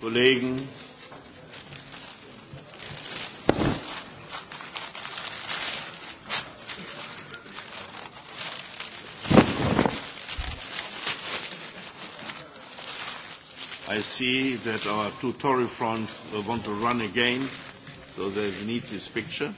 Kollegen. I see that our two Tory fronts want to run again, so they need this picture.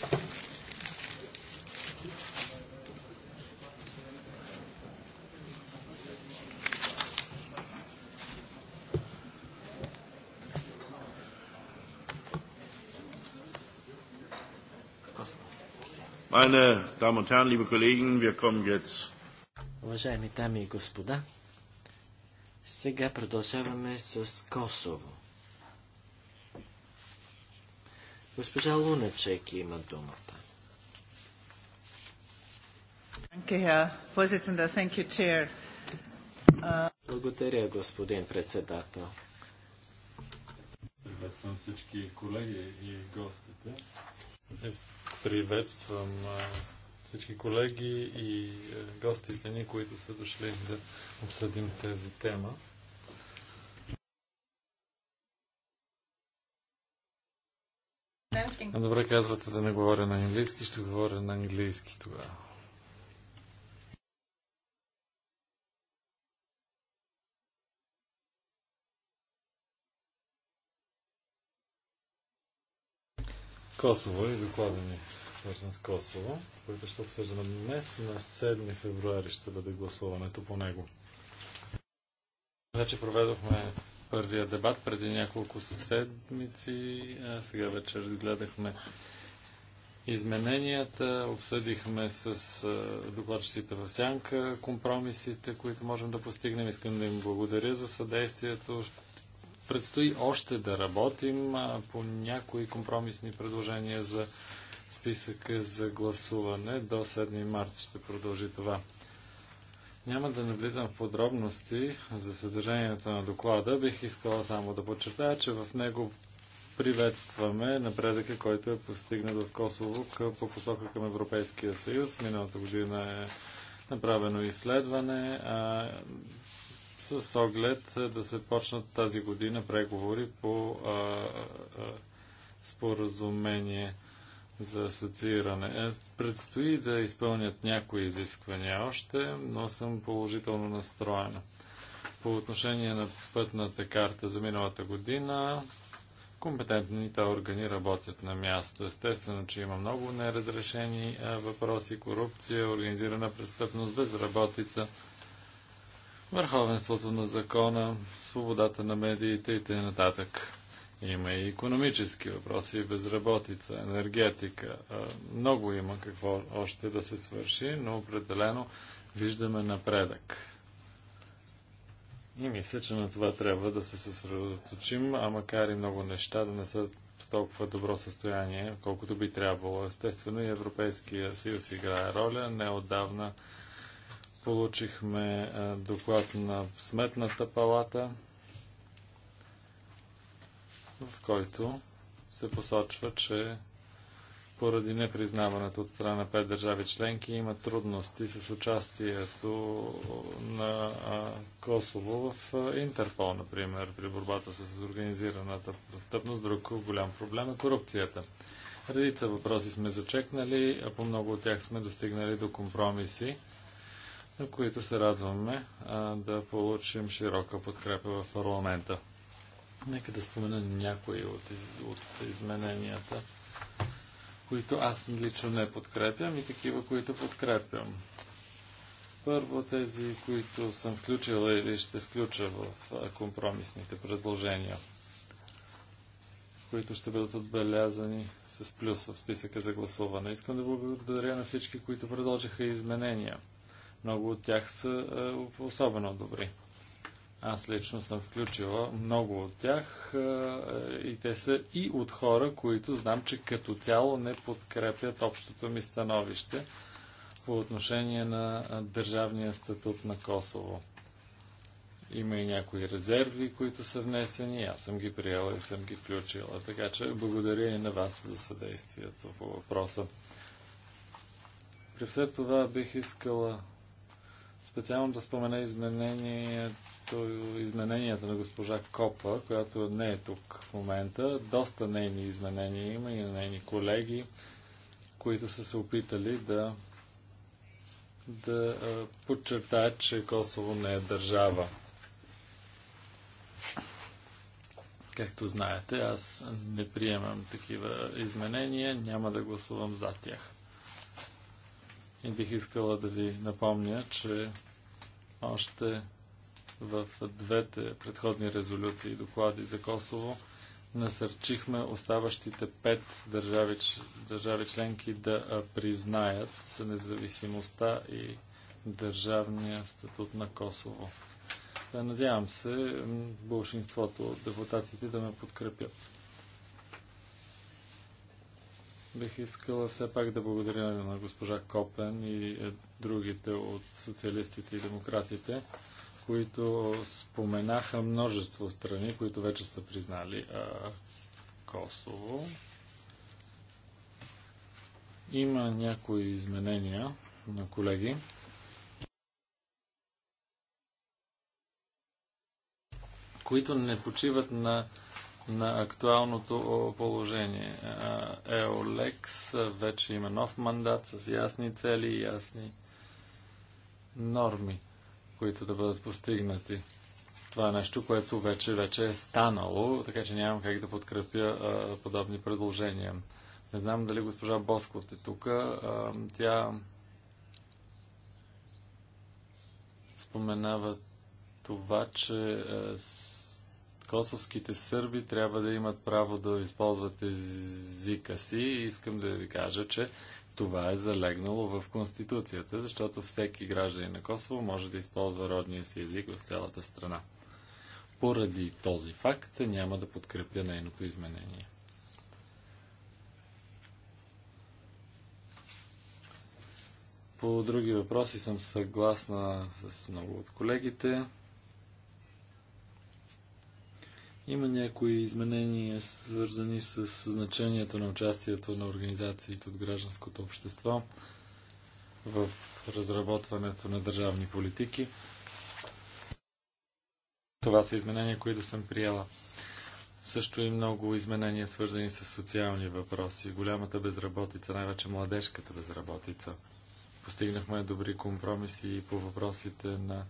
Meine Damen und Herren, liebe Kollegen, wir kommen jetzt. Уважаеми дами и господа, сега продължаваме с Косово. Госпожа Луначек има думата. Благодаря, господин председател. Приветствам всички колеги и гостите приветствам всички колеги и е, гостите ни, които са дошли да обсъдим тези тема. Добре казвате да не говоря на английски, ще говоря на английски тогава. Косово и доклада ни свързан с Косово, който ще обсъждаме днес. На 7 февруари ще бъде гласуването по него. Вече проведохме първия дебат преди няколко седмици. А сега вече разгледахме измененията, обсъдихме с докладчиците в сянка компромисите, които можем да постигнем. Искам да им благодаря за съдействието предстои още да работим по някои компромисни предложения за списъка за гласуване. До 7 март ще продължи това. Няма да навлизам в подробности за съдържанието на доклада. Бих искала само да подчертая, че в него приветстваме напредъка, който е постигнат в Косово по посока към Европейския съюз. Миналата година е направено изследване с оглед е, да се почнат тази година преговори по а, а, споразумение за асоцииране. Е, предстои да изпълнят някои изисквания още, но съм положително настроена. По отношение на пътната карта за миналата година, компетентните органи работят на място. Естествено, че има много неразрешени въпроси, корупция, организирана престъпност, безработица – върховенството на закона, свободата на медиите и т.н. Има и економически въпроси, безработица, енергетика. Много има какво още да се свърши, но определено виждаме напредък. И мисля, че на това трябва да се съсредоточим, а макар и много неща да не са в толкова добро състояние, колкото би трябвало. Естествено и Европейския съюз играе роля. Неотдавна отдавна Получихме доклад на Сметната палата, в който се посочва, че поради непризнаването от страна на пет държави членки има трудности с участието на Косово в Интерпол, например, при борбата с организираната престъпност. Друг голям проблем е корупцията. Редица въпроси сме зачекнали, а по много от тях сме достигнали до компромиси на които се радваме а, да получим широка подкрепа в парламента. Нека да спомена някои от, из, от измененията, които аз лично не подкрепям и такива, които подкрепям. Първо тези, които съм включила или ще включа в компромисните предложения, които ще бъдат отбелязани с плюс в списъка за гласуване. Искам да благодаря на всички, които предложиха изменения – много от тях са е, особено добри. Аз лично съм включила много от тях е, и те са и от хора, които знам, че като цяло не подкрепят общото ми становище по отношение на е, държавния статут на Косово. Има и някои резерви, които са внесени. Аз съм ги приела и съм ги включила. Така че благодаря и на вас за съдействието по въпроса. При все това бих искала Специално да спомена изменението, измененията на госпожа Копа, която не е тук в момента. Доста нейни изменения има и на нейни колеги, които са се опитали да, да подчертаят, че Косово не е държава. Както знаете, аз не приемам такива изменения, няма да гласувам за тях. И бих искала да ви напомня, че още в двете предходни резолюции и доклади за Косово насърчихме оставащите пет държави, държави членки да признаят независимостта и държавния статут на Косово. надявам се, большинството от депутатите да ме подкрепят. Бих искала все пак да благодаря на госпожа Копен и другите от социалистите и демократите, които споменаха множество страни, които вече са признали а, Косово. Има някои изменения на колеги. които не почиват на на актуалното положение. Еолекс вече има нов мандат с ясни цели и ясни норми, които да бъдат постигнати. Това е нещо, което вече, вече е станало, така че нямам как да подкрепя а, подобни предложения. Не знам дали госпожа Боскот е тук. Тя споменава това, че а, Косовските сърби трябва да имат право да използват езика си и искам да ви кажа, че това е залегнало в Конституцията, защото всеки гражданин на Косово може да използва родния си език в цялата страна. Поради този факт няма да подкрепя нейното изменение. По други въпроси съм съгласна с много от колегите. Има някои изменения, свързани с значението на участието на организациите от гражданското общество в разработването на държавни политики. Това са изменения, които съм приела. Също и много изменения, свързани с социални въпроси. Голямата безработица, най-вече младежката безработица. Постигнахме добри компромиси по въпросите на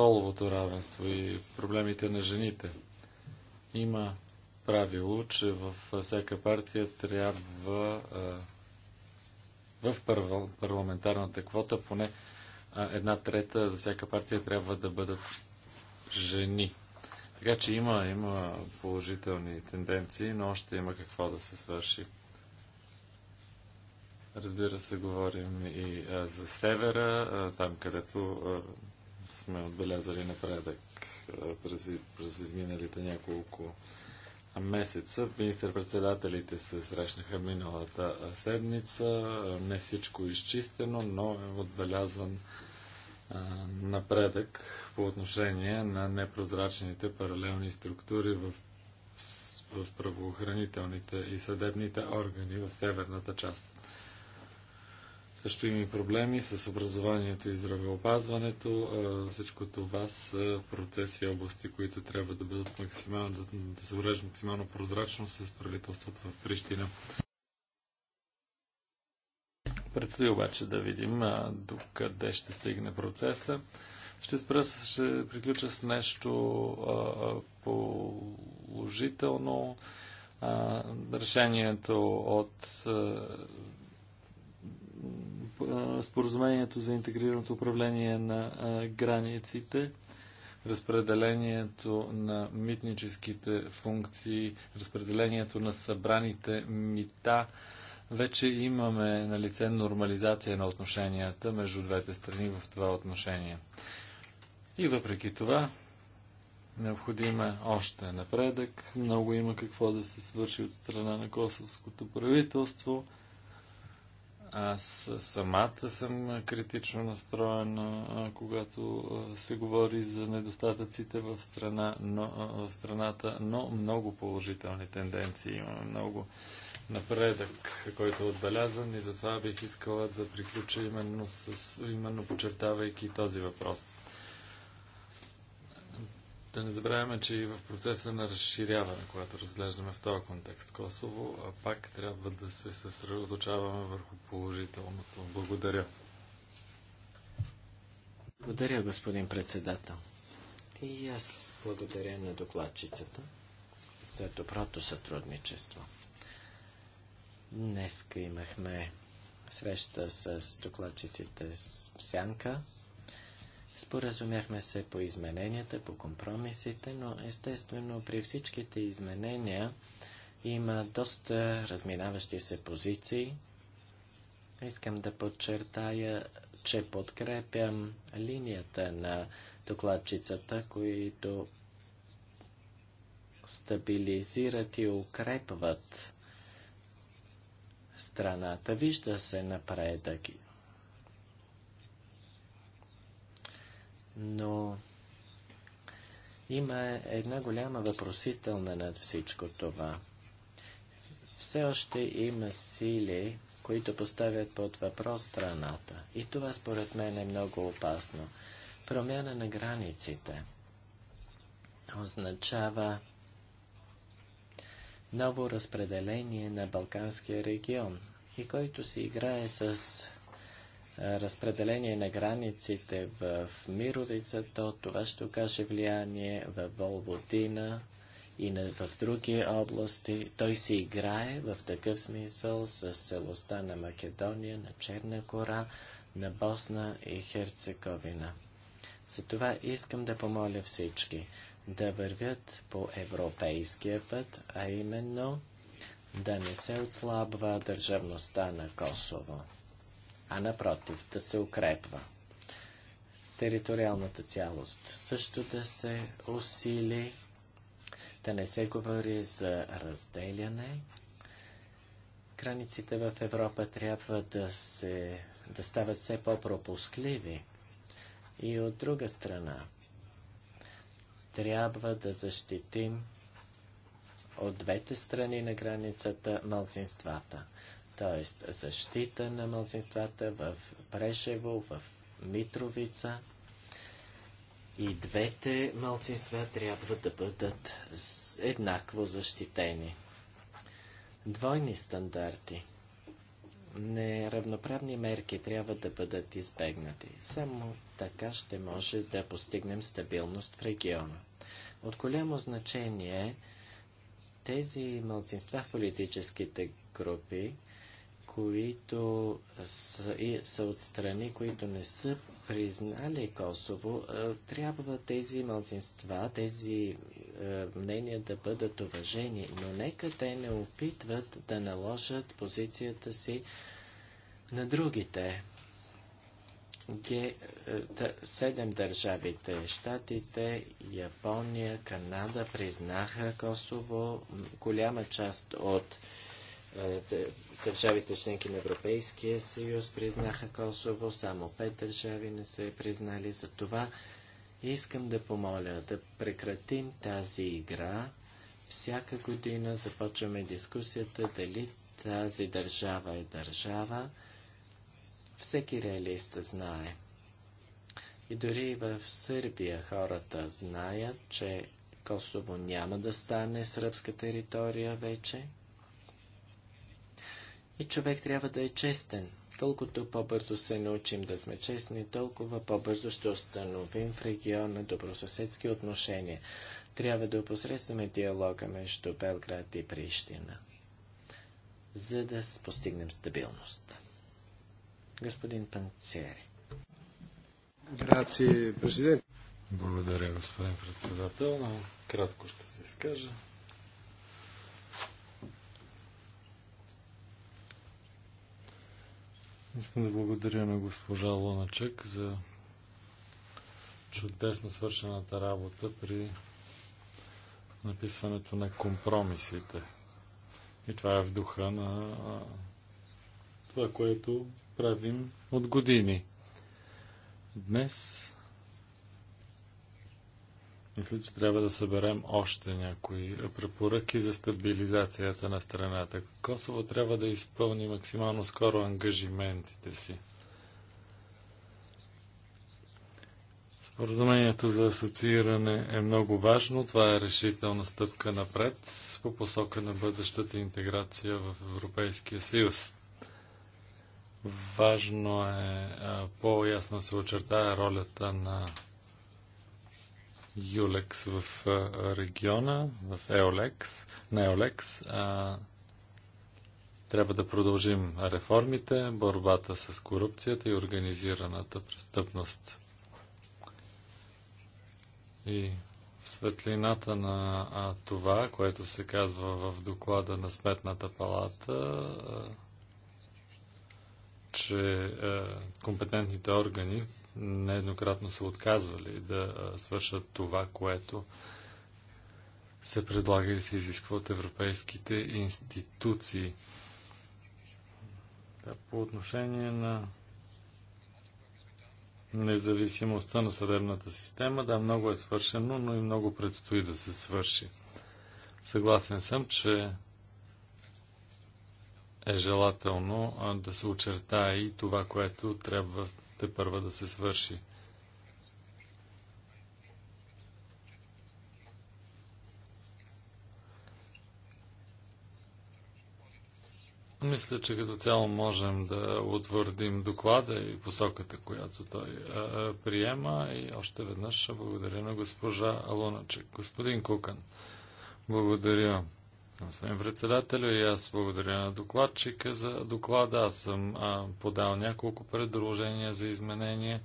половото равенство и проблемите на жените. Има правило, че във всяка партия трябва в парламентарната квота поне една трета за всяка партия трябва да бъдат жени. Така че има, има положителни тенденции, но още има какво да се свърши. Разбира се, говорим и а, за севера, а, там където а, сме отбелязали напредък през, през изминалите няколко месеца. Министър-председателите се срещнаха миналата седмица. Не всичко е изчистено, но е отбелязан напредък по отношение на непрозрачните паралелни структури в, в правоохранителните и съдебните органи в северната част също има и проблеми с образованието и здравеопазването. Всичко това са процеси и области, които трябва да бъдат максимално, да, да се уреждат максимално прозрачно с правителството в Прищина. Предстои обаче да видим до къде ще стигне процеса. Ще спра, ще приключа с нещо положително. решението от споразумението за интегрираното управление на границите, разпределението на митническите функции, разпределението на събраните мита, вече имаме на лице нормализация на отношенията между двете страни в това отношение. И въпреки това, необходим е още напредък. Много има какво да се свърши от страна на косовското правителство – аз самата съм критично настроена, когато се говори за недостатъците в, страна, но, в страната, но много положителни тенденции. Има много напредък, който е отбелязан и затова бих искала да приключа именно, с, именно подчертавайки този въпрос. Да не забравяме, че и в процеса на разширяване, когато разглеждаме в този контекст Косово, а пак трябва да се съсредоточаваме върху положителното. Благодаря. Благодаря, господин председател. И аз благодаря на докладчицата за доброто сътрудничество. Днеска имахме среща с докладчиците с Сянка Споразумяхме се по измененията, по компромисите, но естествено при всичките изменения има доста разминаващи се позиции. Искам да подчертая, че подкрепям линията на докладчицата, които стабилизират и укрепват страната. Вижда се напредък но има една голяма въпросителна над всичко това. Все още има сили, които поставят под въпрос страната. И това според мен е много опасно. Промяна на границите означава ново разпределение на Балканския регион и който си играе с разпределение на границите в Мировица, то това ще окаже влияние в Волводина и в други области. Той се играе в такъв смисъл с целостта на Македония, на Черна гора, на Босна и Херцеговина. Затова искам да помоля всички да вървят по европейския път, а именно да не се отслабва държавността на Косово а напротив да се укрепва. Териториалната цялост също да се усили, да не се говори за разделяне. Границите в Европа трябва да, се, да стават все по-пропускливи. И от друга страна, трябва да защитим от двете страни на границата малцинствата т.е. защита на мълцинствата в Прешево, в Митровица. И двете мълцинства трябва да бъдат еднакво защитени. Двойни стандарти. Неравноправни мерки трябва да бъдат избегнати. Само така ще може да постигнем стабилност в региона. От голямо значение е тези мълцинства в политическите групи които са, и, са от страни, които не са признали Косово, трябва тези мълцинства, тези мнения да бъдат уважени, но нека те не опитват да наложат позицията си на другите. седем държавите, Штатите, Япония, Канада признаха Косово. Голяма част от държавите членки на Европейския съюз признаха Косово, само пет държави не са е признали за това. Искам да помоля да прекратим тази игра. Всяка година започваме дискусията дали тази държава е държава. Всеки реалист знае. И дори в Сърбия хората знаят, че Косово няма да стане сръбска територия вече. И човек трябва да е честен. Колкото по-бързо се научим да сме честни, толкова по-бързо ще установим в региона добросъседски отношения. Трябва да опосредстваме диалога между Белград и Прищина, за да постигнем стабилност. Господин Панцери. Благодаря, господин председател. Но кратко ще се изкажа. Искам да благодаря на госпожа Луначек за чудесно свършената работа при написването на компромисите. И това е в духа на това, което правим от години. Днес мисля, че трябва да съберем още някои препоръки за стабилизацията на страната. Косово трябва да изпълни максимално скоро ангажиментите си. Споразумението за асоцииране е много важно. Това е решителна стъпка напред по посока на бъдещата интеграция в Европейския съюз. Важно е по-ясно се очертая ролята на Юлекс в региона, в Еолекс, на Еолекс. А, трябва да продължим реформите, борбата с корупцията и организираната престъпност. И светлината на а, това, което се казва в доклада на Сметната палата, а, че а, компетентните органи нееднократно са отказвали да свършат това, което се предлага и се изисква от европейските институции. Да, по отношение на независимостта на съдебната система, да, много е свършено, но и много предстои да се свърши. Съгласен съм, че е желателно да се очертае и това, което трябва те първа да се свърши. Мисля, че като цяло можем да утвърдим доклада и посоката, която той а, приема. И още веднъж благодаря на госпожа Алуначек. Господин Кукан, благодаря. Господин председател, и аз благодаря на докладчика за доклада. Аз съм а, подал няколко предложения за изменения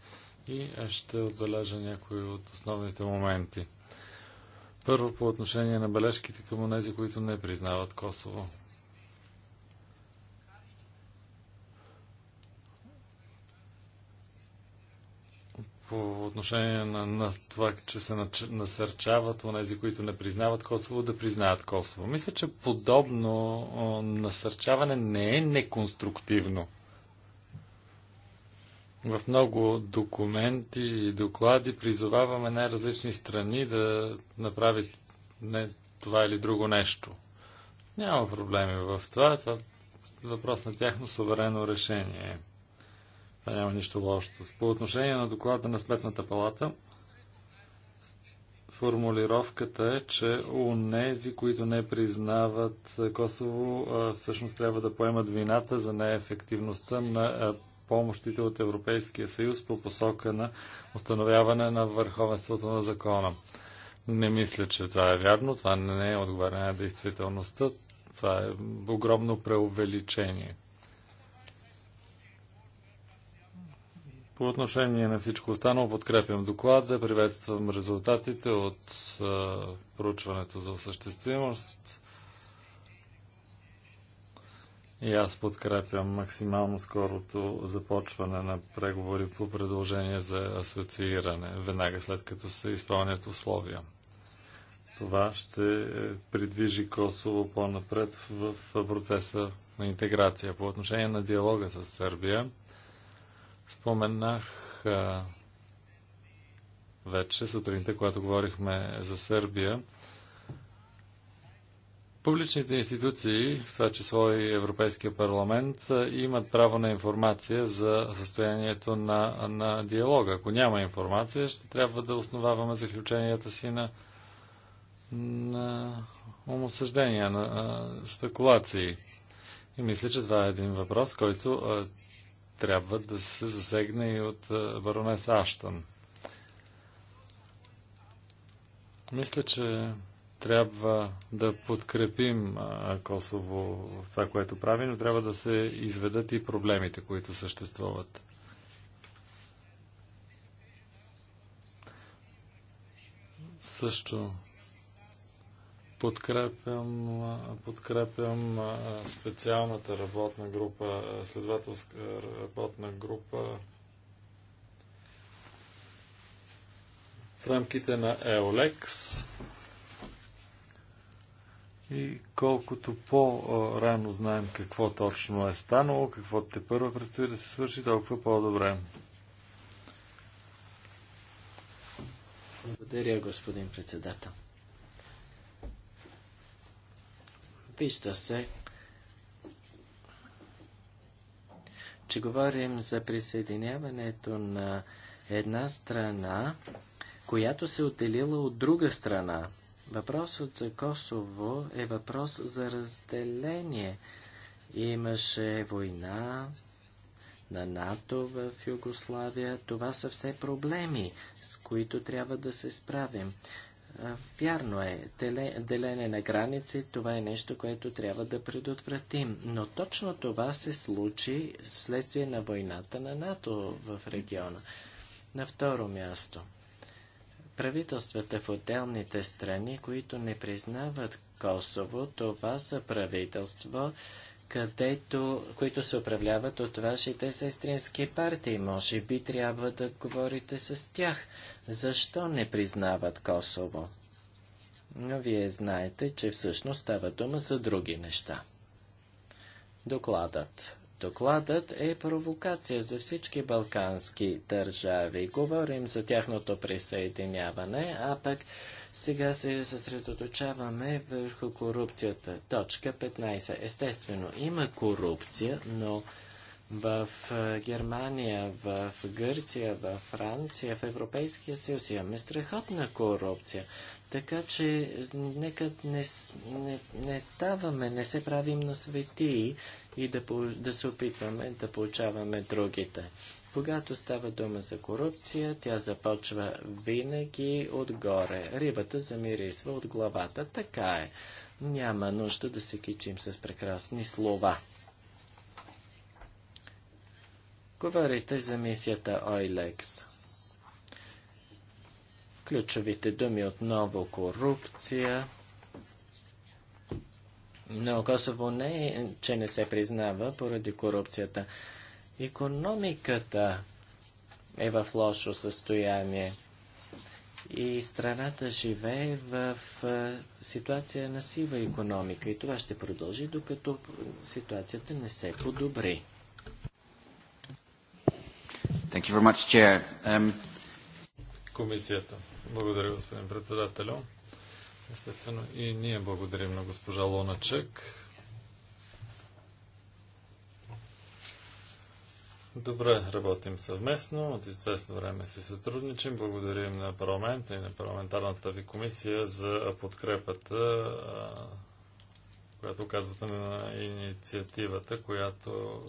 и ще отбележа някои от основните моменти. Първо по отношение на бележките към онези, които не признават Косово. по отношение на, на това, че се насърчават онези, които не признават Косово, да признаят Косово. Мисля, че подобно о, насърчаване не е неконструктивно. В много документи и доклади призоваваме най-различни страни да направят не това или друго нещо. Няма проблеми в това. Това е въпрос на тяхно суверено решение. Това няма нищо лошо. По отношение на доклада на Сметната палата, формулировката е, че унези, които не признават Косово, всъщност трябва да поемат вината за неефективността на помощите от Европейския съюз по посока на установяване на върховенството на закона. Не мисля, че това е вярно. Това не е отговаряне на действителността. Това е огромно преувеличение. По отношение на всичко останало, подкрепям доклада, приветствам резултатите от проучването за осъществимост. И аз подкрепям максимално скорото започване на преговори по предложение за асоцииране, веднага след като се изпълнят условия. Това ще придвижи Косово по-напред в процеса на интеграция. По отношение на диалога с Сърбия, Споменах вече сутринта, когато говорихме за Сърбия, Публичните институции, в това число и Европейския парламент, имат право на информация за състоянието на, на диалога. Ако няма информация, ще трябва да основаваме заключенията си на, на умосъждения, на, на спекулации. И мисля, че това е един въпрос, който трябва да се засегне и от баронес Аштън. Мисля, че трябва да подкрепим Косово в това, което прави, но трябва да се изведат и проблемите, които съществуват. Също Подкрепям, подкрепям специалната работна група, следователска работна група в рамките на EOLEX. И колкото по-рано знаем какво точно е станало, какво те първо предстои да се свърши, толкова по-добре. Благодаря, господин председател. Вижда се, че говорим за присъединяването на една страна, която се е отделила от друга страна. Въпросът за Косово е въпрос за разделение. Имаше война на НАТО в Югославия. Това са все проблеми, с които трябва да се справим. Вярно е, делене на граници, това е нещо, което трябва да предотвратим. Но точно това се случи вследствие на войната на НАТО в региона. На второ място. Правителствата в отделните страни, които не признават Косово, това са правителство, където, които се управляват от вашите сестрински партии. Може би трябва да говорите с тях. Защо не признават Косово? Но вие знаете, че всъщност става дума за други неща. Докладът. Докладът е провокация за всички балкански държави. Говорим за тяхното присъединяване, а пък сега се съсредоточаваме върху корупцията. Точка 15. Естествено, има корупция, но в Германия, в Гърция, в Франция, в Европейския съюз имаме страхотна корупция. Така че нека не, не, не ставаме, не се правим на светии и да, да се опитваме да получаваме другите. Когато става дума за корупция, тя започва винаги отгоре. Рибата замирисва от главата. Така е. Няма нужда да се кичим с прекрасни слова. Говорите за мисията Ойлекс. Ключовите думи отново корупция. Но Косово не е, че не се признава поради корупцията. Економиката е в лошо състояние и страната живее в ситуация на сива економика и това ще продължи, докато ситуацията не се подобри. Thank you very much, Chair. Um... Комисията. Благодаря, господин председател. Естествено и ние благодарим на госпожа Лоначек Добре, работим съвместно. От известно време си сътрудничим. Благодарим на парламента и на парламентарната ви комисия за подкрепата, която казвате на инициативата, която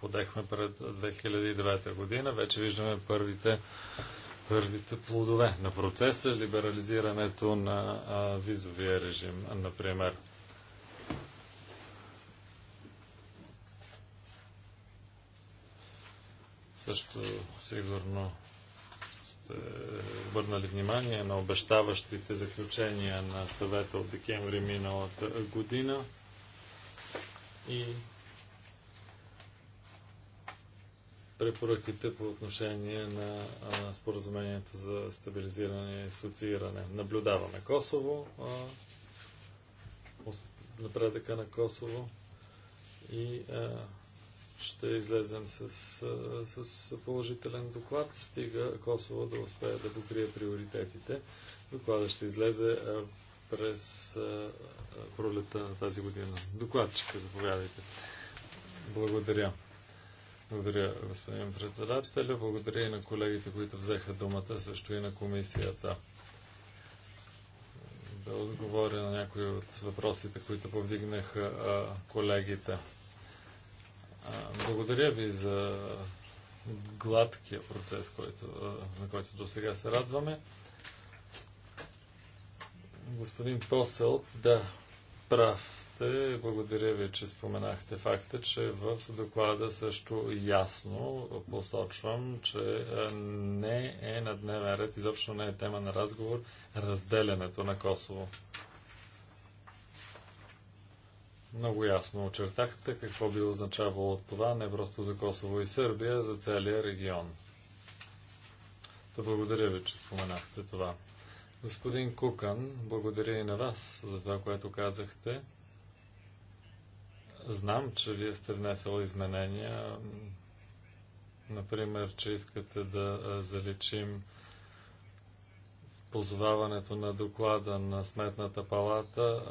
подехме пред 2009 година. Вече виждаме първите първите плодове на процеса, либерализирането на визовия режим, например. Също сигурно сте върнали внимание на обещаващите заключения на съвета от декември миналата година и препоръките по отношение на споразумението за стабилизиране и асоцииране. Наблюдаваме Косово, напредъка на Косово и ще излезем с, с, положителен доклад, стига Косово да успее да покрие приоритетите. Докладът ще излезе през пролета на тази година. Докладчика, заповядайте. Благодаря. Благодаря, господин председател, Благодаря и на колегите, които взеха думата, също и на комисията. Да отговоря на някои от въпросите, които повдигнаха колегите. Благодаря ви за гладкия процес, който, на който до сега се радваме. Господин Поселт, да, прав сте. Благодаря ви, че споменахте факта, че в доклада също ясно посочвам, че не е на дневен ред, изобщо не е тема на разговор разделянето на Косово много ясно очертахте какво би означавало това не просто за Косово и Сърбия, за целия регион. Да благодаря ви, че споменахте това. Господин Кукан, благодаря и на вас за това, което казахте. Знам, че вие сте внесъл изменения. Например, че искате да заличим позоваването на доклада на Сметната палата,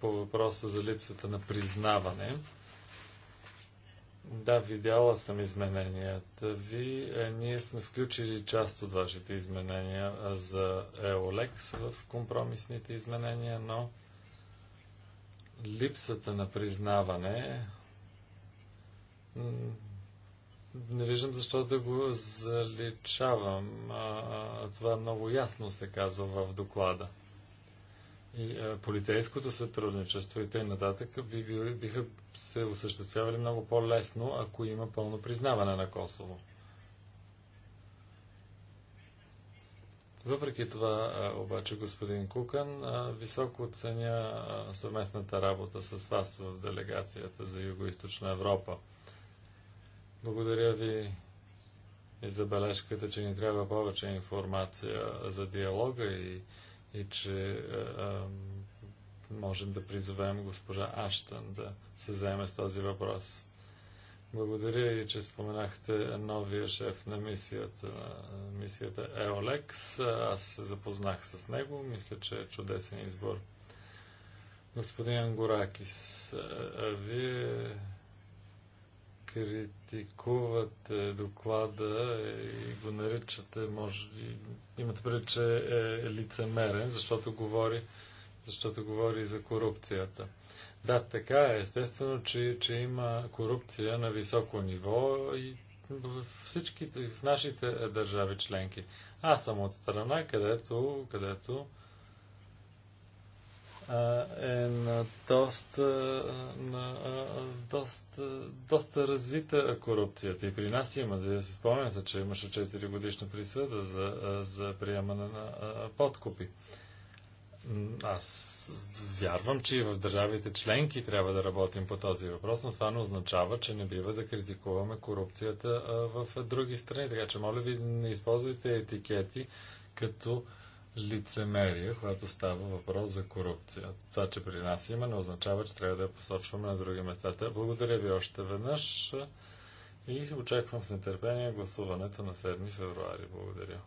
по въпроса за липсата на признаване. Да, видяла съм измененията ви. Е, ние сме включили част от вашите изменения за EOLEX в компромисните изменения, но липсата на признаване не виждам защо да го заличавам. Това много ясно се казва в доклада и полицейското сътрудничество и т.н. Би, би, биха се осъществявали много по-лесно, ако има пълно признаване на Косово. Въпреки това, обаче, господин Кукан, високо оценя съвместната работа с вас в делегацията за Юго-Источна Европа. Благодаря ви и забележката, че ни трябва повече информация за диалога и и че а, е, е, можем да призовем госпожа Аштън да се заеме с този въпрос. Благодаря и, че споменахте новия шеф на мисията, мисията Еолекс. Аз се запознах с него. Мисля, че е чудесен избор. Господин Горакис, е, вие критикувате доклада и го наричате, може, имате преди, че е лицемерен, защото говори, защото говори за корупцията. Да, така е. Естествено, че, че има корупция на високо ниво и в всичките, в нашите държави членки. Аз съм от страна, където, където е на доста, на, доста, доста развита корупцията. И при нас има, да се спомняте, че имаше 4 годишна присъда за, за приемане на подкупи. Аз вярвам, че и в държавите членки трябва да работим по този въпрос, но това не означава, че не бива да критикуваме корупцията в други страни. Така че, моля ви, не използвайте етикети като лицемерие, когато става въпрос за корупция. Това, че при нас има, не означава, че трябва да я посочваме на други местата. Благодаря ви още веднъж и очаквам с нетърпение гласуването на 7 февруари. Благодаря.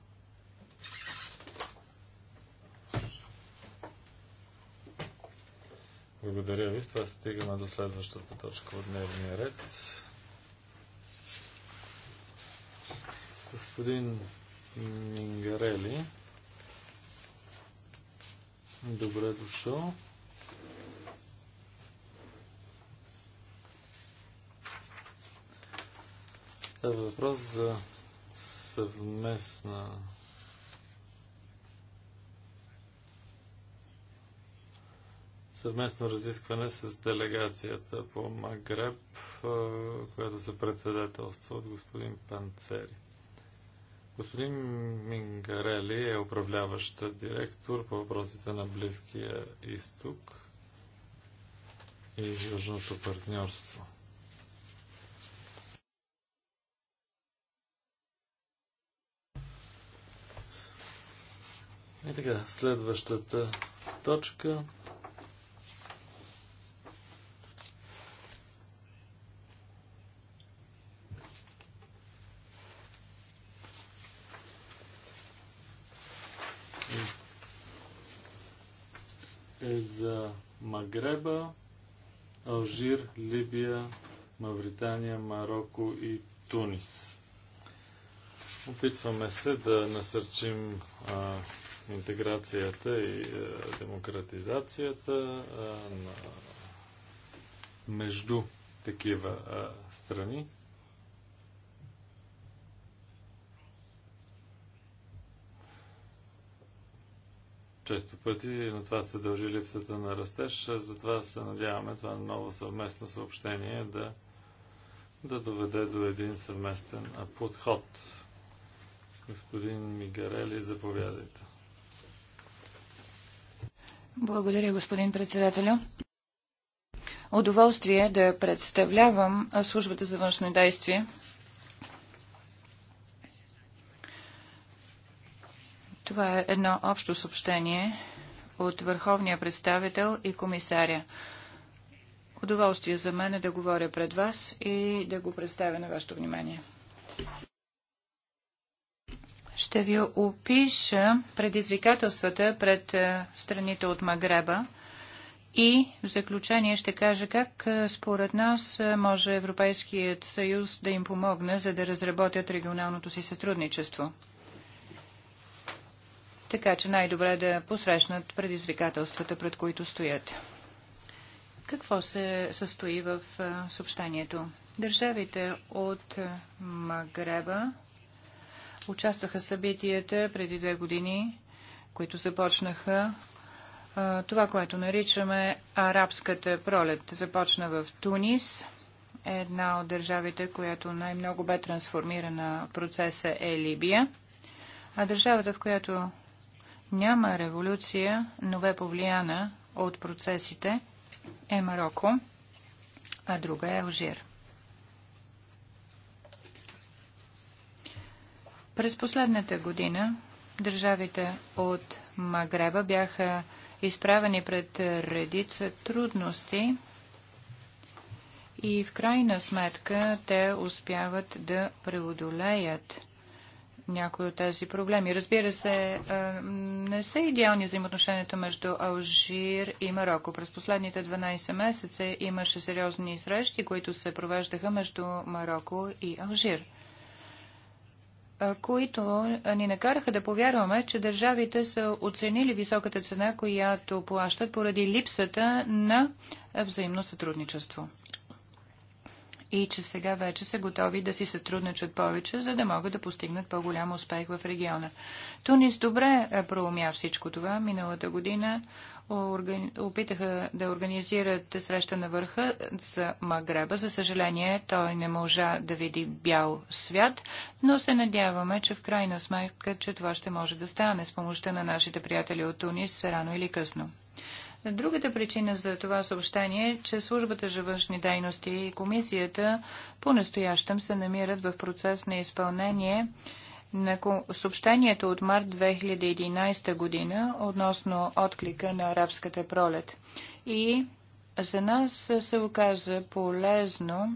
Благодаря ви. С това стигаме до следващата точка от дневния ред. Господин Мингарели. Добре дошъл. Става въпрос за съвместна съвместно разискване с делегацията по Магреб, която се председателства от господин Панцери. Господин Мингарели е управляваща директор по въпросите на Близкия изток и Южното партньорство. И така, следващата точка Магреба, Алжир, Либия, Мавритания, Марокко и Тунис. Опитваме се да насърчим а, интеграцията и а, демократизацията а, на, между такива а, страни. често пъти, но това се дължи липсата на растеж. Затова се надяваме това ново съвместно съобщение да, да доведе до един съвместен подход. Господин Мигарели, заповядайте. Благодаря, господин председателю. Удоволствие е да представлявам службата за външно действие Това е едно общо съобщение от върховния представител и комисаря. Удоволствие за мен е да говоря пред вас и да го представя на вашето внимание. Ще ви опиша предизвикателствата пред е, страните от Магреба и в заключение ще кажа как е, според нас е, може Европейският съюз да им помогне, за да разработят регионалното си сътрудничество така че най-добре да посрещнат предизвикателствата, пред които стоят. Какво се състои в съобщението? Държавите от Магреба участваха в събитията преди две години, които започнаха. Това, което наричаме арабската пролет, започна в Тунис. Една от държавите, която най-много бе трансформирана процеса е Либия. А държавата, в която няма революция, но бе повлияна от процесите е Марокко, а друга е Алжир. През последната година държавите от Магреба бяха изправени пред редица трудности и в крайна сметка те успяват да преодолеят някои от тези проблеми. Разбира се, е, не са идеални взаимоотношенията между Алжир и Марокко. През последните 12 месеца имаше сериозни срещи, които се провеждаха между Марокко и Алжир е, които ни накараха да повярваме, че държавите са оценили високата цена, която плащат поради липсата на взаимно сътрудничество и че сега вече са готови да си сътрудничат повече, за да могат да постигнат по-голям успех в региона. Тунис добре е, проумя всичко това. Миналата година опитаха да организират среща на върха за Магреба. За съжаление, той не можа да види бял свят, но се надяваме, че в крайна сметка, че това ще може да стане с помощта на нашите приятели от Тунис рано или късно. Другата причина за това съобщение е, че службата за външни дейности и комисията по-настоящем се намират в процес на изпълнение на съобщението от март 2011 година относно отклика на арабската пролет. И за нас се оказа полезно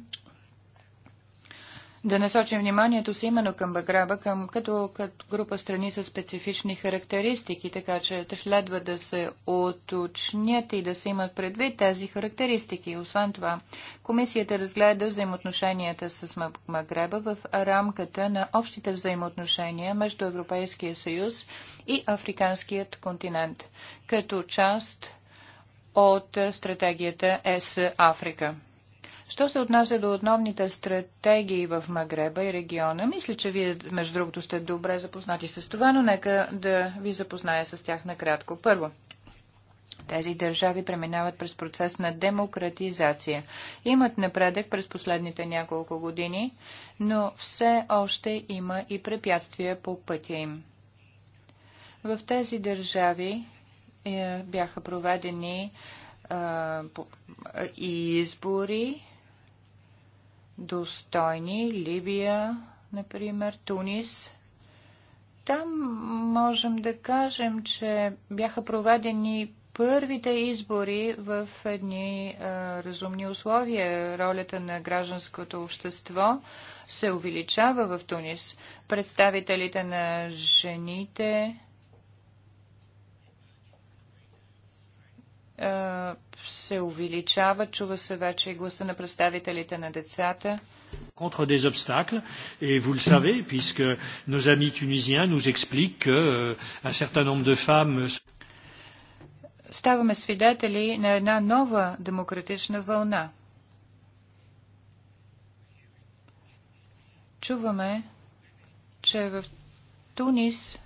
да насочим вниманието си именно към Баграба, към, като, като група страни с специфични характеристики, така че следва да се уточнят и да се имат предвид тези характеристики. Освен това, комисията разгледа взаимоотношенията с Магреба в рамката на общите взаимоотношения между Европейския съюз и Африканският континент, като част от стратегията ЕС Африка. Що се отнася до основните стратегии в Магреба и региона, мисля, че вие, между другото, сте добре запознати с това, но нека да ви запозная с тях накратко. Първо, тези държави преминават през процес на демократизация. Имат напредък през последните няколко години, но все още има и препятствия по пътя им. В тези държави е, бяха проведени и избори достойни. Либия, например, Тунис. Там можем да кажем, че бяха проведени първите избори в едни а, разумни условия. Ролята на гражданското общество се увеличава в Тунис. Представителите на жените се увеличава. Чува се вече и гласа на представителите на децата. Contre des obstacles, et vous le savez, puisque nos amis tunisiens nous expliquent qu'un euh, certain nombre de femmes. Ставаме свидетели на една нова демократична вълна. Чуваме, че в Тунис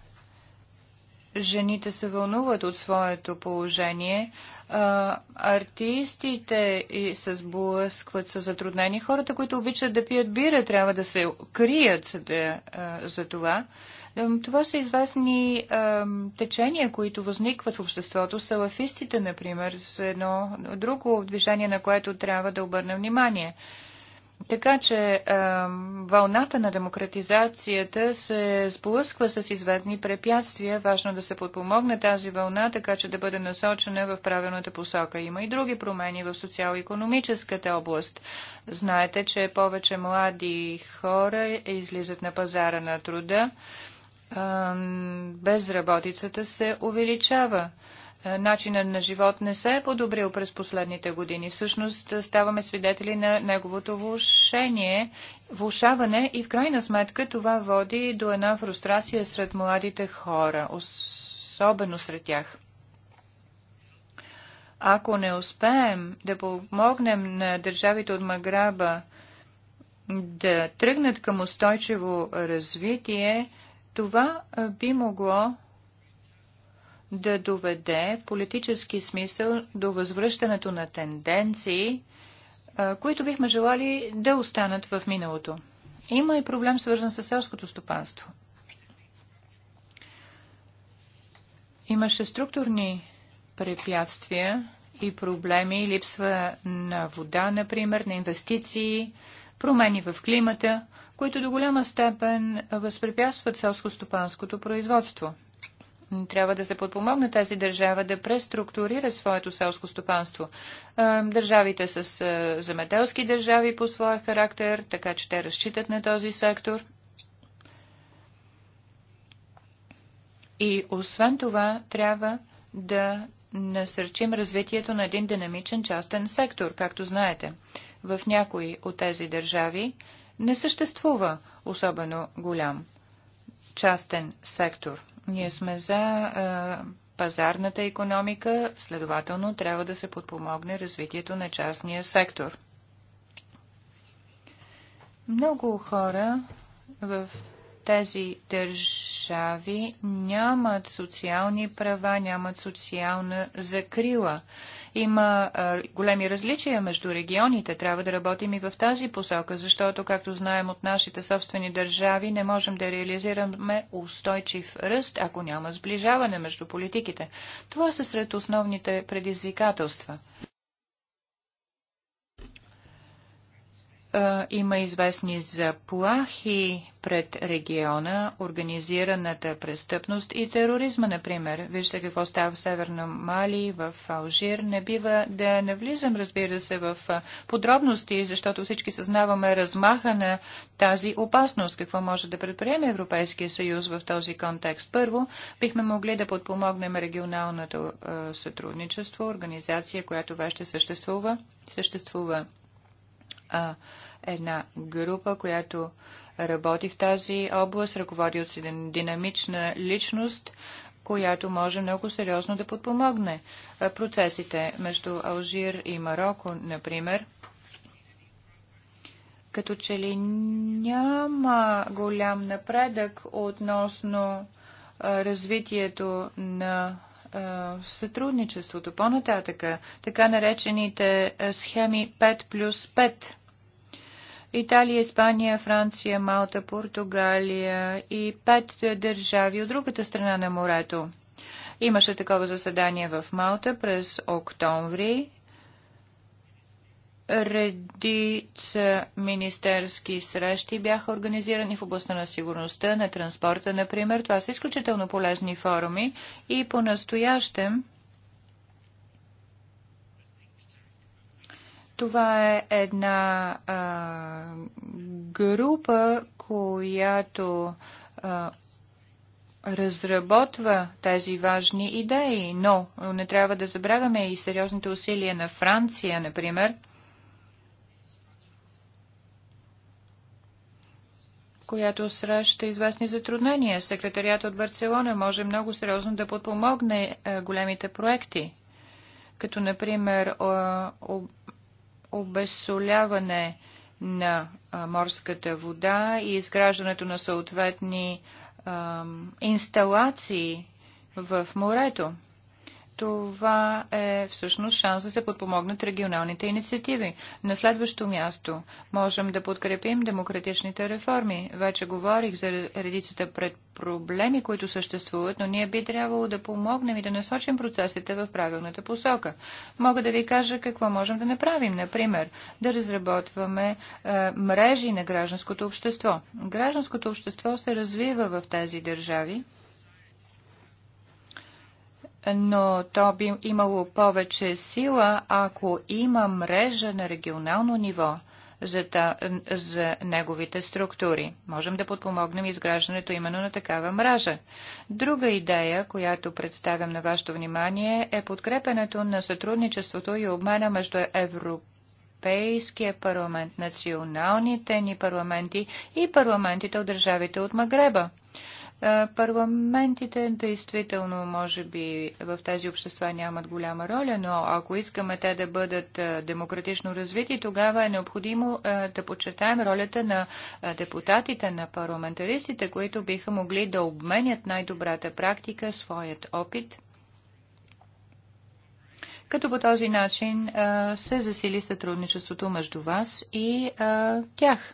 жените се вълнуват от своето положение, а, артистите и се сблъскват с затруднени. Хората, които обичат да пият бира, трябва да се крият да, а, за това. Това са известни а, течения, които възникват в обществото. Салафистите, например, са едно друго движение, на което трябва да обърнем внимание. Така че е, вълната на демократизацията се сблъсква с известни препятствия. Важно да се подпомогне тази вълна, така че да бъде насочена в правилната посока. Има и други промени в социал-економическата област. Знаете, че повече млади хора излизат на пазара на труда. Е, безработицата се увеличава. Е, начинът на живот не се е подобрил през последните години. Всъщност е, ставаме свидетели на неговото влушение, влушаване и в крайна сметка това води до една фрустрация сред младите хора, особено сред тях. Ако не успеем да помогнем на държавите от Маграба да тръгнат към устойчиво развитие, това е, би могло да доведе в политически смисъл до възвръщането на тенденции, които бихме желали да останат в миналото. Има и проблем свързан с селското стопанство. Имаше структурни препятствия и проблеми, липсва на вода, например, на инвестиции, промени в климата, които до голяма степен възпрепятстват селско-стопанското производство – трябва да се подпомогне тази държава да преструктурира своето селско стопанство. Държавите с земеделски държави по своя характер, така че те разчитат на този сектор. И освен това, трябва да насърчим развитието на един динамичен частен сектор, както знаете. В някои от тези държави не съществува особено голям частен сектор. Ние сме за а, пазарната економика, следователно трябва да се подпомогне развитието на частния сектор. Много хора в тези държави нямат социални права, нямат социална закрила. Има а, големи различия между регионите. Трябва да работим и в тази посока, защото, както знаем от нашите собствени държави, не можем да реализираме устойчив ръст, ако няма сближаване между политиките. Това са сред основните предизвикателства. Е, има известни заплахи пред региона, организираната престъпност и тероризма, например. Вижте какво става в Северно Мали, в Алжир. Не бива да навлизам, разбира се, в е, подробности, защото всички съзнаваме размаха на тази опасност. Какво може да предприеме Европейския съюз в този контекст? Първо, бихме могли да подпомогнем регионалното е, сътрудничество, организация, която вече съществува. съществува а, една група, която работи в тази област, ръководи от динамична личност, която може много сериозно да подпомогне процесите между Алжир и Марокко, например. Като че ли няма голям напредък относно развитието на сътрудничеството. По-нататъка, така наречените схеми 5 плюс 5. Италия, Испания, Франция, Малта, Португалия и пет държави от другата страна на морето. Имаше такова заседание в Малта през октомври Редица министерски срещи бяха организирани в областта на сигурността, на транспорта, например. Това са изключително полезни форуми и по-настоящем Това е една а, група, която а, разработва тези важни идеи, но не трябва да забравяме и сериозните усилия на Франция, например, която среща известни затруднения. Секретарият от Барселона може много сериозно да подпомогне е, големите проекти, като например обесоляване на морската вода и изграждането на съответни инсталации в морето това е всъщност шанс да се подпомогнат регионалните инициативи. На следващо място можем да подкрепим демократичните реформи. Вече говорих за редицата пред проблеми, които съществуват, но ние би трябвало да помогнем и да насочим процесите в правилната посока. Мога да ви кажа какво можем да направим. Например, да разработваме е, мрежи на гражданското общество. Гражданското общество се развива в тези държави но то би имало повече сила, ако има мрежа на регионално ниво за, та, за неговите структури. Можем да подпомогнем изграждането именно на такава мрежа. Друга идея, която представям на вашето внимание, е подкрепенето на сътрудничеството и обмена между Европа Европейския парламент, националните ни парламенти и парламентите от държавите от Магреба. Е, парламентите действително, може би, в тези общества нямат голяма роля, но ако искаме те да бъдат е, демократично развити, тогава е необходимо е, да подчертаем ролята на депутатите, на парламентаристите, които биха могли да обменят най-добрата практика, своят опит като по този начин се засили сътрудничеството между вас и тях.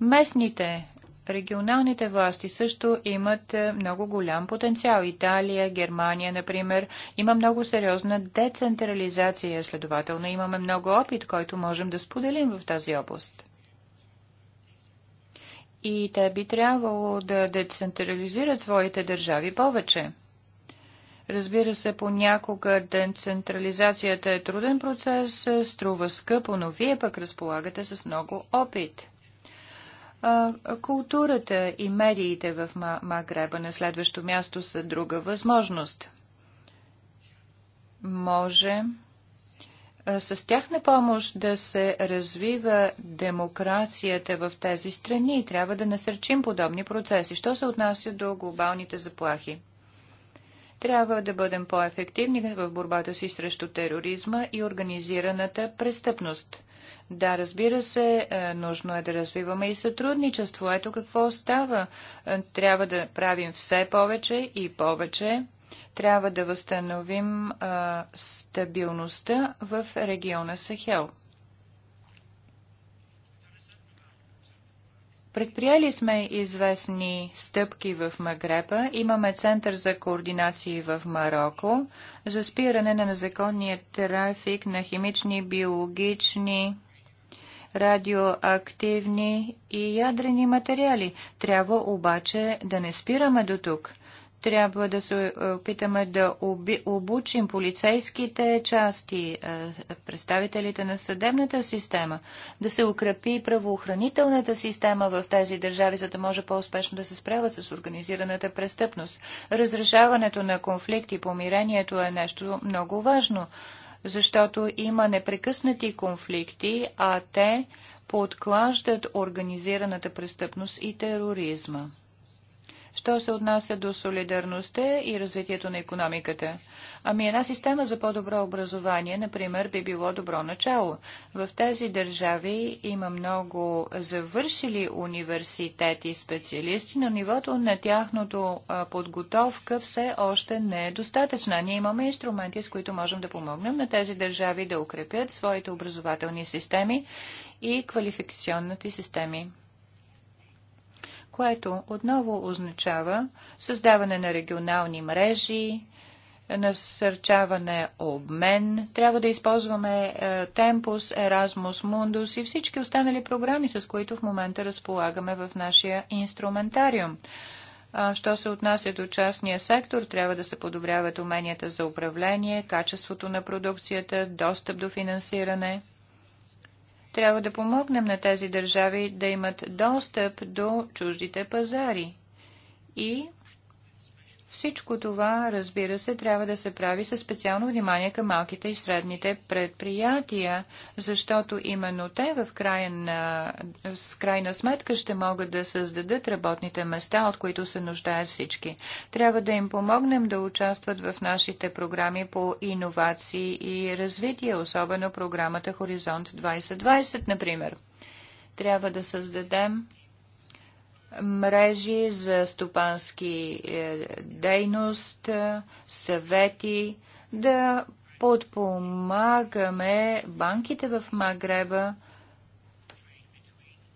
Местните регионалните власти също имат е, много голям потенциал. Италия, Германия, например, има много сериозна децентрализация, следователно имаме много опит, който можем да споделим в тази област. И те би трябвало да децентрализират своите държави повече. Разбира се, понякога децентрализацията е труден процес, струва скъпо, но вие пък разполагате с много опит – културата и медиите в Магреба на следващо място са друга възможност. Може с тяхна помощ да се развива демокрацията в тези страни и трябва да насърчим подобни процеси. Що се отнася до глобалните заплахи? Трябва да бъдем по-ефективни в борбата си срещу тероризма и организираната престъпност – да, разбира се, е, нужно е да развиваме и сътрудничество. Ето какво става. Е, трябва да правим все повече и повече. Трябва да възстановим а, е, стабилността в региона Сахел. Предприели сме известни стъпки в Магрепа. Имаме център за координации в Марокко за спиране на незаконния трафик на химични, биологични, радиоактивни и ядрени материали. Трябва обаче да не спираме до тук трябва да се е, опитаме да обучим полицейските части, е, представителите на съдебната система, да се укрепи правоохранителната система в тези държави, за да може по-успешно да се справят с организираната престъпност. Разрешаването на конфликти, помирението е нещо много важно, защото има непрекъснати конфликти, а те подклаждат организираната престъпност и тероризма. Що се отнася до солидарността и развитието на економиката? Ами една система за по-добро образование, например, би било добро начало. В тези държави има много завършили университети и специалисти, но нивото на тяхното подготовка все още не е достатъчна. Ние имаме инструменти, с които можем да помогнем на тези държави да укрепят своите образователни системи и квалификационните системи което отново означава създаване на регионални мрежи, насърчаване, обмен. Трябва да използваме Темпус, Erasmus Mundus и всички останали програми, с които в момента разполагаме в нашия инструментариум. Що се отнася до частния сектор, трябва да се подобряват уменията за управление, качеството на продукцията, достъп до финансиране – трябва да помогнем на тези държави да имат достъп до чуждите пазари и всичко това, разбира се, трябва да се прави със специално внимание към малките и средните предприятия, защото именно те в крайна, в крайна сметка ще могат да създадат работните места, от които се нуждаят всички. Трябва да им помогнем да участват в нашите програми по иновации и развитие, особено програмата Хоризонт 2020, например. Трябва да създадем мрежи за стопански е, дейност, е, съвети, да подпомагаме банките в Магреба,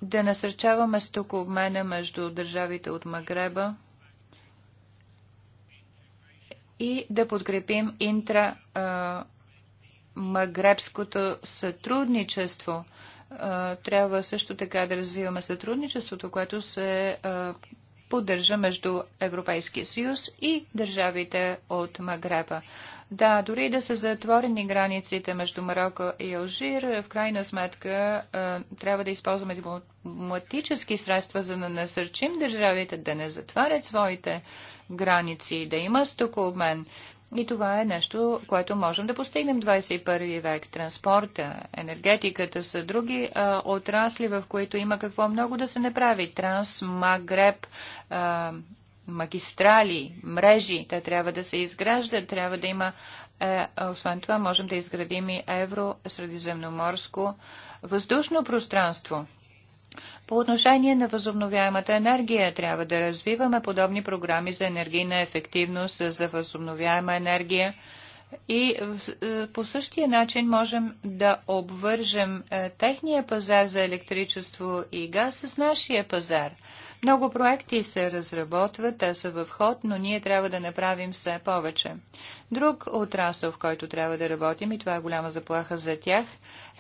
да насърчаваме стокообмена между държавите от Магреба и да подкрепим интра магребското сътрудничество – трябва също така да развиваме сътрудничеството, което се поддържа между Европейския съюз и държавите от Магреба. Да, дори да са затворени границите между Марокко и Алжир, в крайна сметка трябва да използваме дипломатически средства, за да насърчим държавите да не затварят своите граници, да има стокообмен. И това е нещо, което можем да постигнем 21 век. Транспорта, енергетиката са други а, отрасли, в които има какво много да се направи. Трансмагреб, а, магистрали, мрежи, те трябва да се изграждат, трябва да има, е, освен това можем да изградим и евро средиземноморско въздушно пространство. По отношение на възобновяемата енергия трябва да развиваме подобни програми за енергийна ефективност, за възобновяема енергия. И е, по същия начин можем да обвържем е, техния пазар за електричество и газ с нашия пазар. Много проекти се разработват, те са в ход, но ние трябва да направим все повече. Друг отрасъл, в който трябва да работим, и това е голяма заплаха за тях,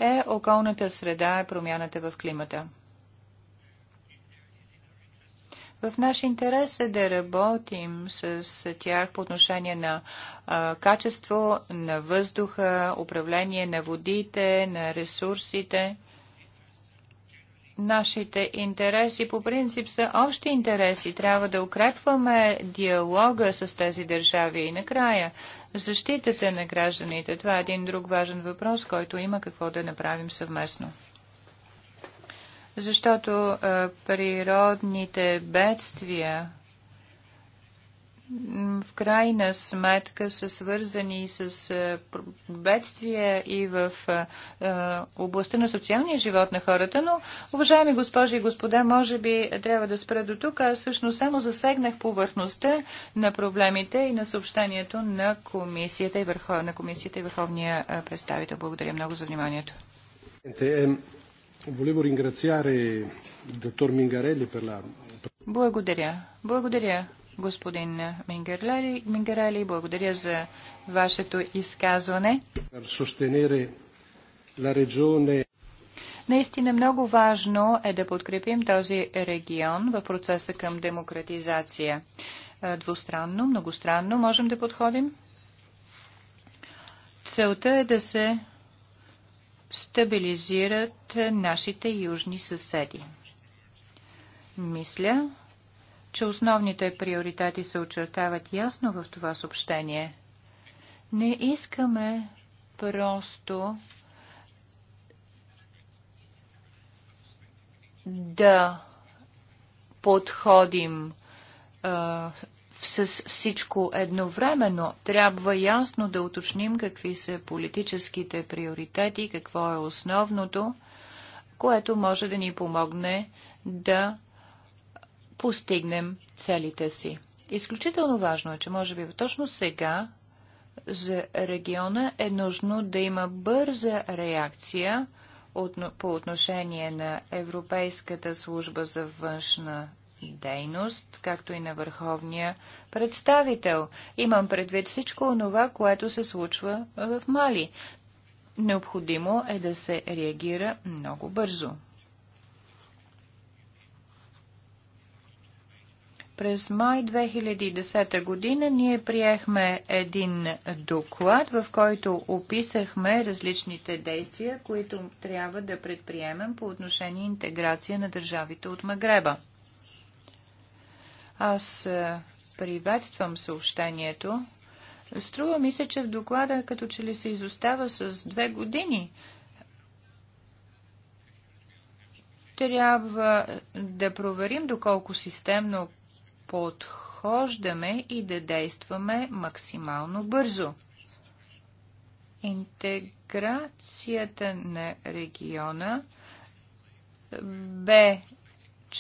е околната среда промяната в климата. В наш интерес е да работим с тях по отношение на а, качество на въздуха, управление на водите, на ресурсите. Нашите интереси по принцип са общи интереси. Трябва да укрепваме диалога с тези държави и накрая защитата на гражданите. Това е един друг важен въпрос, който има какво да направим съвместно защото е, природните бедствия в крайна сметка са свързани с е, бедствия и в е, областта на социалния живот на хората, но, уважаеми госпожи и господа, може би трябва да спра до тук. Аз всъщност само засегнах повърхността на проблемите и на съобщението на комисията и, върхов... на комисията и върховния представител. Благодаря много за вниманието. Volevo ringraziare dottor Mingarelli per la... Благодаря. Благодаря, господин Мингарели. Мингарели, благодаря за вашето изказване. Наистина много важно е да подкрепим този регион в процеса към демократизация. Е, двустранно, многостранно можем да подходим. Целта е да се стабилизират нашите южни съседи. Мисля, че основните приоритети се очертават ясно в това съобщение. Не искаме просто да подходим с всичко едновременно. Трябва ясно да уточним какви са политическите приоритети, какво е основното, което може да ни помогне да постигнем целите си. Изключително важно е, че може би точно сега за региона е нужно да има бърза реакция по отношение на Европейската служба за външна дейност, както и на върховния представител. Имам предвид всичко онова, което се случва в Мали. Необходимо е да се реагира много бързо. През май 2010 година ние приехме един доклад, в който описахме различните действия, които трябва да предприемем по отношение интеграция на държавите от Магреба. Аз е, приветствам съобщението. Струва ми се, че в доклада като че ли се изостава с две години. Трябва да проверим доколко системно подхождаме и да действаме максимално бързо. Интеграцията на региона бе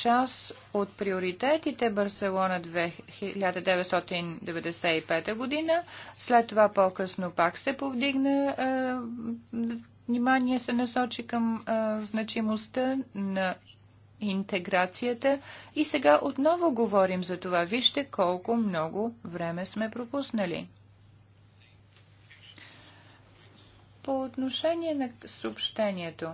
част от приоритетите Барселона 1995 година. След това по-късно пак се повдигна е, внимание се насочи към е, значимостта на интеграцията и сега отново говорим за това. Вижте колко много време сме пропуснали. По отношение на съобщението.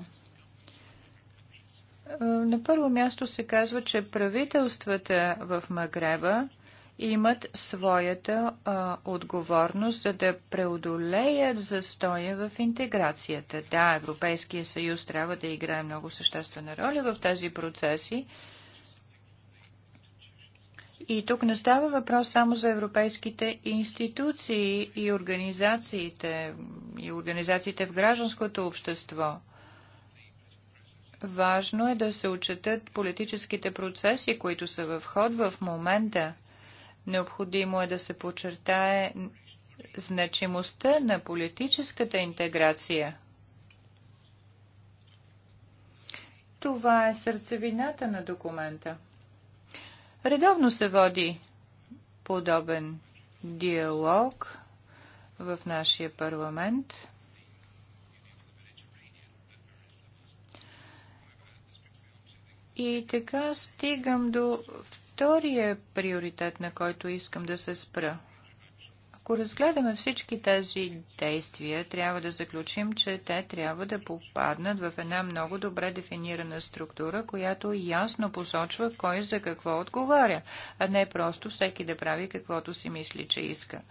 Е, на първо място се казва, че правителствата в Магреба имат своята а, отговорност за да преодолеят застоя в интеграцията. Да, Европейския съюз трябва да играе много съществена роля в тези процеси. И тук не става въпрос само за европейските институции и организациите, и организациите в гражданското общество – Важно е да се отчетат политическите процеси, които са в ход в момента. Необходимо е да се подчертае значимостта на политическата интеграция. Това е сърцевината на документа. Редовно се води подобен диалог в нашия парламент – И така стигам до втория приоритет, на който искам да се спра. Ако разгледаме всички тези действия, трябва да заключим, че те трябва да попаднат в една много добре дефинирана структура, която ясно посочва кой за какво отговаря, а не просто всеки да прави каквото си мисли, че иска.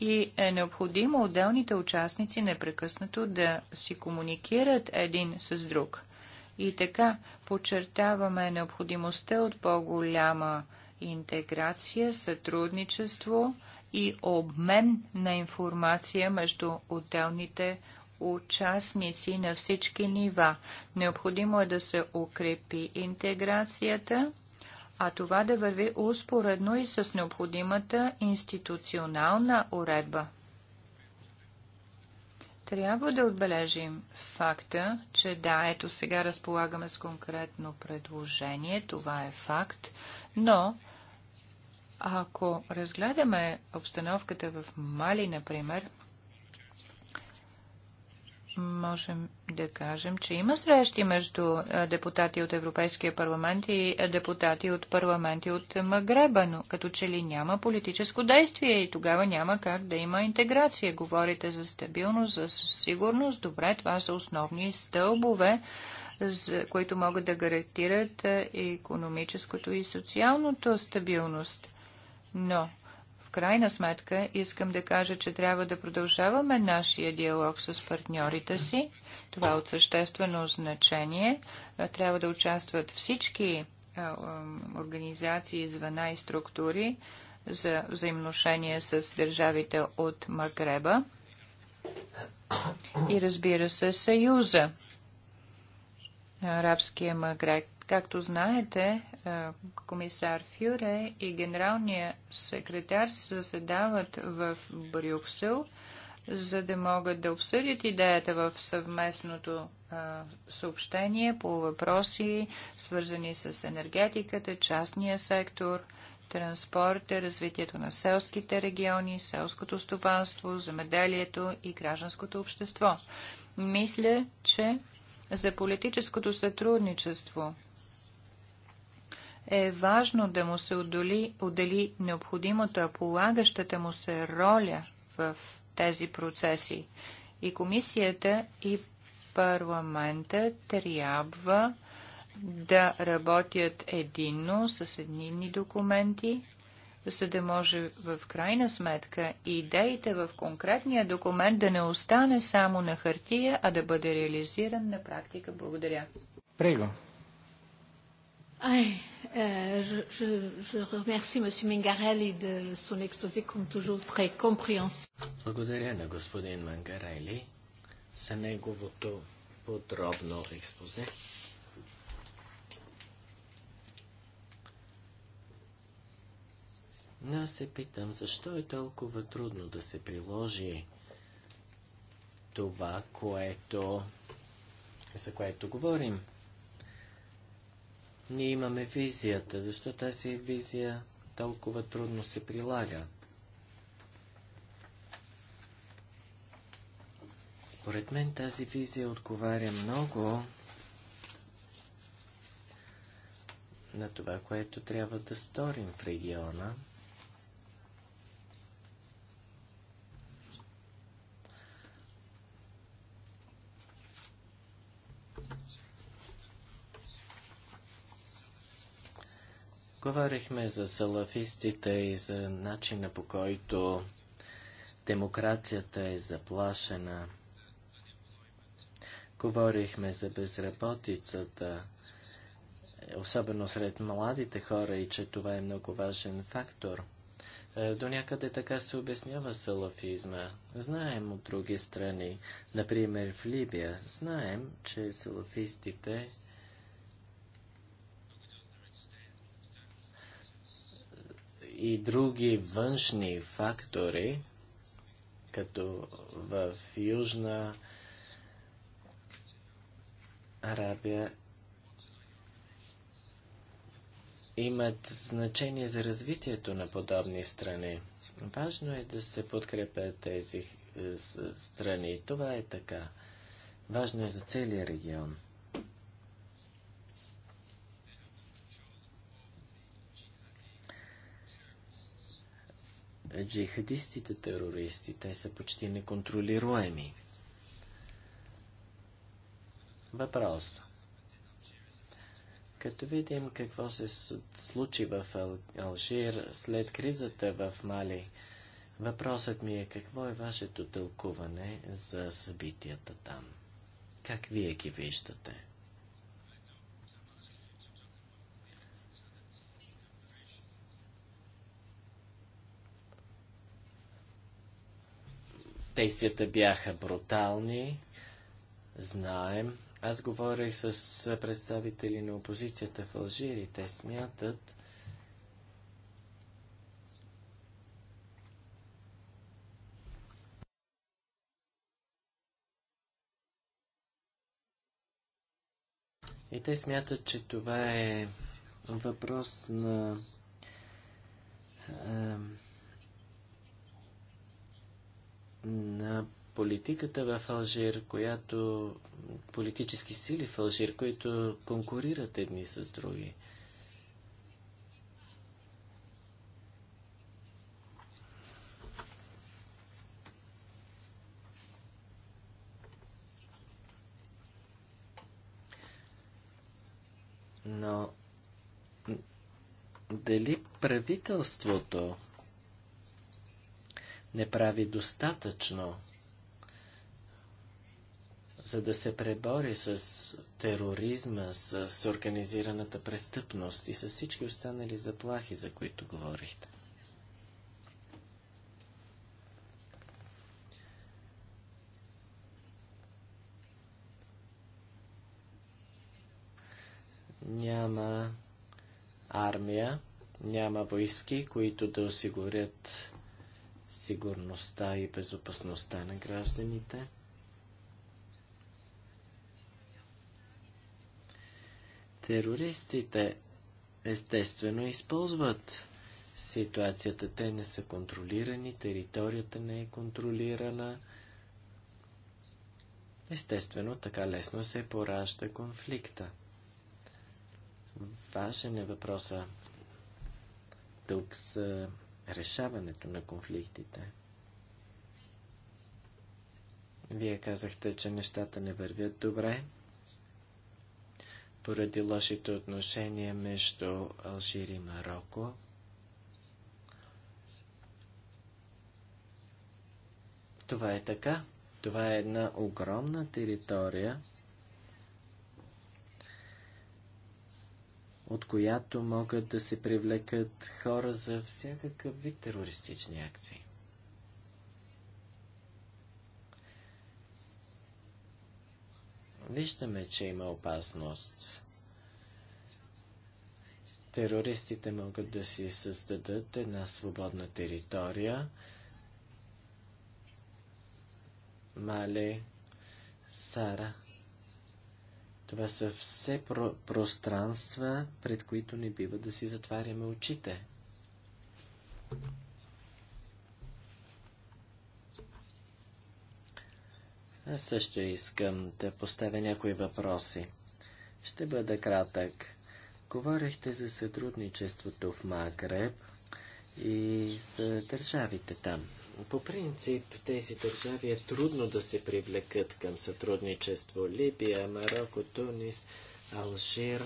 И е необходимо отделните участници непрекъснато да си комуникират един с друг. И така подчертаваме необходимостта от по-голяма интеграция, сътрудничество и обмен на информация между отделните участници на всички нива. Необходимо е да се укрепи интеграцията, а това да върви успоредно и с необходимата институционална уредба. Трябва да отбележим факта, че да, ето сега разполагаме с конкретно предложение, това е факт, но ако разгледаме обстановката в Мали, например, можем да кажем, че има срещи между депутати от Европейския парламент и депутати от парламенти от Магреба, но като че ли няма политическо действие и тогава няма как да има интеграция. Говорите за стабилност, за сигурност. Добре, това са основни стълбове, които могат да гарантират економическото и социалното стабилност. Но крайна сметка искам да кажа, че трябва да продължаваме нашия диалог с партньорите си. Това е от съществено значение. Трябва да участват всички организации, звена и структури за взаимношение с държавите от Магреба и разбира се Съюза арабския Магреб Както знаете, е, комисар Фюре и генералния секретар заседават в Брюксел, за да могат да обсъдят идеята в съвместното е, съобщение по въпроси, свързани с енергетиката, частния сектор, транспорта, развитието на селските региони, селското стопанство, земеделието и гражданското общество. Мисля, че за политическото сътрудничество е важно да му се отдели, отдели необходимата, полагащата му се роля в тези процеси. И комисията, и парламента трябва да работят единно с едни документи, за да може в крайна сметка идеите в конкретния документ да не остане само на хартия, а да бъде реализиран на практика. Благодаря. Прего. Ай, благодаря на господин Мангарели за неговото подробно compréhensif. Но аз се питам, защо е толкова трудно да се приложи това, което, за което говорим – ние имаме визията. Защо тази визия толкова трудно се прилага? Според мен тази визия отговаря много на това, което трябва да сторим в региона – Говорихме за салафистите и за начина по който демокрацията е заплашена. Говорихме за безработицата, особено сред младите хора и че това е много важен фактор. Е, до някъде така се обяснява салафизма. Знаем от други страни, например в Либия, знаем, че салафистите и други външни фактори, като в Южна Арабия имат значение за развитието на подобни страни. Важно е да се подкрепят тези е, страни. Това е така. Важно е за целия регион. джихадистите терористи, те са почти неконтролируеми. Въпрос. Като видим какво се случи в Ал Алжир след кризата в Мали, въпросът ми е какво е вашето тълкуване за събитията там? Как вие ги виждате? Действията бяха брутални, знаем. Аз говорих с представители на опозицията в Алжири. те смятат, И те смятат, че това е въпрос на е, на политиката в Алжир, която политически сили в Алжир, които конкурират едни с други. Но дали правителството не прави достатъчно, за да се пребори с тероризма, с организираната престъпност и с всички останали заплахи, за които говорихте. Няма армия, няма войски, които да осигурят сигурността и безопасността на гражданите. Терористите естествено използват ситуацията. Те не са контролирани, територията не е контролирана. Естествено, така лесно се поражда конфликта. Важен е въпроса тук за решаването на конфликтите. Вие казахте, че нещата не вървят добре поради лошите отношения между Алжир и Марокко. Това е така. Това е една огромна територия, от която могат да се привлекат хора за всякакъв вид терористични акции. Виждаме, че има опасност. Терористите могат да си създадат една свободна територия. Мале, Сара, това са все про- пространства, пред които не бива да си затваряме очите. Аз също искам да поставя някои въпроси. Ще бъда кратък. Говорихте за сътрудничеството в Магреб и за държавите там. По принцип, тези държави е трудно да се привлекат към сътрудничество. Либия, Марокко, Тунис, Алжир.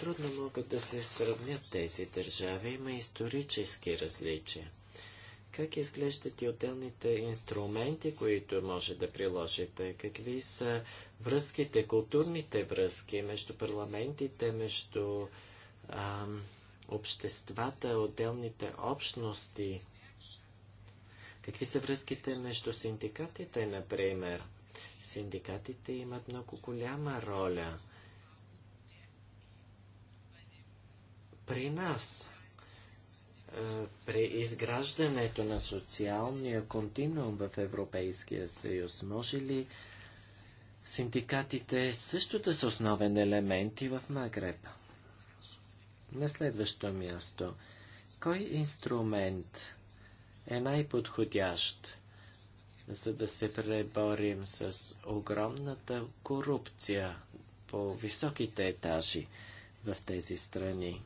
Трудно могат да се сравнят тези държави. Има исторически различия. Как изглеждат и отделните инструменти, които може да приложите? Какви са връзките, културните връзки между парламентите, между ам, обществата, отделните общности? Какви са връзките между синдикатите, например? Синдикатите имат много голяма роля. При нас, е, при изграждането на социалния континуум в Европейския съюз, може ли синдикатите също да са основен елемент и в Магреб? На следващо място, кой инструмент е най-подходящ, за да се преборим с огромната корупция по високите етажи в тези страни.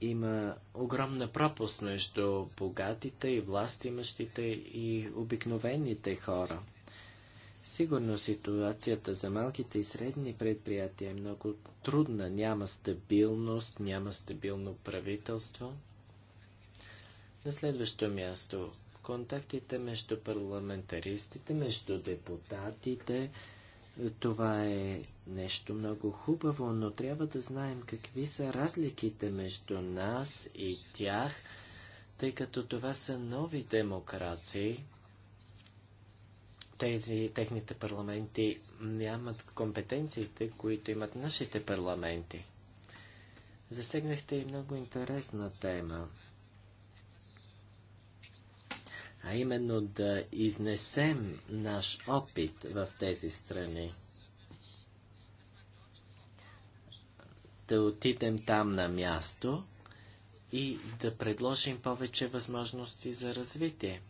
Има огромна пропуск между богатите и властимащите и обикновените хора – Сигурно ситуацията за малките и средни предприятия е много трудна. Няма стабилност, няма стабилно правителство. На следващо място контактите между парламентаристите, между депутатите. Това е нещо много хубаво, но трябва да знаем какви са разликите между нас и тях, тъй като това са нови демокрации тези, техните парламенти нямат компетенциите, които имат нашите парламенти. Засегнахте и много интересна тема, а именно да изнесем наш опит в тези страни. Да отидем там на място и да предложим повече възможности за развитие.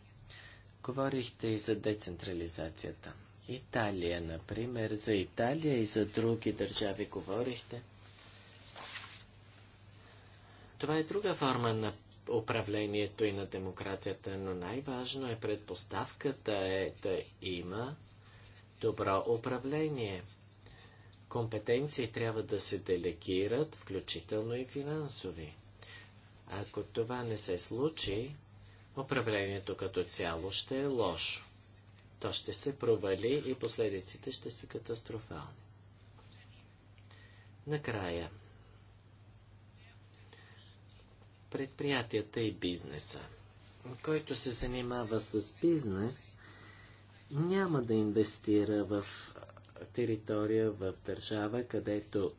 Говорихте и за децентрализацията. Италия, например, за Италия и за други държави говорихте. Това е друга форма на управлението и на демокрацията, но най-важно е предпоставката е да има добро управление. Компетенции трябва да се делегират, включително и финансови. Ако това не се случи, управлението като цяло ще е лошо. То ще се провали и последиците ще са катастрофални. Накрая. Предприятията и бизнеса. Който се занимава с бизнес, няма да инвестира в територия, в държава, където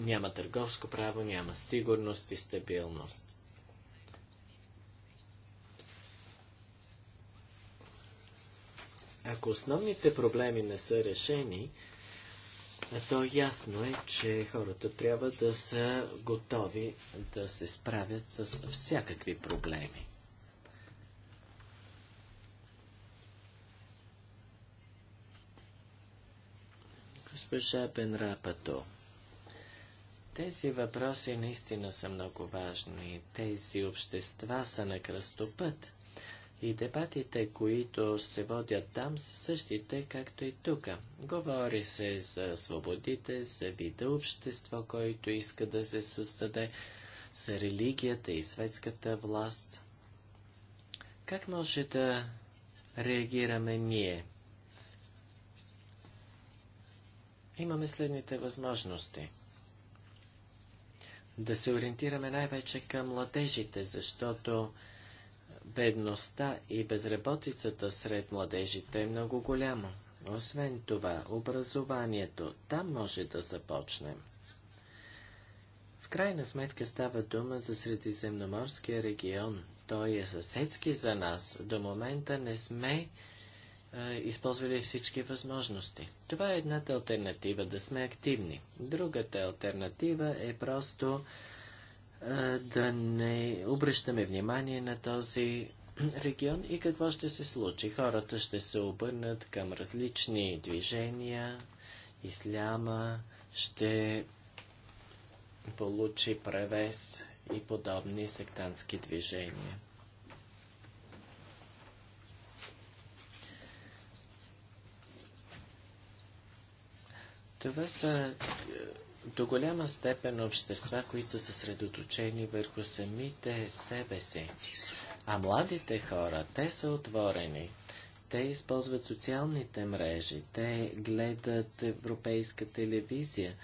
няма търговско право, няма сигурност и стабилност. Ако основните проблеми не са решени, то ясно е, че хората трябва да са готови да се справят с всякакви проблеми. Госпожа Бенрапато, тези въпроси наистина са много важни. Тези общества са на кръстопът. И дебатите, които се водят там, са същите, както и тук. Говори се за свободите, за вида общество, който иска да се създаде, за религията и светската власт. Как може да реагираме ние? Имаме следните възможности. Да се ориентираме най-вече към младежите, защото бедността и безработицата сред младежите е много голяма. Освен това, образованието там може да започнем. В крайна сметка става дума за Средиземноморския регион. Той е съседски за нас. До момента не сме е, използвали всички възможности. Това е едната альтернатива да сме активни. Другата альтернатива е просто да не обръщаме внимание на този регион и какво ще се случи. Хората ще се обърнат към различни движения, исляма ще получи превес и подобни сектантски движения. Това са до голяма степен общества, които са съсредоточени върху самите себе си. А младите хора, те са отворени. Те използват социалните мрежи, те гледат европейска телевизия.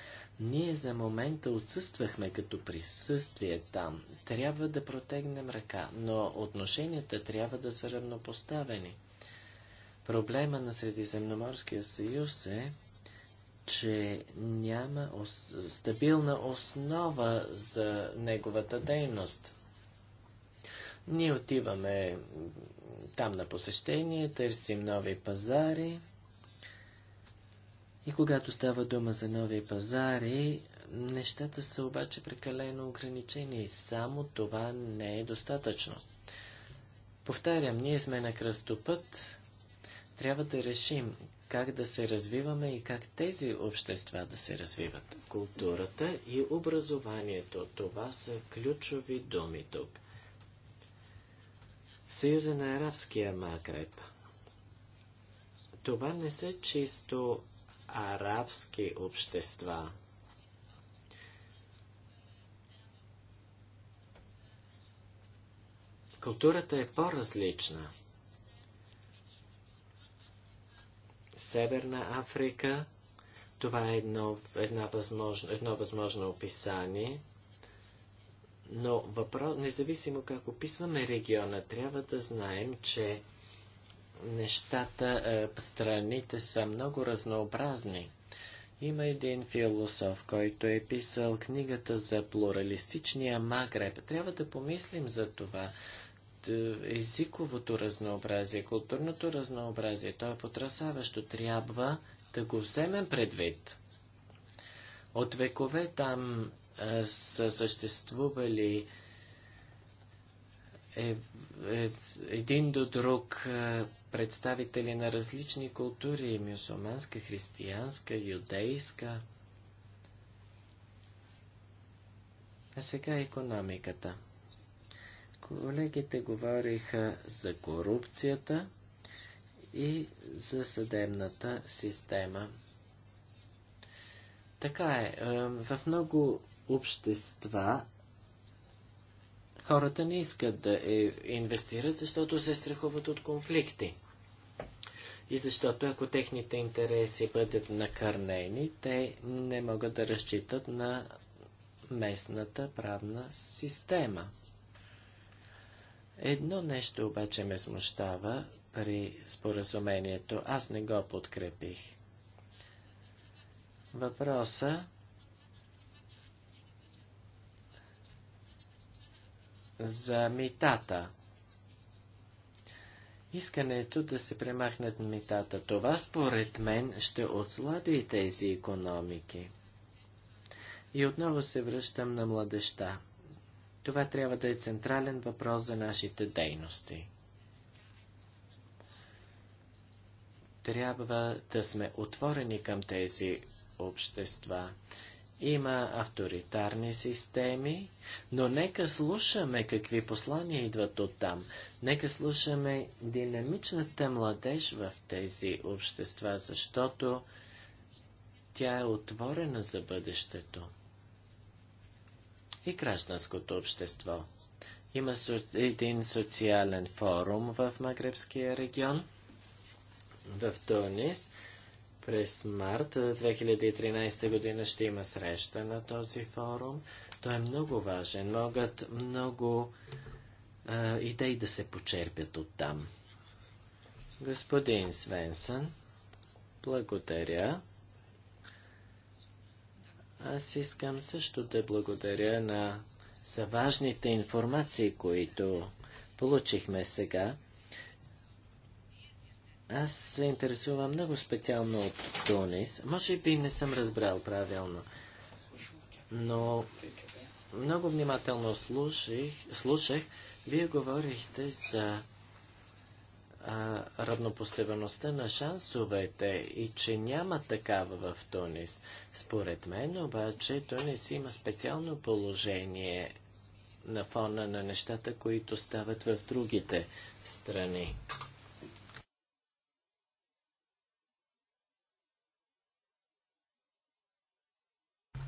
Ние за момента отсъствахме като присъствие там. Трябва да протегнем ръка, но отношенията трябва да са равнопоставени. Проблема на Средиземноморския съюз е, че няма ос... стабилна основа за неговата дейност. Ние отиваме там на посещение, търсим нови пазари. И когато става дума за нови пазари, нещата са обаче прекалено ограничени и само това не е достатъчно. Повтарям, ние сме на кръстопът. Трябва да решим как да се развиваме и как тези общества да се развиват. Културата и образованието, това са ключови думи тук. Съюза на арабския Магреб. Това не са чисто арабски общества. Културата е по-различна – Северна Африка. Това е едно, една възможно, едно възможно описание. Но въпрос, независимо как описваме региона, трябва да знаем, че нещата, е, страните са много разнообразни. Има един философ, който е писал книгата за плуралистичния Магреб. Трябва да помислим за това. Е, езиковото разнообразие, културното разнообразие. То е потрясаващо. Трябва да го вземем предвид. От векове там е, са съществували е, е, един до друг е, представители на различни култури мюсулманска, християнска, юдейска. А сега економиката. Колегите говориха за корупцията и за съдебната система. Така е, в много общества хората не искат да е, инвестират, защото се страхуват от конфликти. И защото ако техните интереси бъдат накърнени, те не могат да разчитат на местната правна система. Едно нещо обаче ме смущава при споразумението. Аз не го подкрепих. Въпроса за митата. Искането да се премахнат митата, това според мен ще отслаби тези економики. И отново се връщам на младеща. Това трябва да е централен въпрос за нашите дейности. Трябва да сме отворени към тези общества. Има авторитарни системи, но нека слушаме какви послания идват оттам. Нека слушаме динамичната младеж в тези общества, защото тя е отворена за бъдещето и гражданското общество. Има един социален форум в Магребския регион, в Тунис. През март 2013 година ще има среща на този форум. Той е много важен. Могат много а, идеи да се почерпят от там. Господин Свенсън, благодаря. Аз искам също да благодаря на за важните информации, които получихме сега. Аз се интересувам много специално от Тунис. Може би не съм разбрал правилно, но много внимателно слушах. слушах. Вие говорихте за равнопоставеността на шансовете и че няма такава в Тунис. Според мен обаче Тунис има специално положение на фона на нещата, които стават в другите страни.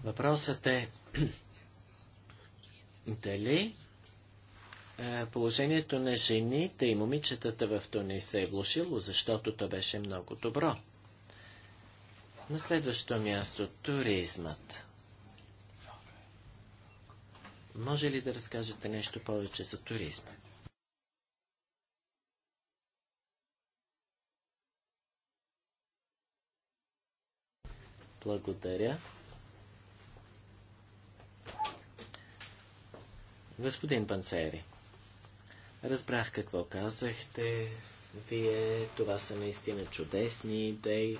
Въпросът е дали е, положението на жените и момичетата в Тунис се е влушило, защото то беше много добро. На следващо място – туризмът. Може ли да разкажете нещо повече за туризма? Благодаря. Господин Панцери. Разбрах какво казахте. Вие, това са наистина чудесни идеи.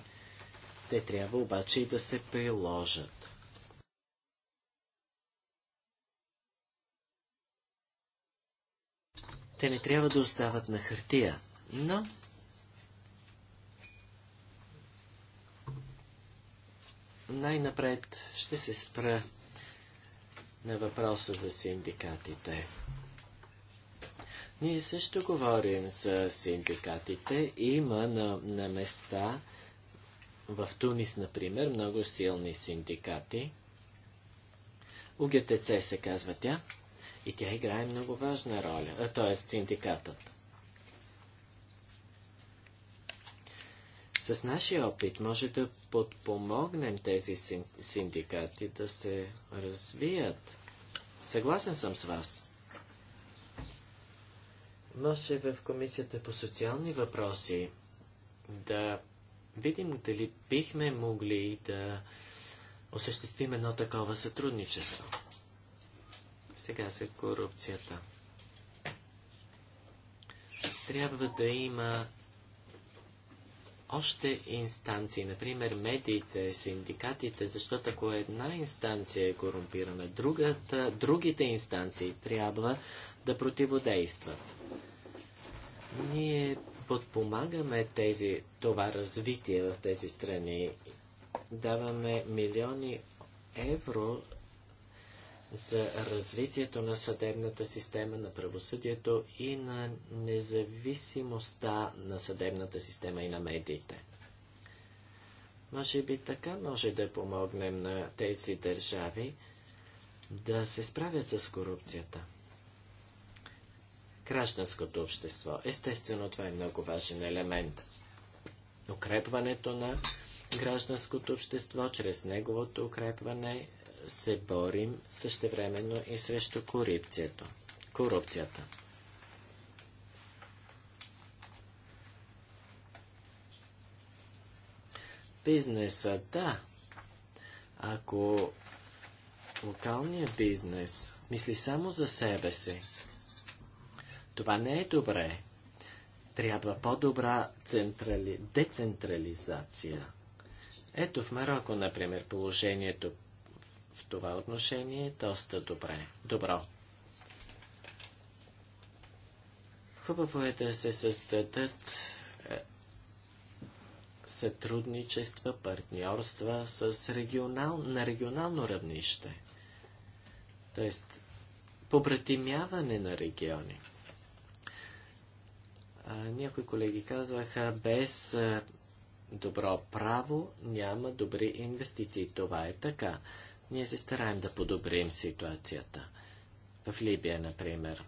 Те трябва обаче и да се приложат. Те не трябва да остават на хартия, но най-напред ще се спра на въпроса за синдикатите. Ние също говорим с синдикатите. Има на, на места, в Тунис, например, много силни синдикати. УГТЦ се казва тя. И тя играе много важна роля, т.е. синдикатът. С нашия опит може да подпомогнем тези синдикати да се развият. Съгласен съм с вас може в Комисията по социални въпроси да видим дали бихме могли да осъществим едно такова сътрудничество. Сега за корупцията. Трябва да има още инстанции, например медиите, синдикатите, защото ако една инстанция е корумпирана, другата, другите инстанции трябва да противодействат. Ние подпомагаме тези, това развитие в тези страни. Даваме милиони евро за развитието на съдебната система, на правосъдието и на независимостта на съдебната система и на медиите. Може би така може да помогнем на тези държави да се справят с корупцията гражданското общество. Естествено, това е много важен елемент. Укрепването на гражданското общество, чрез неговото укрепване се борим същевременно и срещу корупцията. корупцията. Бизнеса, да. Ако локалният бизнес мисли само за себе си, това не е добре. Трябва по-добра централи... децентрализация. Ето в Марокко, например, положението в това отношение е доста добре. Добро. Хубаво е да се създадат е, сътрудничества, партньорства с регионал, на регионално равнище. Тоест, побратимяване на региони някои колеги казваха, без добро право няма добри инвестиции. Това е така. Ние се стараем да подобрим ситуацията. В Либия, например.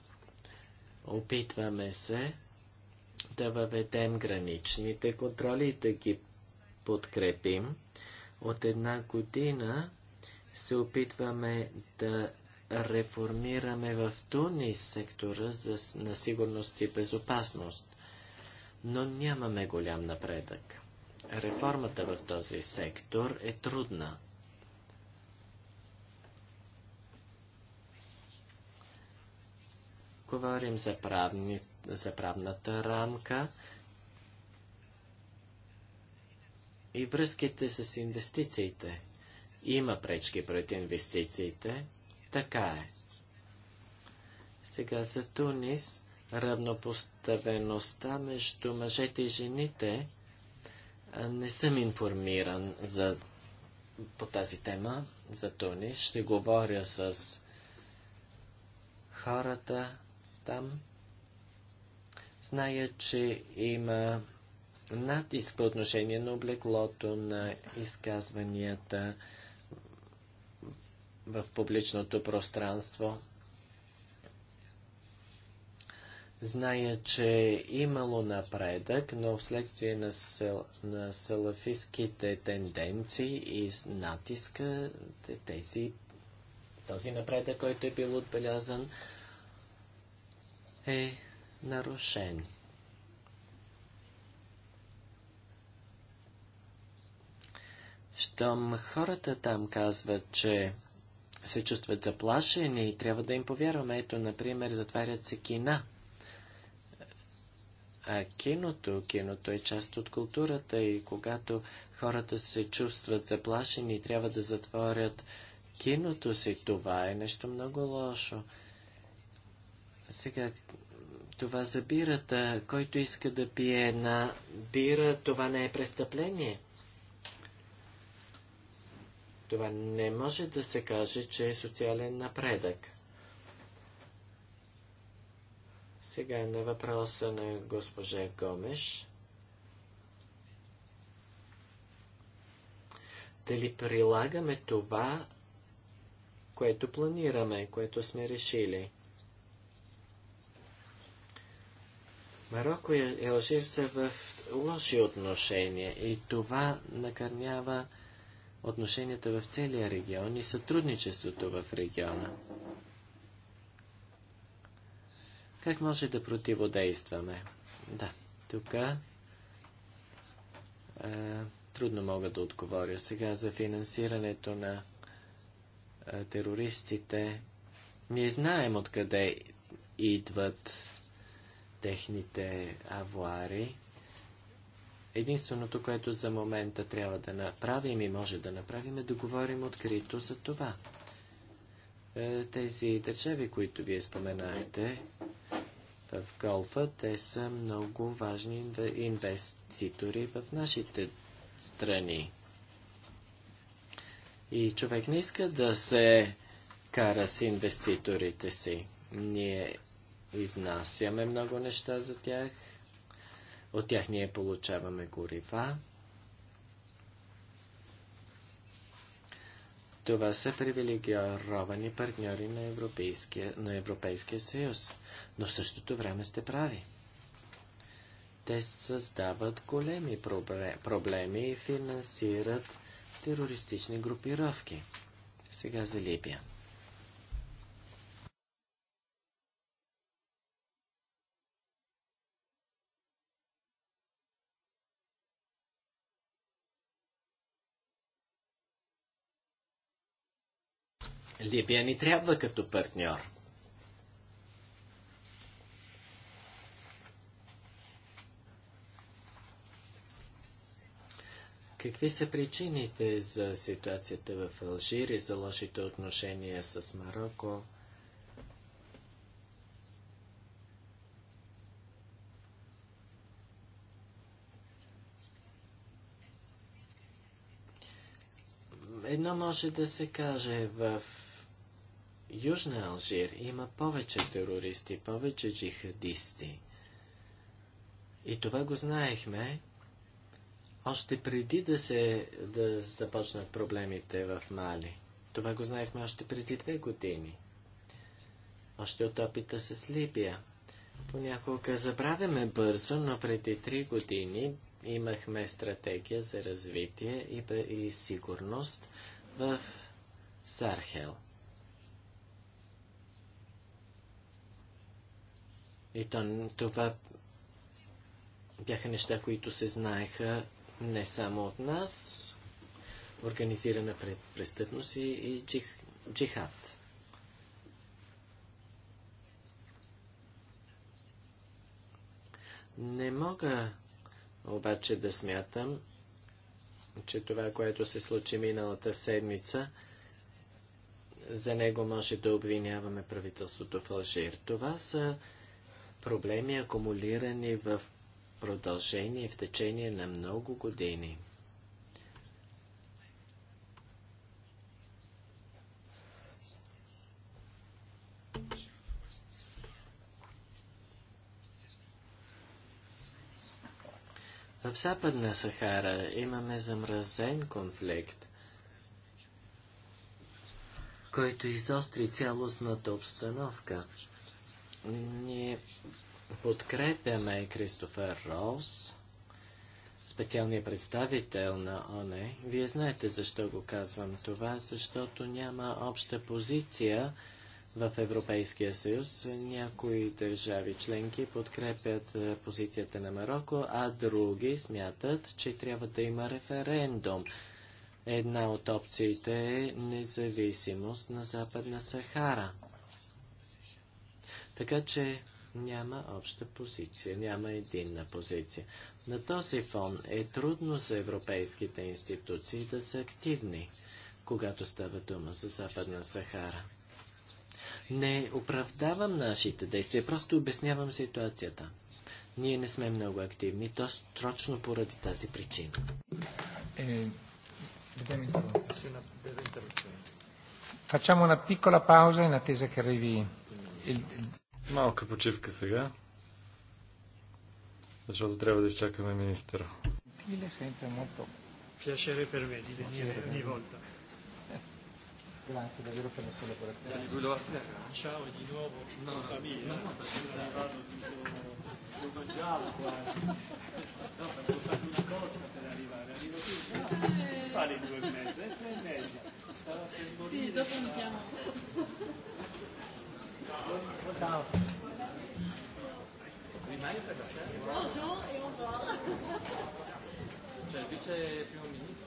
Опитваме се да въведем граничните контроли и да ги подкрепим. От една година се опитваме да реформираме в Тунис сектора за, на сигурност и безопасност но нямаме голям напредък. Реформата в този сектор е трудна. Говорим за, правни, за правната рамка и връзките с инвестициите. Има пречки пред инвестициите, така е. Сега за Тунис равнопоставеността между мъжете и жените. Не съм информиран за, по тази тема за Тони. Ще говоря с хората там. Зная, че има натиск по отношение на облеклото на изказванията в публичното пространство. Зная, че е имало напредък, но вследствие на, сел, на салафистските тенденции и натиска тези, този напредък, който е бил отбелязан, е нарушен. Щом хората там казват, че се чувстват заплашени и трябва да им повярваме, ето, например, затварят се кина – а, киното. Киното е част от културата и когато хората се чувстват заплашени и трябва да затворят киното си, това е нещо много лошо. Сега, това за бирата, който иска да пие една бира, това не е престъпление. Това не може да се каже, че е социален напредък. Сега е на въпроса на госпожа Гомеш. Дали прилагаме това, което планираме, което сме решили? Марокко и лжи са в лоши отношения и това накърнява отношенията в целия регион и сътрудничеството в региона. Как може да противодействаме? Да, тук трудно мога да отговоря. Сега за финансирането на а, терористите. Ние знаем откъде идват техните авуари. Единственото, което за момента трябва да направим и може да направим е да говорим открито за това. Е, тези държави, които вие споменахте, в Голфа. Те са много важни инвеститори в нашите страни. И човек не иска да се кара с инвеститорите си. Ние изнасяме много неща за тях. От тях ние получаваме горива. Това са привилегировани партньори на Европейския, на Европейския съюз, но в същото време сте прави. Те създават големи проблеми и финансират терористични групировки. Сега за Либия. Либия ни трябва като партньор. Какви са причините за ситуацията в Алжир и за лошите отношения с Марокко? Едно може да се каже в Южна Алжир има повече терористи, повече джихадисти. И това го знаехме още преди да, се, да започнат проблемите в Мали. Това го знаехме още преди две години. Още от опита с Либия. Понякога забравяме бързо, но преди три години имахме стратегия за развитие и, и сигурност в Сархел – И то, това бяха неща, които се знаеха не само от нас, организирана пред престъпност и, и джих, джихад. Не мога обаче да смятам, че това, което се случи миналата седмица, за него може да обвиняваме правителството в Алжир. Това са проблеми, акумулирани в продължение в течение на много години. В Западна Сахара имаме замразен конфликт, който изостри цялостната обстановка. Ние подкрепяме Кристофер Роуз, специалният представител на ОНЕ. Вие знаете защо го казвам това, защото няма обща позиция в Европейския съюз. Някои държави членки подкрепят е, позицията на Марокко, а други смятат, че трябва да има референдум. Една от опциите е независимост на Западна Сахара. Така че няма обща позиция, няма единна позиция. На този фон е трудно за европейските институции да са активни, когато става дума за Западна Сахара. Не оправдавам нашите действия, просто обяснявам ситуацията. Ние не сме много активни, то точно поради тази причина. Е, Facciamo una piccola pausa in attesa che arrivi il... Малка почивка сега, защото трябва да изчакаме министъра. Mille sempre molto piacere per me di venire ogni volta. Grazie davvero per la collaborazione. Ciao di nuovo, no, famiglia. No, lo mangiavo quasi. No, perché ho fatto una corsa per arrivare. Arrivo qui, Fare due e tre e mezzo. per morire. Sì, dopo mi chiamo. Ciao. Bonjour et bonsoir. C'è il vice primo ministro.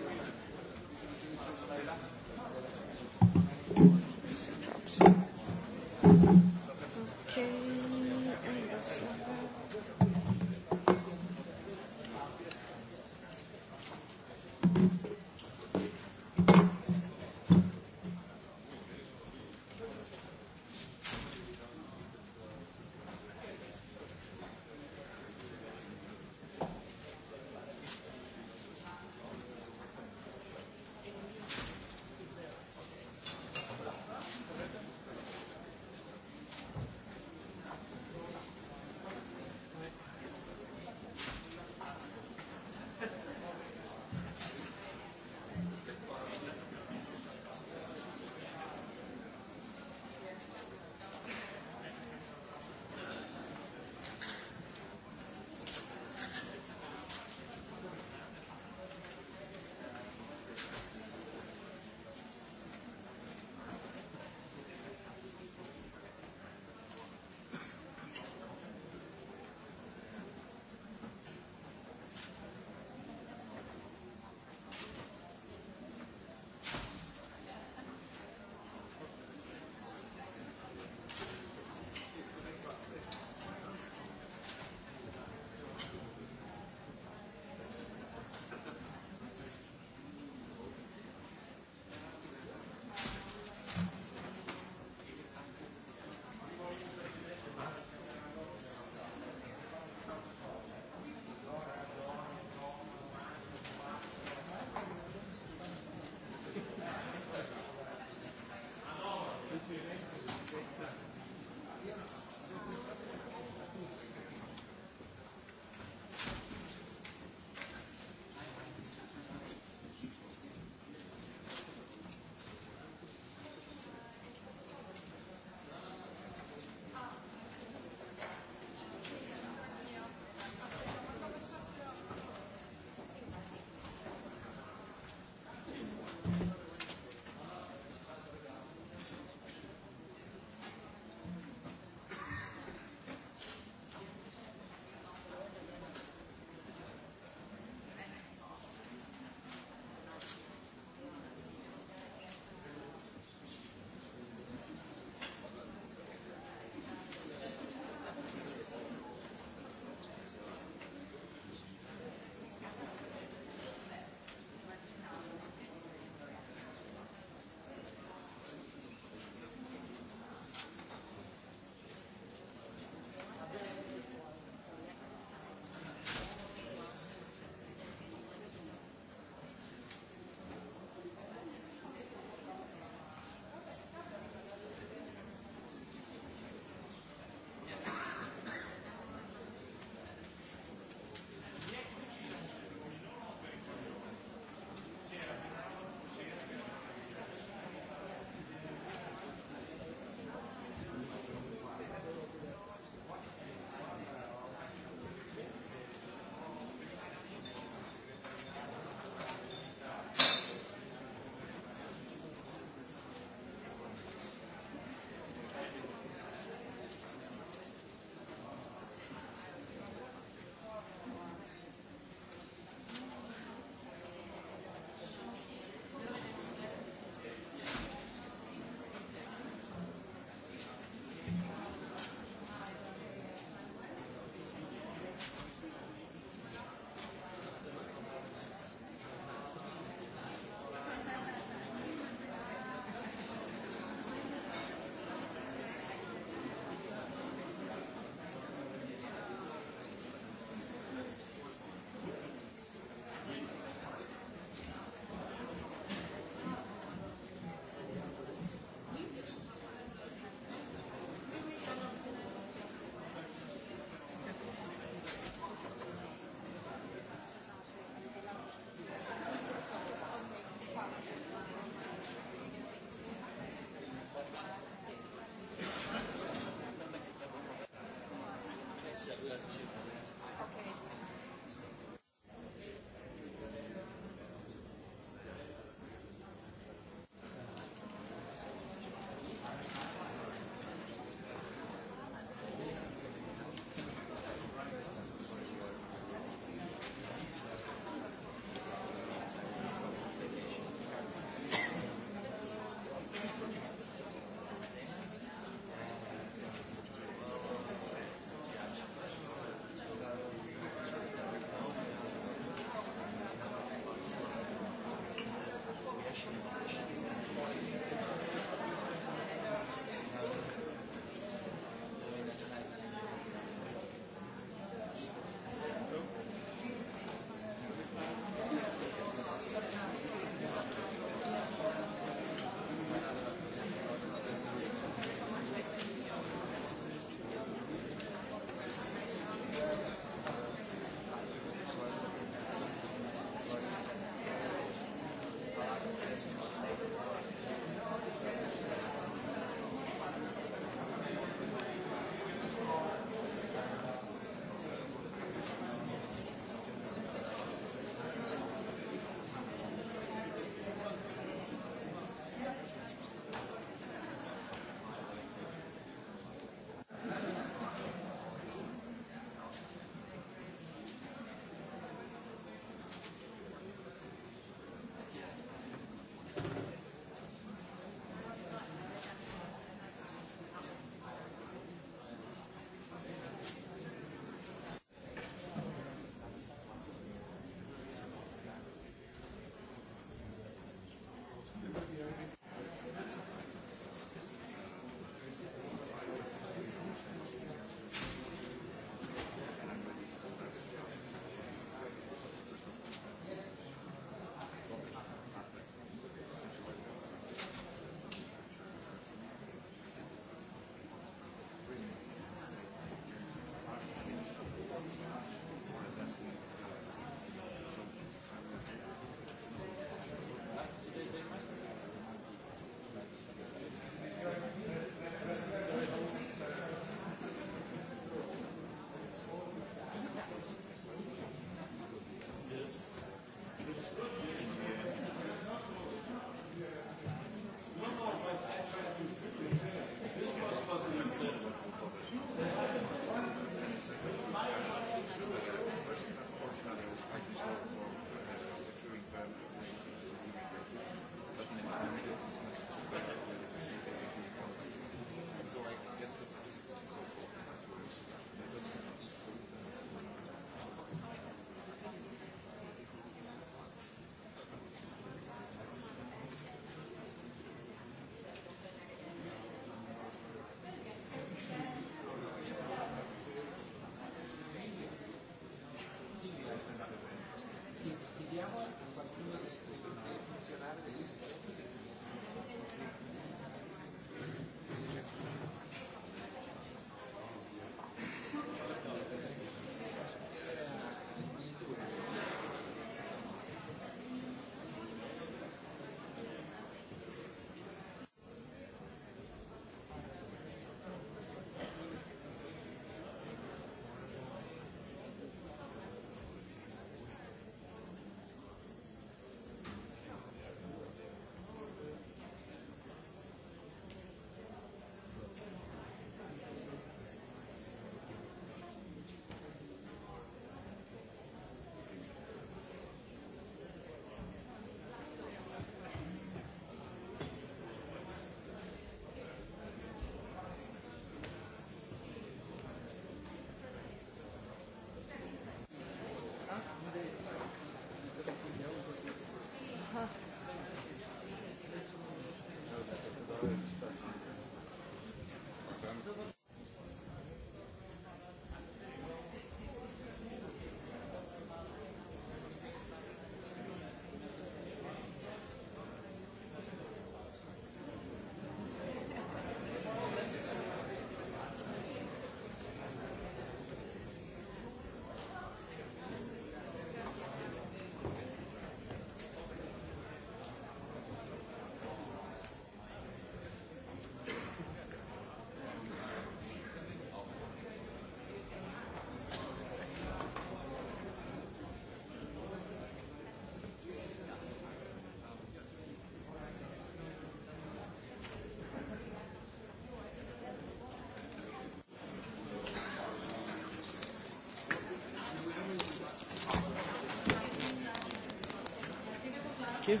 Против?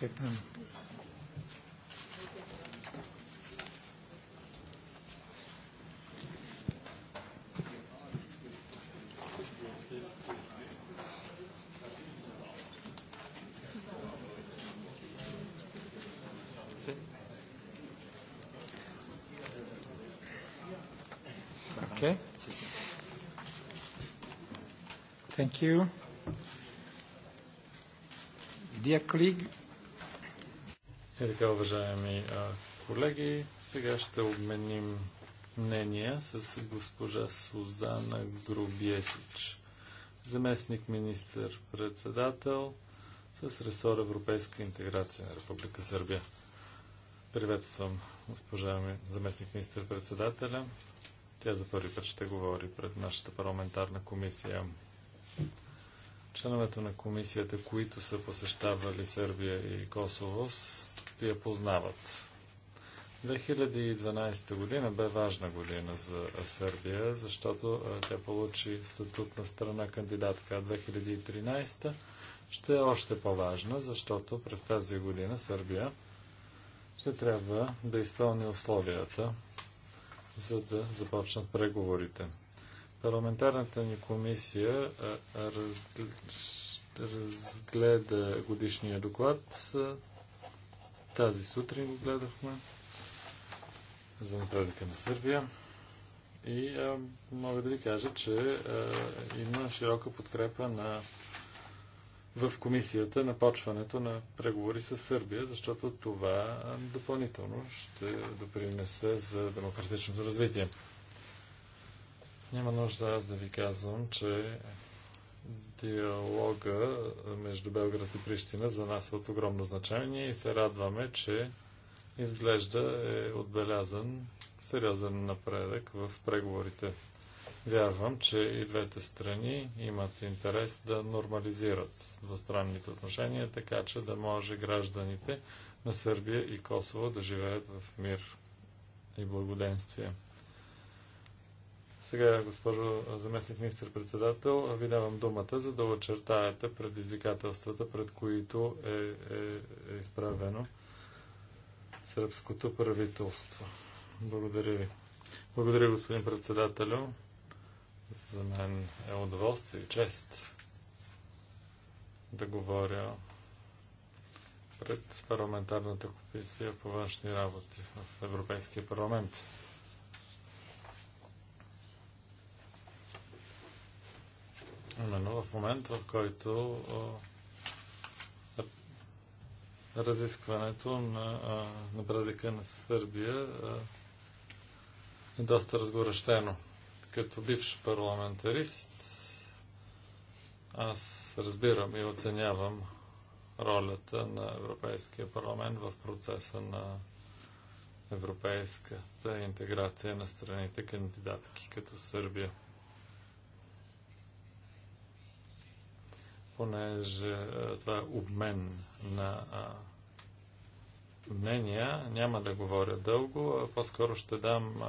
Vietnam. Okay. Thank you. Dear colleague, и е така, уважаеми колеги, сега ще обменим мнения с госпожа Сузана Грубиесич, заместник министър председател с ресор Европейска интеграция на Република Сърбия. Приветствам госпожа ми, заместник министър председателя. Тя за първи път ще говори пред нашата парламентарна комисия. Членовете на комисията, които са посещавали Сърбия и Косово, ще я познават. 2012 година бе важна година за Сърбия, защото тя получи статут на страна кандидатка, 2013 ще е още по-важна, защото през тази година Сърбия ще трябва да изпълни условията, за да започнат преговорите. Парламентарната ни комисия разгледа годишния доклад тази сутрин го гледахме за напредъка на Сърбия. И а, мога да ви кажа, че а, има широка подкрепа на, в комисията на почването на преговори с Сърбия, защото това допълнително ще допринесе за демократичното развитие. Няма нужда аз да ви казвам, че Диалога между Белград и Прищина за нас е от огромно значение и се радваме, че изглежда е отбелязан сериозен напредък в преговорите. Вярвам, че и двете страни имат интерес да нормализират двустранните отношения, така че да може гражданите на Сърбия и Косово да живеят в мир и благоденствие. Сега, госпожо заместник министр-председател, ви давам думата, за да очертаете предизвикателствата, пред които е, е, е изправено сръбското правителство. Благодаря ви. Благодаря, господин председателю. За мен е удоволствие и чест да говоря пред парламентарната комисия по външни работи в Европейския парламент. Именно в момент, в който разискването на напредъка на Сърбия е доста разгорещено. Като бивш парламентарист, аз разбирам и оценявам ролята на Европейския парламент в процеса на европейската интеграция на страните кандидатки като Сърбия. понеже това е обмен на мнения. Няма да говоря дълго, а по-скоро ще дам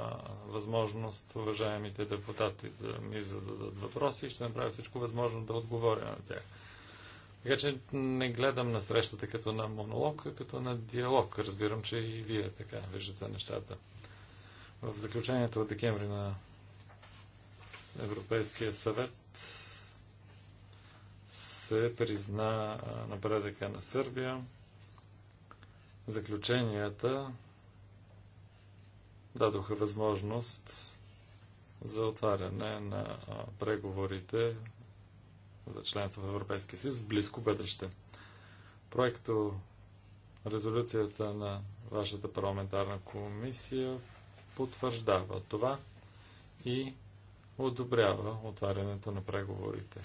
възможност уважаемите депутати да ми зададат въпроси и ще направя всичко възможно да отговоря на тях. Така че не гледам на срещата като на монолог, а като на диалог. Разбирам, че и вие така виждате нещата. В заключението от декември на Европейския съвет се призна напредъка на Сърбия. Заключенията дадоха възможност за отваряне на преговорите за членство в Европейския съюз в близко бъдеще. Проекто резолюцията на вашата парламентарна комисия потвърждава това и одобрява отварянето на преговорите.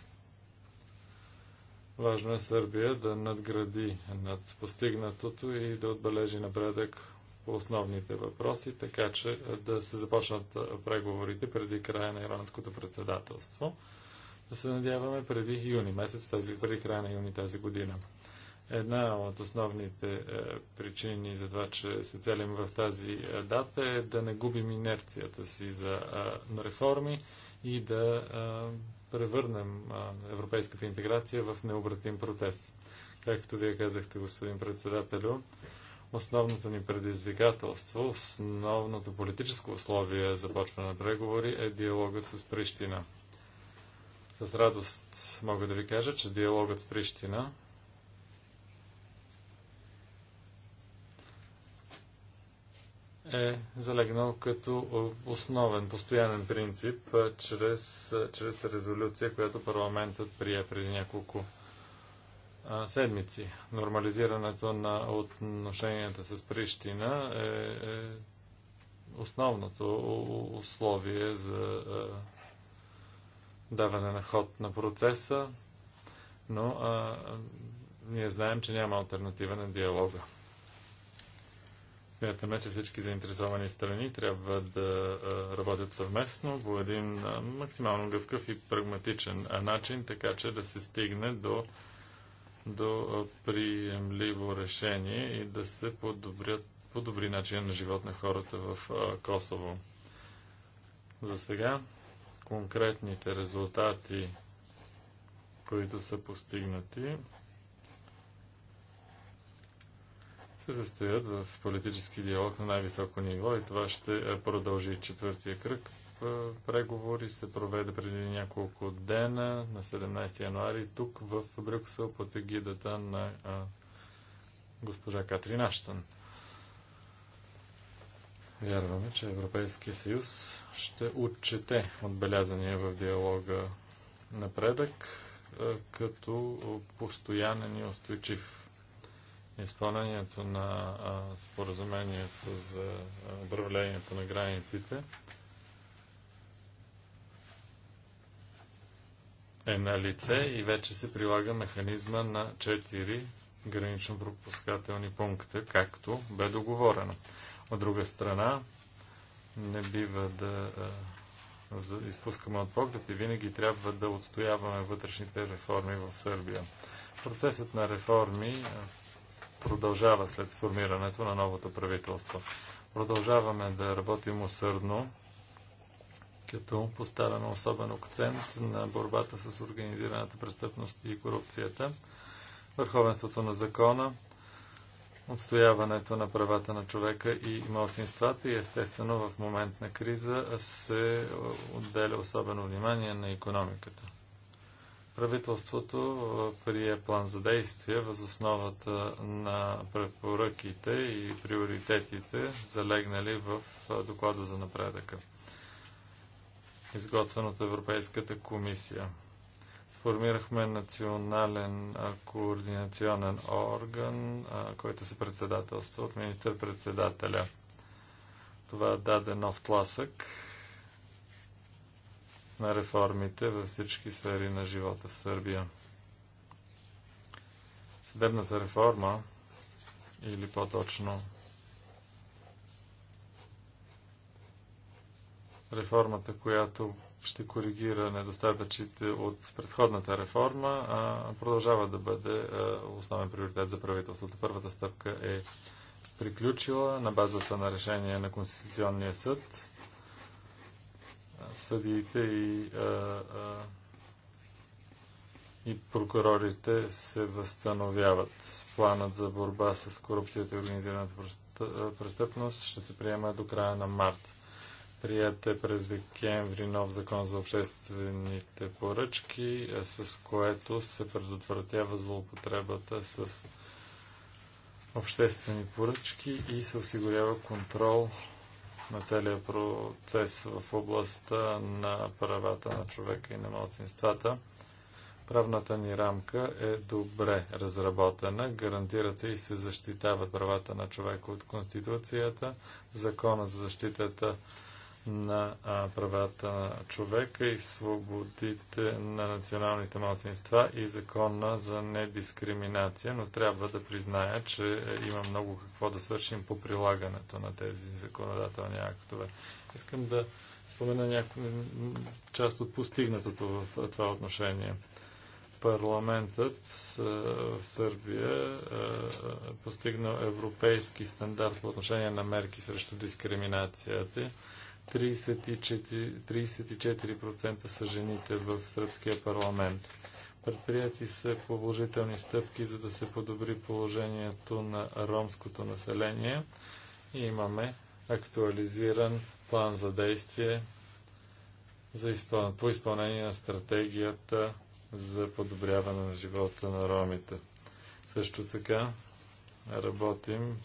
Важно е Сърбия да надгради над постигнатото и да отбележи напредък по основните въпроси, така че да се започнат преговорите преди края на иранското председателство. Да се надяваме преди юни месец, тази, преди края на юни тази година. Една от основните е, причини за това, че се целим в тази е, дата е да не губим инерцията си за е, реформи и да е, превърнем европейската интеграция в необратим процес. Както вие казахте, господин председателю, основното ни предизвикателство, основното политическо условие за започване на преговори е диалогът с Прищина. С радост мога да ви кажа, че диалогът с Прищина е залегнал като е, основен, постоянен принцип е, чрез, е, чрез резолюция, която парламентът прие преди няколко седмици. Нормализирането на отношенията с Прищина е, е основното условие за е, даване на ход на процеса, но е, ние знаем, че няма альтернатива на диалога. Смятаме, че всички заинтересовани страни трябва да работят съвместно по един максимално гъвкав и прагматичен начин, така че да се стигне до, до приемливо решение и да се подобрят, подобри начин на живот на хората в Косово. За сега конкретните резултати, които са постигнати, се състоят в политически диалог на най-високо ниво и това ще е, продължи четвъртия кръг. Е, преговори се проведе преди няколко дена на 17 януари тук в Брюксел под егидата на а, е, госпожа Катрин Аштън. Вярваме, че Европейския съюз ще отчете отбелязания в диалога напредък като постоянен и устойчив изпълнението на а, споразумението за управлението на границите е на лице и вече се прилага механизма на 4 гранично-пропускателни пункта, както бе договорено. От друга страна, не бива да а, изпускаме от поглед и винаги трябва да отстояваме вътрешните реформи в Сърбия. Процесът на реформи продължава след сформирането на новото правителство. Продължаваме да работим усърдно, като поставяме особен акцент на борбата с организираната престъпност и корупцията, върховенството на закона, отстояването на правата на човека и малцинствата и естествено в момент на криза се отделя особено внимание на економиката правителството прие план за действие въз основата на препоръките и приоритетите, залегнали в доклада за напредъка, изготвен от Европейската комисия. Сформирахме национален координационен орган, който се председателства от министър-председателя. Това даде нов тласък на реформите във всички сфери на живота в Сърбия. Съдебната реформа, или по-точно реформата, която ще коригира недостатъчите от предходната реформа, а, продължава да бъде основен приоритет за правителството. Първата стъпка е приключила на базата на решение на Конституционния съд съдиите и, а, а, и прокурорите се възстановяват. Планът за борба с корупцията и организираната престъпност ще се приема до края на март. Прият е през декември нов закон за обществените поръчки, с което се предотвратява злоупотребата с обществени поръчки и се осигурява контрол на целият процес в областта на правата на човека и на младсинствата. Правната ни рамка е добре разработена, гарантират се и се защитават правата на човека от Конституцията, Закона за защитата на правата на човека и свободите на националните малцинства и закона за недискриминация, но трябва да призная, че е, има много какво да свършим по прилагането на тези законодателни актове. Искам да спомена някои част от постигнатото в това отношение парламентът в Сърбия постигнал европейски стандарт по отношение на мерки срещу дискриминацията 34%, са жените в сръбския парламент. Предприяти са положителни стъпки, за да се подобри положението на ромското население. И имаме актуализиран план за действие за изпъл... по изпълнение на стратегията за подобряване на живота на ромите. Също така работим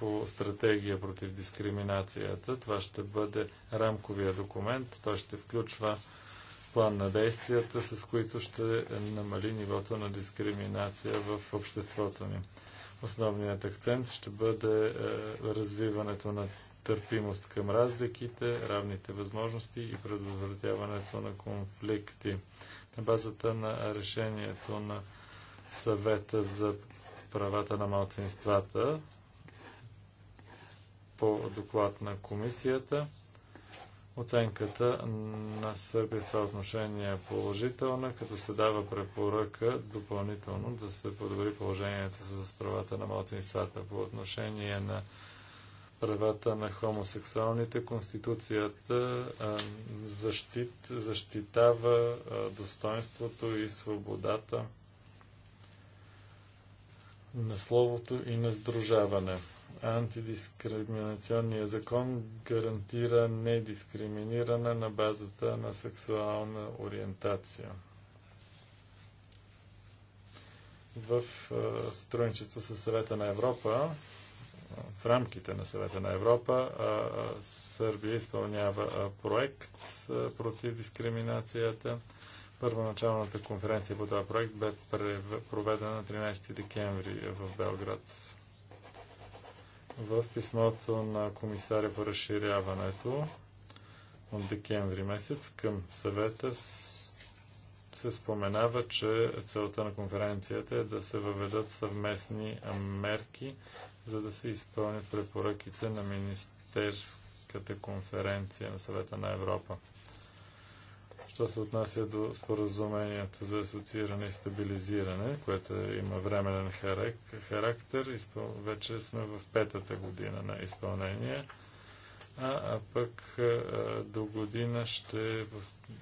по стратегия против дискриминацията. Това ще бъде рамковия документ. Той ще включва план на действията, с които ще намали нивото на дискриминация в обществото ни. Основният акцент ще бъде е, развиването на търпимост към разликите, равните възможности и предотвратяването на конфликти. На базата на решението на съвета за правата на малцинствата по доклад на комисията. Оценката на Сърбия в това отношение е положителна, като се дава препоръка допълнително да се подобри положението с правата на малцинствата. По отношение на правата на хомосексуалните, Конституцията защит, защитава достоинството и свободата на словото и на сдружаване антидискриминационния закон гарантира недискриминиране на базата на сексуална ориентация. В сътрудничество с съвета на Европа, в рамките на съвета на Европа, Сърбия изпълнява проект против дискриминацията. Първоначалната конференция по този проект бе проведена на 13 декември в Белград, в писмото на комисаря по разширяването от декември месец към съвета се споменава, че целта на конференцията е да се въведат съвместни мерки, за да се изпълнят препоръките на Министерската конференция на съвета на Европа. Що се отнася до споразумението за асоцииране и стабилизиране, което има временен характер, вече сме в петата година на изпълнение, а, а пък до година ще,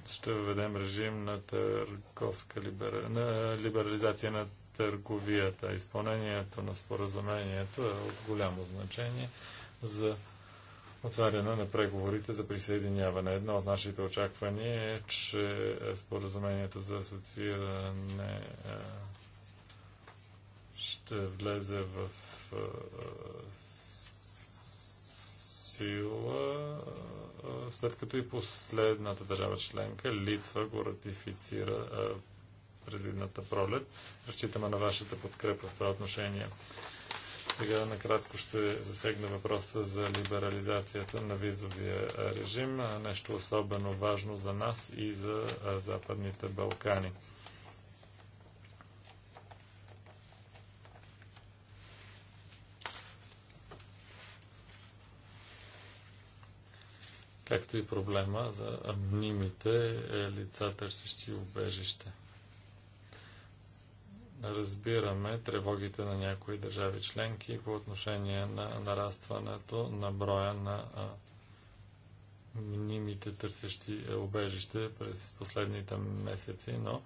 ще введем режим на търговска либера... на либерализация на търговията. Изпълнението на споразумението е от голямо значение за отваряне на преговорите за присъединяване. Едно от нашите очаквания е, че споразумението за асоцииране е, ще влезе в е, сила, е, след като и последната държава членка, Литва, го ратифицира през едната пролет. Разчитаме на вашата подкрепа в това отношение. Сега накратко ще засегна въпроса за либерализацията на визовия режим, нещо особено важно за нас и за Западните Балкани. както и проблема за мнимите е, лица, търсещи убежище разбираме тревогите на някои държави членки по отношение на нарастването на броя на мнимите търсещи обежище е, през последните месеци, но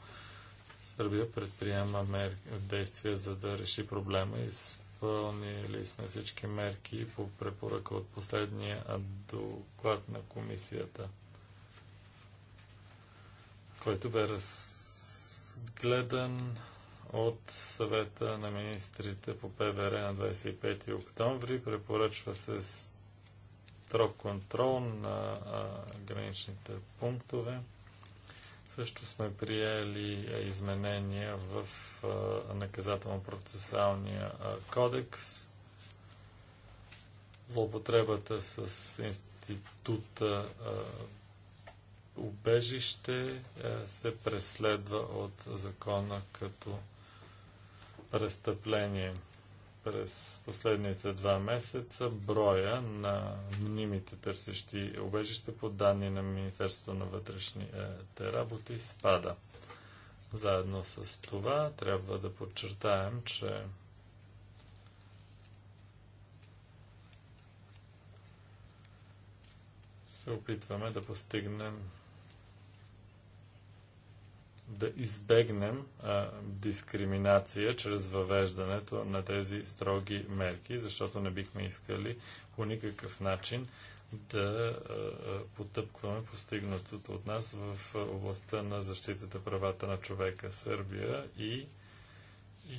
Сърбия предприема мер... действия за да реши проблема. Изпълнили сме всички мерки по препоръка от последния доклад на комисията, който бе разгледан от съвета на министрите по ПВР на 25 октомври. Препоръчва се строг контрол на а, граничните пунктове. Също сме приели изменения в наказателно-процесуалния кодекс. Злоупотребата с института а, убежище се преследва от закона като престъпление. През последните два месеца броя на мнимите търсещи обежище по данни на Министерството на вътрешните работи спада. Заедно с това трябва да подчертаем, че се опитваме да постигнем да избегнем а, дискриминация чрез въвеждането на тези строги мерки, защото не бихме искали по никакъв начин да а, потъпкваме постигнатото от нас в областта на защитата правата на човека Сърбия и,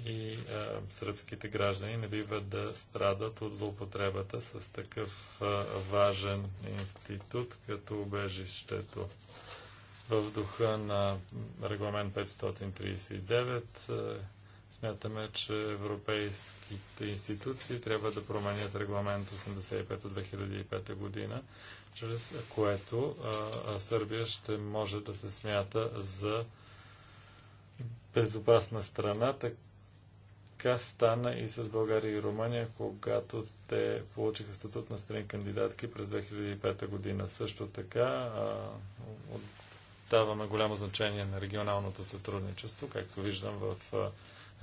и а, сръбските граждани не бива да страдат от злоупотребата с такъв а, важен институт като убежището в духа на регламент 539 е, смятаме, че европейските институции трябва да променят регламент 85 от 2005 година, чрез което Сърбия ще може да се смята за безопасна страна. Така стана и с България и Румъния, когато те получиха статут на страни кандидатки през 2005 година. Също така от даваме голямо значение на регионалното сътрудничество. Както виждам в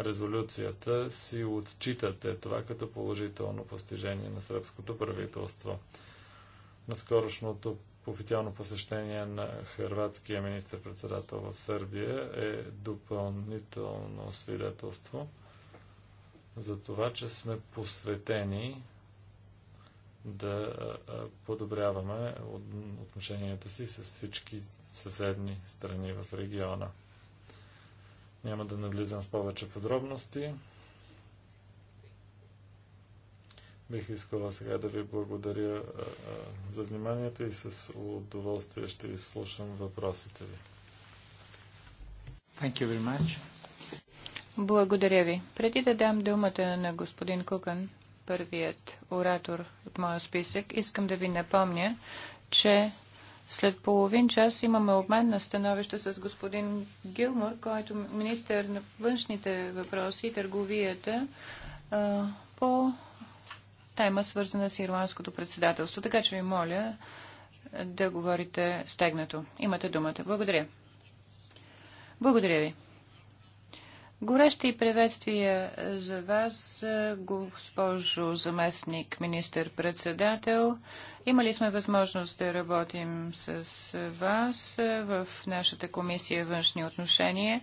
резолюцията си отчитате това като положително постижение на сръбското правителство. На скорошното официално посещение на хърватския министр-председател в Сърбия е допълнително свидетелство за това, че сме посветени да подобряваме отношенията си с всички съседни страни в региона. Няма да навлизам в повече подробности. Бих искала сега да ви благодаря за вниманието и с удоволствие ще изслушам въпросите ви. Thank you very much. Благодаря ви. Преди да дам думата на господин Кукън, първият оратор от моя списък, искам да ви напомня, че след половин час имаме обмен на становище с господин Гилмор, който е министър на външните въпроси и търговията по тема, свързана с ирландското председателство. Така че ви моля да говорите стегнато. Имате думата. Благодаря. Благодаря ви. Горещи приветствия за вас, госпожо заместник министър-председател. Имали сме възможност да работим с вас в нашата комисия външни отношения.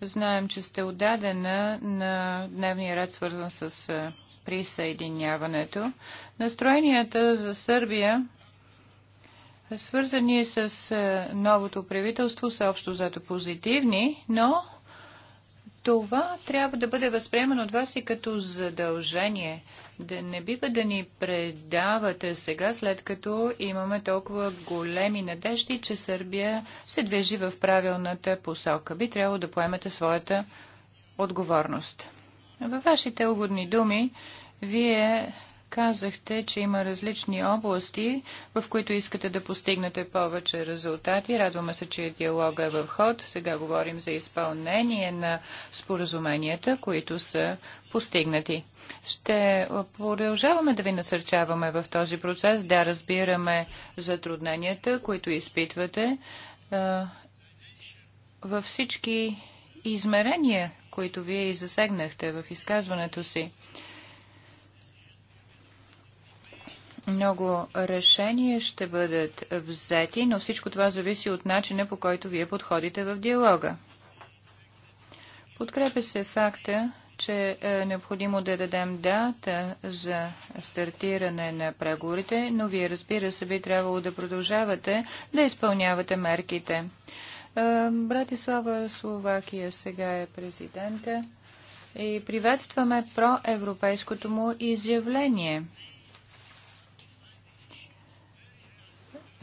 Знаем, че сте отдадена на дневния ред, свързан с присъединяването. Настроенията за Сърбия свързани с новото правителство са общо зато позитивни, но това трябва да бъде възприемано от вас и като задължение. Да не бива да ни предавате сега, след като имаме толкова големи надежди, че Сърбия се движи в правилната посока. Би трябвало да поемете своята отговорност. Във вашите угодни думи, вие Казахте, че има различни области, в които искате да постигнете повече резултати. Радваме се, че диалога е в ход. Сега говорим за изпълнение на споразуменията, които са постигнати. Ще продължаваме да ви насърчаваме в този процес, да разбираме затрудненията, които изпитвате във всички измерения, които вие и засегнахте в изказването си. Много решения ще бъдат взети, но всичко това зависи от начина по който вие подходите в диалога. Подкрепя се факта, че е необходимо да дадем дата за стартиране на преговорите, но вие разбира се би трябвало да продължавате да изпълнявате мерките. Е, Братислава Словакия сега е президента и приветстваме проевропейското му изявление –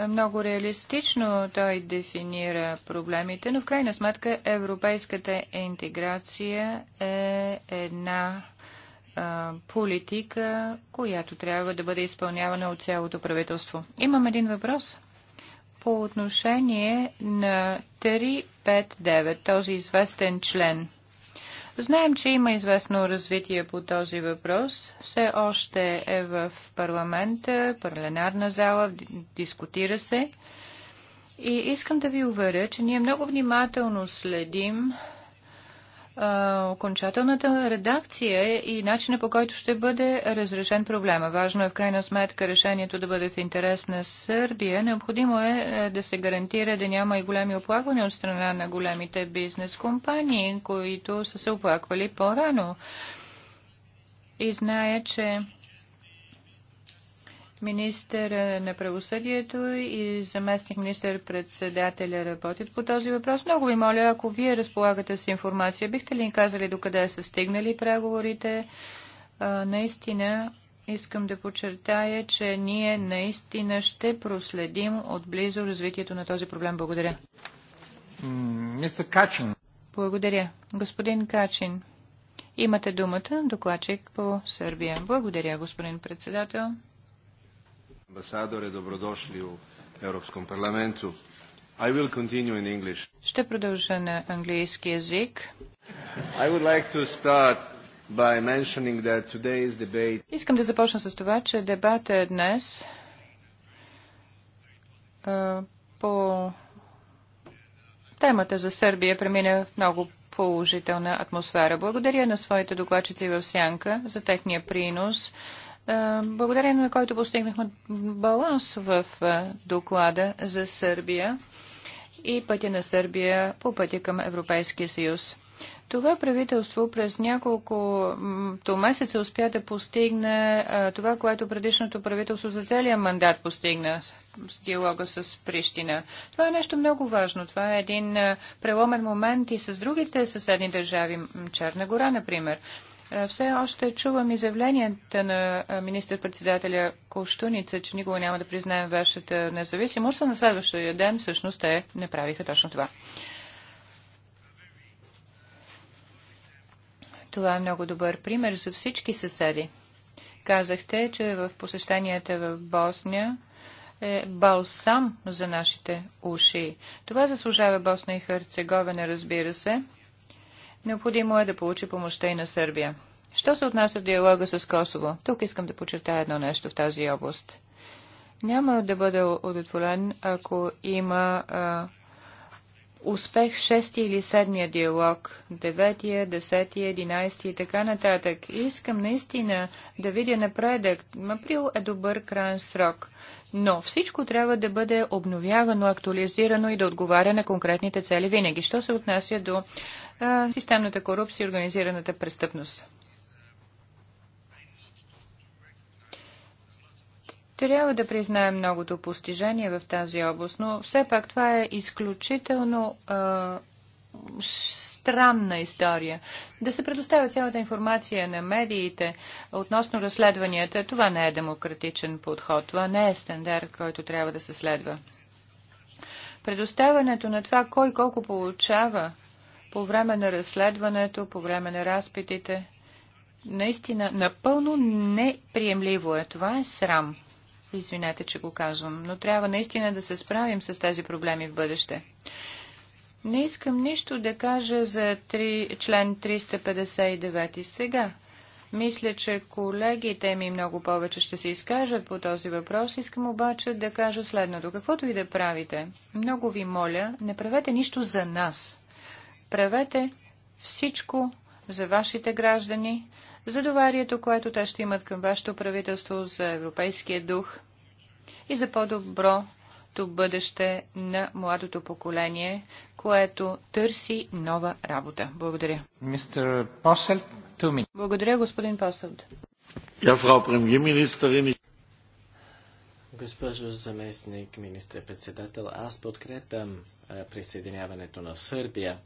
много реалистично той дефинира проблемите, но в крайна сметка европейската интеграция е една политика, която трябва да бъде изпълнявана от цялото правителство. Имам един въпрос по отношение на 359, този известен член – Знаем, че има известно развитие по този въпрос. Все още е в парламента, парленарна зала, дискутира се. И искам да ви уверя, че ние много внимателно следим окончателната редакция и начина по който ще бъде разрешен проблема. Важно е в крайна сметка решението да бъде в интерес на Сърбия. Необходимо е, е да се гарантира да няма и големи оплаквания от страна на големите бизнес компании, които са се оплаквали по-рано. И зная, че министър на правосъдието и заместник министър-председателя работят по този въпрос. Много ви моля, ако вие разполагате с информация, бихте ли ни казали докъде са стигнали преговорите? А, наистина искам да подчертая, че ние наистина ще проследим отблизо развитието на този проблем. Благодаря. Мистер Качин. Благодаря. Господин Качин, имате думата, докладчик по Сърбия. Благодаря, господин председател. Амбасадоре, добродошли в Европском парламенту. I will continue in English. Ще продължа на английски язик. I would like to start by mentioning that today's debate... Искам да започна с това, че дебата е днес по темата за Сърбия премина в много положителна атмосфера. Благодаря на своите докладчици в Сянка за техния принос е, благодарение на който постигнахме баланс в е, доклада за Сърбия и пътя на Сърбия по пътя към Европейския съюз. Това правителство през няколко месеца успя да постигне е, това, което предишното правителство за целия мандат постигна с диалога с Прищина. Това е нещо много важно. Това е един преломен момент и с другите съседни държави, Черна гора, например. Е, все още чувам изявленията на е, министър-председателя Коштуница, че никога няма да признаем вашата независимост, а на следващия ден всъщност те не правиха точно това. Това е много добър пример за всички съседи. Казахте, че в посещенията в Босния е балсам за нашите уши. Това заслужава Босна и Херцеговина, разбира се. Необходимо е да получи помощта и на Сърбия. Що се отнася до диалога с Косово? Тук искам да почертая едно нещо в тази област. Няма да бъде удовлетворен, ако има а, успех шести или седмия диалог, деветия, десетия, 11 и така нататък. Искам наистина да видя напредък. Април е добър крайен срок. Но всичко трябва да бъде обновявано, актуализирано и да отговаря на конкретните цели винаги. Що се отнася до системната корупция и организираната престъпност. Трябва да признаем многото постижение в тази област, но все пак това е изключително а, странна история. Да се предоставя цялата информация на медиите относно разследванията, това не е демократичен подход, това не е стандарт, който трябва да се следва. Предоставянето на това кой колко получава по време на разследването, по време на разпитите. Наистина, напълно неприемливо е. Това е срам. Извинете, че го казвам, но трябва наистина да се справим с тези проблеми в бъдеще. Не искам нищо да кажа за 3, член 359 сега. Мисля, че колегите ми много повече ще се изкажат по този въпрос. Искам обаче да кажа следното. Каквото и да правите, много ви моля, не правете нищо за нас правете всичко за вашите граждани, за доварието, което те ще имат към вашето правителство, за европейския дух и за по-доброто бъдеще на младото поколение, което търси нова работа. Благодаря. Мистер Посел, Благодаря, господин Посел. Я, фрау премьер Госпожо заместник министър-председател, аз подкрепям присъединяването на Сърбия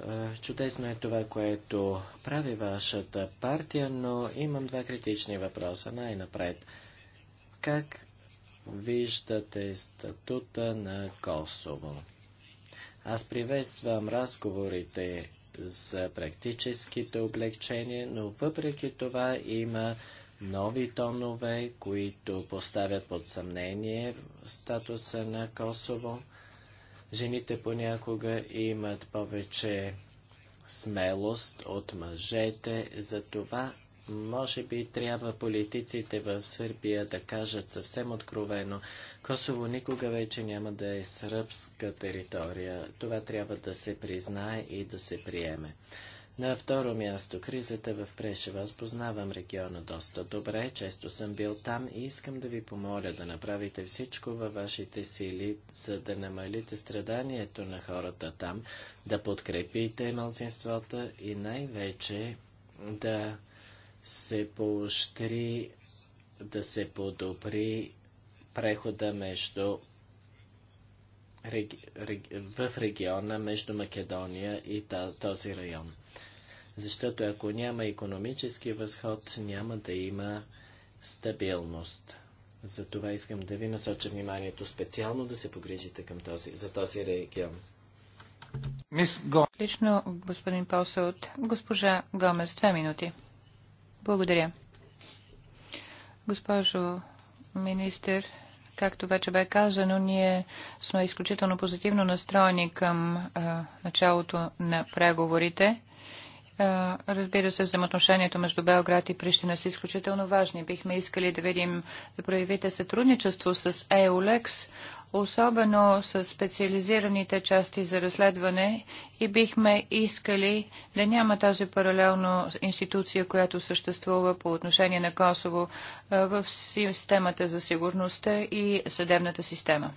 е, чудесно е това, което прави вашата партия, но имам два критични въпроса. Най-напред. Как виждате статута на Косово? Аз приветствам разговорите за практическите облегчения, но въпреки това има нови тонове, които поставят под съмнение статуса на Косово. Жените понякога имат повече смелост от мъжете, затова може би трябва политиците в Сърбия да кажат съвсем откровено, Косово никога вече няма да е сръбска територия. Това трябва да се признае и да се приеме. На второ място, кризата в Прешева. Аз познавам региона доста добре, често съм бил там и искам да ви помоля да направите всичко във вашите сили, за да намалите страданието на хората там, да подкрепите малцинствата и най-вече да се поощри, да се подобри прехода между реги, реги, в региона между Македония и този район. Защото ако няма економически възход, няма да има стабилност. Затова искам да ви насоча вниманието специално да се погрижите към този, за този регион. Лично господин Полса от госпожа Гомес. Две минути. Благодаря. Госпожо министър, Както вече бе казано, ние сме изключително позитивно настроени към а, началото на преговорите. А, разбира се, взаимоотношението между Белград и Прищина са изключително важни. Бихме искали да видим да проявите сътрудничество с EULEX, особено с специализираните части за разследване и бихме искали да няма тази паралелна институция, която съществува по отношение на Косово в системата за сигурността и съдебната система.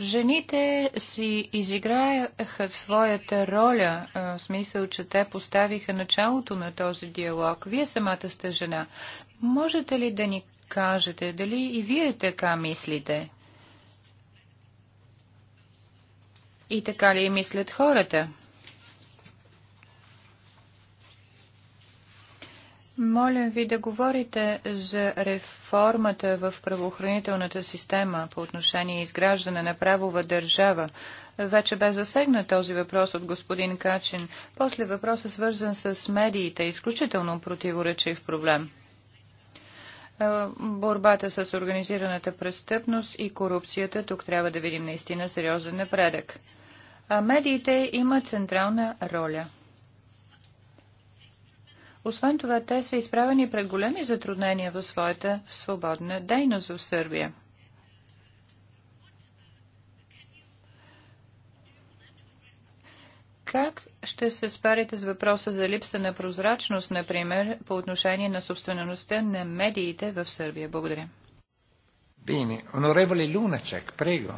Жените си изиграеха своята роля, в смисъл, че те поставиха началото на този диалог. Вие самата сте жена, Можете ли да ни кажете дали и вие така мислите? И така ли мислят хората? Моля ви да говорите за реформата в правоохранителната система по отношение изграждане на правова държава. Вече бе засегнат този въпрос от господин Качин. После въпросът е свързан с медиите. Изключително противоречив проблем. Е, борбата с организираната престъпност и корупцията. Тук трябва да видим наистина сериозен напредък. А медиите имат централна роля. Освен това, те са изправени пред големи затруднения в своята свободна дейност в Сърбия. Как ще се спарите с въпроса за липса на прозрачност, например, по отношение на собствеността на медиите в Сърбия? Благодаря. Бини, Onorevole Луначек, прего.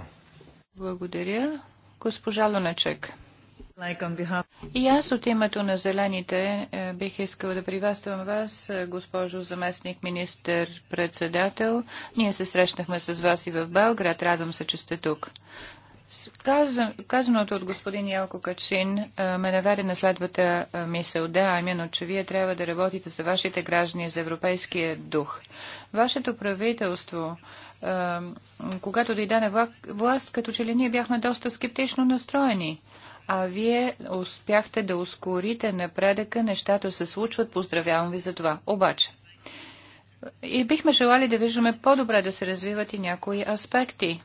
Благодаря. Госпожа Луначек. И аз от името на Зелените е, бих искал да приветствам вас, е, госпожо заместник министър председател. Ние се срещнахме с вас и в Белград. Радвам се, че сте тук. Казаното от господин Ялко Качин ме наведе на следвата мисъл. Да, именно, че вие трябва да работите за вашите граждани, за европейския дух. Вашето правителство, когато дойде на власт, като че ли ние бяхме доста скептично настроени а вие успяхте да ускорите напредъка, нещата се случват, поздравявам ви за това. Обаче, и бихме желали да виждаме по-добре да се развиват и някои аспекти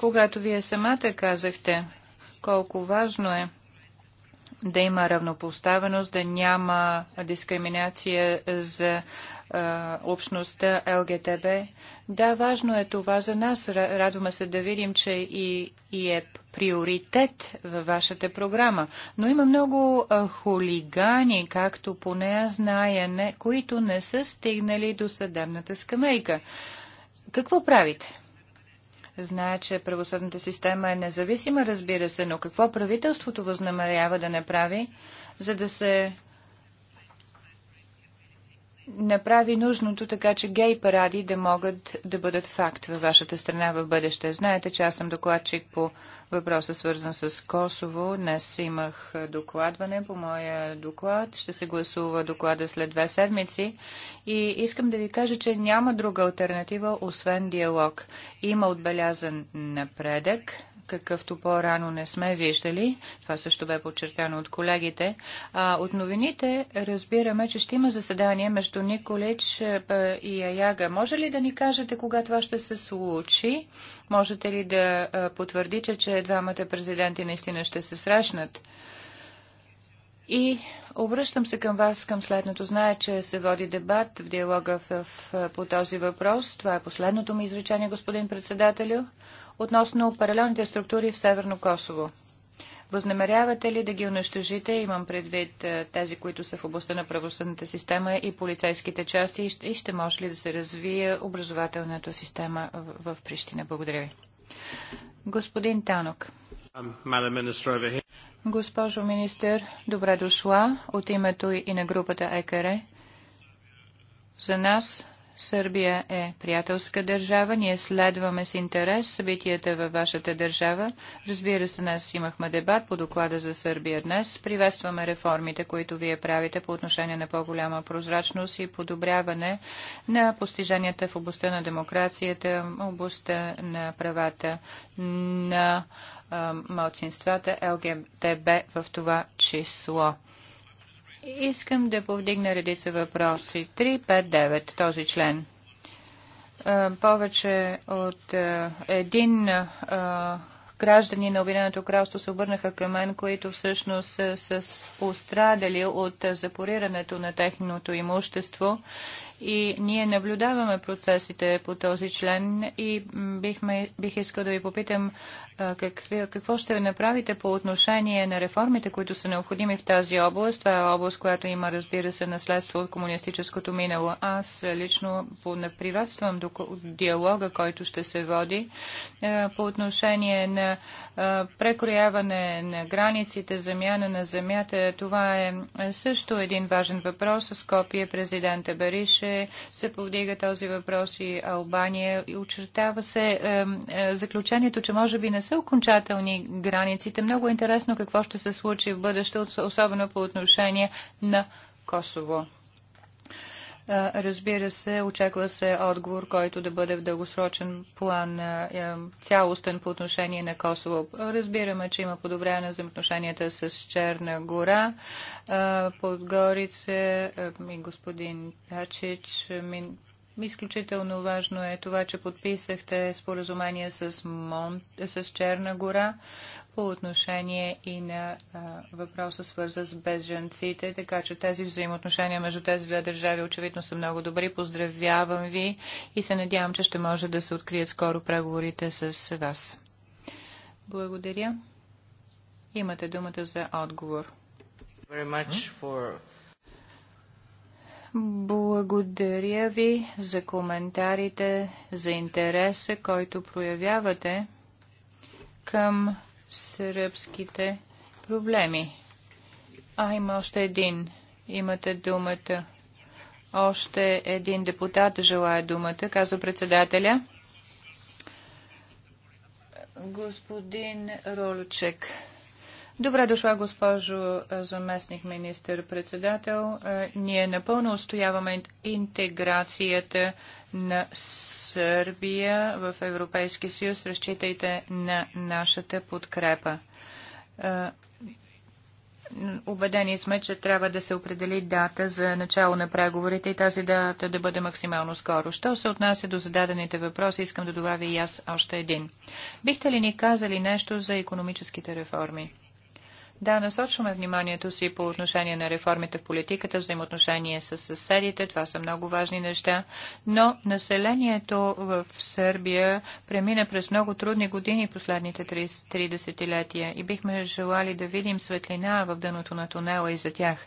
когато вие самата казахте колко важно е да има равнопоставеност, да няма дискриминация за общността ЛГТБ. Да, важно е това за нас. Радваме се да видим, че и, и е приоритет във вашата програма. Но има много а, хулигани, както поне нея зная, не, които не са стигнали до съдебната скамейка. Какво правите? Знае, че правосъдната система е независима, разбира се, но какво правителството възнамерява да направи, за да се направи нужното така, че гей паради да могат да бъдат факт във вашата страна в бъдеще. Знаете, че аз съм докладчик по въпроса свързан с Косово. Днес имах докладване по моя доклад. Ще се гласува доклада след две седмици. И искам да ви кажа, че няма друга альтернатива, освен диалог. Има отбелязан напредък какъвто по-рано не сме виждали. Това също бе подчертано от колегите. А от новините разбираме, че ще има заседание между Николич е, и Аяга. Може ли да ни кажете кога това ще се случи? Можете ли да е, потвърдите, че двамата президенти наистина ще се срещнат? И обръщам се към вас към следното. Зная, че се води дебат в диалога в, в, по този въпрос. Това е последното ми изречение, господин председателю относно паралелните структури в Северно Косово. Възнамерявате ли да ги унищожите? Имам предвид е, тези, които са в областта на правосъдната система и полицейските части и ще може ли да се развие образователната система в Прищина? Благодаря ви. Господин Танок. Um, Госпожо министър, добре дошла от името и на групата ЕКР. За нас Сърбия е приятелска държава. Ние следваме с интерес събитията във вашата държава. Разбира се, нас имахме дебат по доклада за Сърбия днес. Приветстваме реформите, които вие правите по отношение на по-голяма прозрачност и подобряване на постиженията в областта на демокрацията, областта на правата на малцинствата ЛГТБ в това число. Искам да повдигна редица въпроси. 359, този член. Повече от един граждани на Обединеното кралство се обърнаха към мен, които всъщност са, пострадали от запорирането на техното имущество. И ние наблюдаваме процесите по този член и бихме, бих искал да ви попитам какви, какво ще направите по отношение на реформите, които са необходими в тази област? Това е област, която има, разбира се, наследство от комунистическото минало. Аз лично приветствам диалога, който ще се води по отношение на прекрояване на границите, замяна на земята. Това е, е също един важен въпрос. Скопие президента Берише се повдига този въпрос и Албания. Очертава се е, заключението, че може би не са окончателни границите. Много е интересно какво ще се случи в бъдеще, особено по отношение на Косово. Разбира се, очаква се отговор, който да бъде в дългосрочен план, е, цялостен по отношение на Косово. Разбираме, че има подобряване на взаимоотношенията с Черна гора, Подгорице и господин Пячич, Изключително важно е това, че подписахте споразумение с, Мон... с Черна гора по отношение и на а, въпроса свързан с безженците, така че тези взаимоотношения между тези две държави очевидно са много добри. Поздравявам ви и се надявам, че ще може да се открият скоро преговорите с вас. Благодаря. Имате думата за отговор. Very much for благодаря ви за коментарите, за интереса, който проявявате към сръбските проблеми. А, има още един. Имате думата. Още един депутат желая думата, казва председателя. Господин Ролчек. Добре дошла, госпожо е, заместник министър-председател. Е, ние напълно устояваме интеграцията на Сърбия в Европейския съюз. Разчитайте на нашата подкрепа. Обедени е, сме, че трябва да се определи дата за начало на преговорите и тази дата да бъде максимално скоро. Що се отнася до зададените въпроси, искам да добавя и аз още един. Бихте ли ни казали нещо за економическите реформи? Да, насочваме вниманието си по отношение на реформите в политиката, взаимоотношение с съседите. Това са много важни неща. Но населението в Сърбия премина през много трудни години последните 30 десетилетия и бихме желали да видим светлина в дъното на тунела и за тях.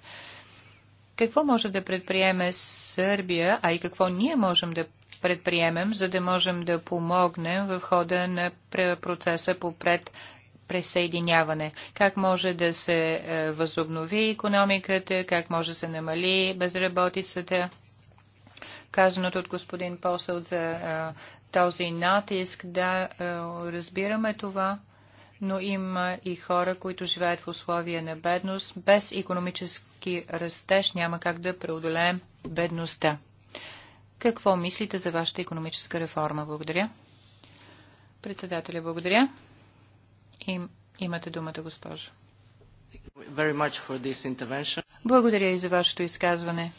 Какво може да предприеме Сърбия, а и какво ние можем да предприемем, за да можем да помогнем в хода на процеса по пред присъединяване. Как може да се е, възобнови економиката, как може да се намали безработицата. Казаното от господин Посъл за е, този натиск, да, е, разбираме това, но има и хора, които живеят в условия на бедност. Без економически растеж няма как да преодолеем бедността. Какво мислите за вашата економическа реформа? Благодаря. Председателя, благодаря. Им, имате думата, госпожо. Благодаря и за вашето изказване.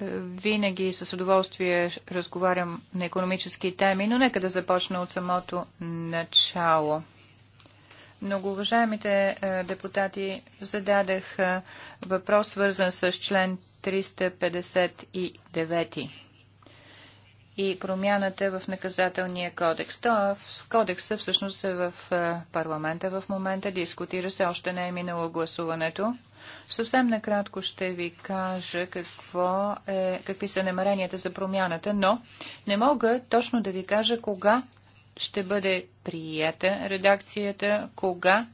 Е, винаги с удоволствие разговарям на економически теми, но нека да започна от самото начало. Много уважаемите е, депутати зададах е, въпрос, свързан с член 359 и промяната в наказателния кодекс. То в кодекса всъщност е в е, парламента в момента, дискутира се, още не е минало гласуването. Съвсем накратко ще ви кажа какво е, какви са намеренията за промяната, но не мога точно да ви кажа кога ще бъде приета редакцията, кога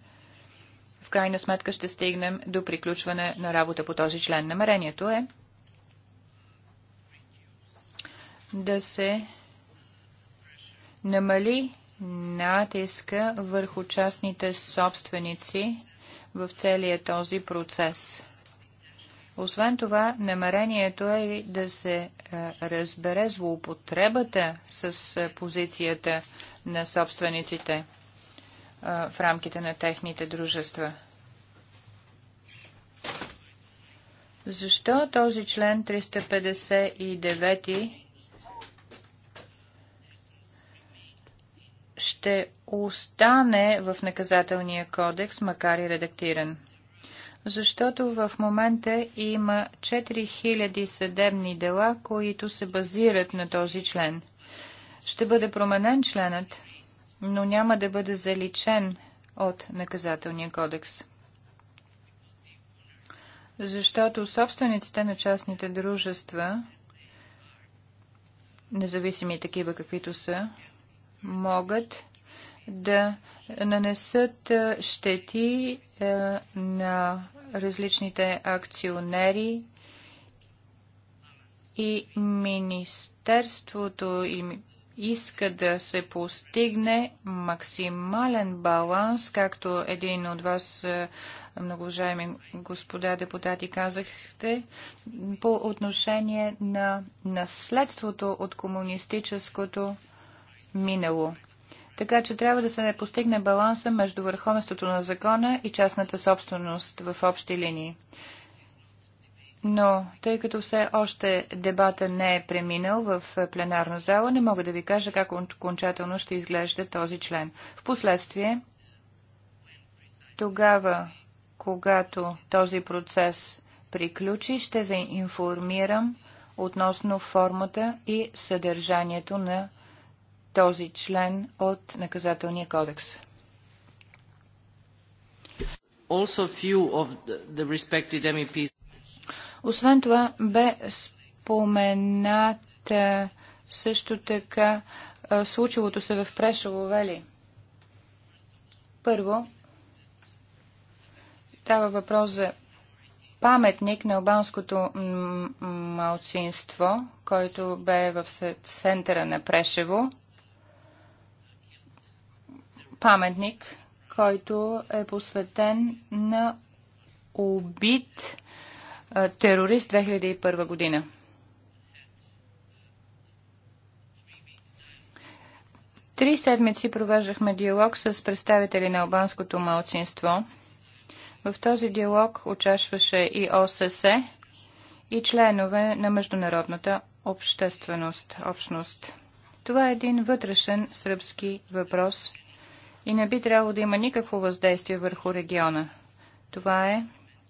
в крайна сметка ще стигнем до приключване на работа по този член. Намерението е да се намали натиска върху частните собственици в целия този процес. Освен това, намерението е да се е, разбере злоупотребата с е, позицията на собствениците е, в рамките на техните дружества. Защо този член 359 ще остане в наказателния кодекс, макар и редактиран. Защото в момента има 4000 съдебни дела, които се базират на този член. Ще бъде променен членът, но няма да бъде заличен от наказателния кодекс. Защото собствениците на частните дружества, независими такива каквито са, могат да нанесат щети на различните акционери и Министерството им иска да се постигне максимален баланс, както един от вас, много уважаеми господа депутати, казахте, по отношение на наследството от комунистическото минало. Така че трябва да се не постигне баланса между върховенството на закона и частната собственост в общи линии. Но, тъй като все още дебата не е преминал в пленарна зала, не мога да ви кажа как окончателно ще изглежда този член. Впоследствие, тогава, когато този процес приключи, ще ви информирам относно формата и съдържанието на този член от наказателния кодекс. E Освен това, бе споменат също така случилото се в Прешово, Вели. Първо, става въпрос за паметник на албанското малцинство, който бе в центъра на Прешево паметник, който е посветен на убит терорист 2001 година. Три седмици провеждахме диалог с представители на албанското малцинство. В този диалог участваше и ОССЕ и членове на международната общественост, общност. Това е един вътрешен сръбски въпрос, и не би трябвало да има никакво въздействие върху региона. Това е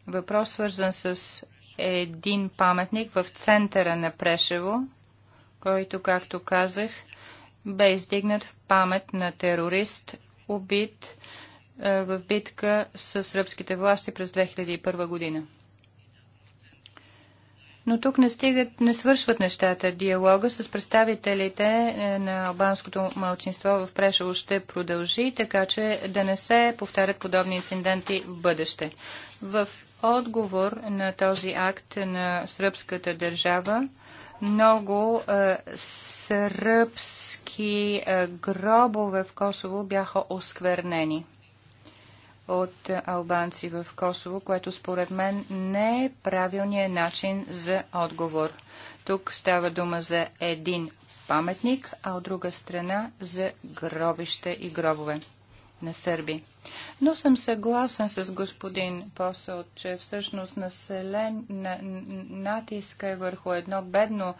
въпрос свързан с един паметник в центъра на Прешево, който, както казах, бе издигнат в памет на терорист, убит е, в битка с сръбските власти през 2001 година. Но тук не, стигат, не свършват нещата. Диалога с представителите е, на албанското малцинство в Прешево ще продължи, така че да не се повтарят подобни инциденти в бъдеще. В отговор на този акт на сръбската държава, много е, сръбски е, гробове в Косово бяха осквернени от албанци в Косово, което според мен не е правилният начин за отговор. Тук става дума за един паметник, а от друга страна за гробище и гробове на сърби. Но съм съгласен с господин Посъл, че всъщност населен, на, натиска е върху едно бедно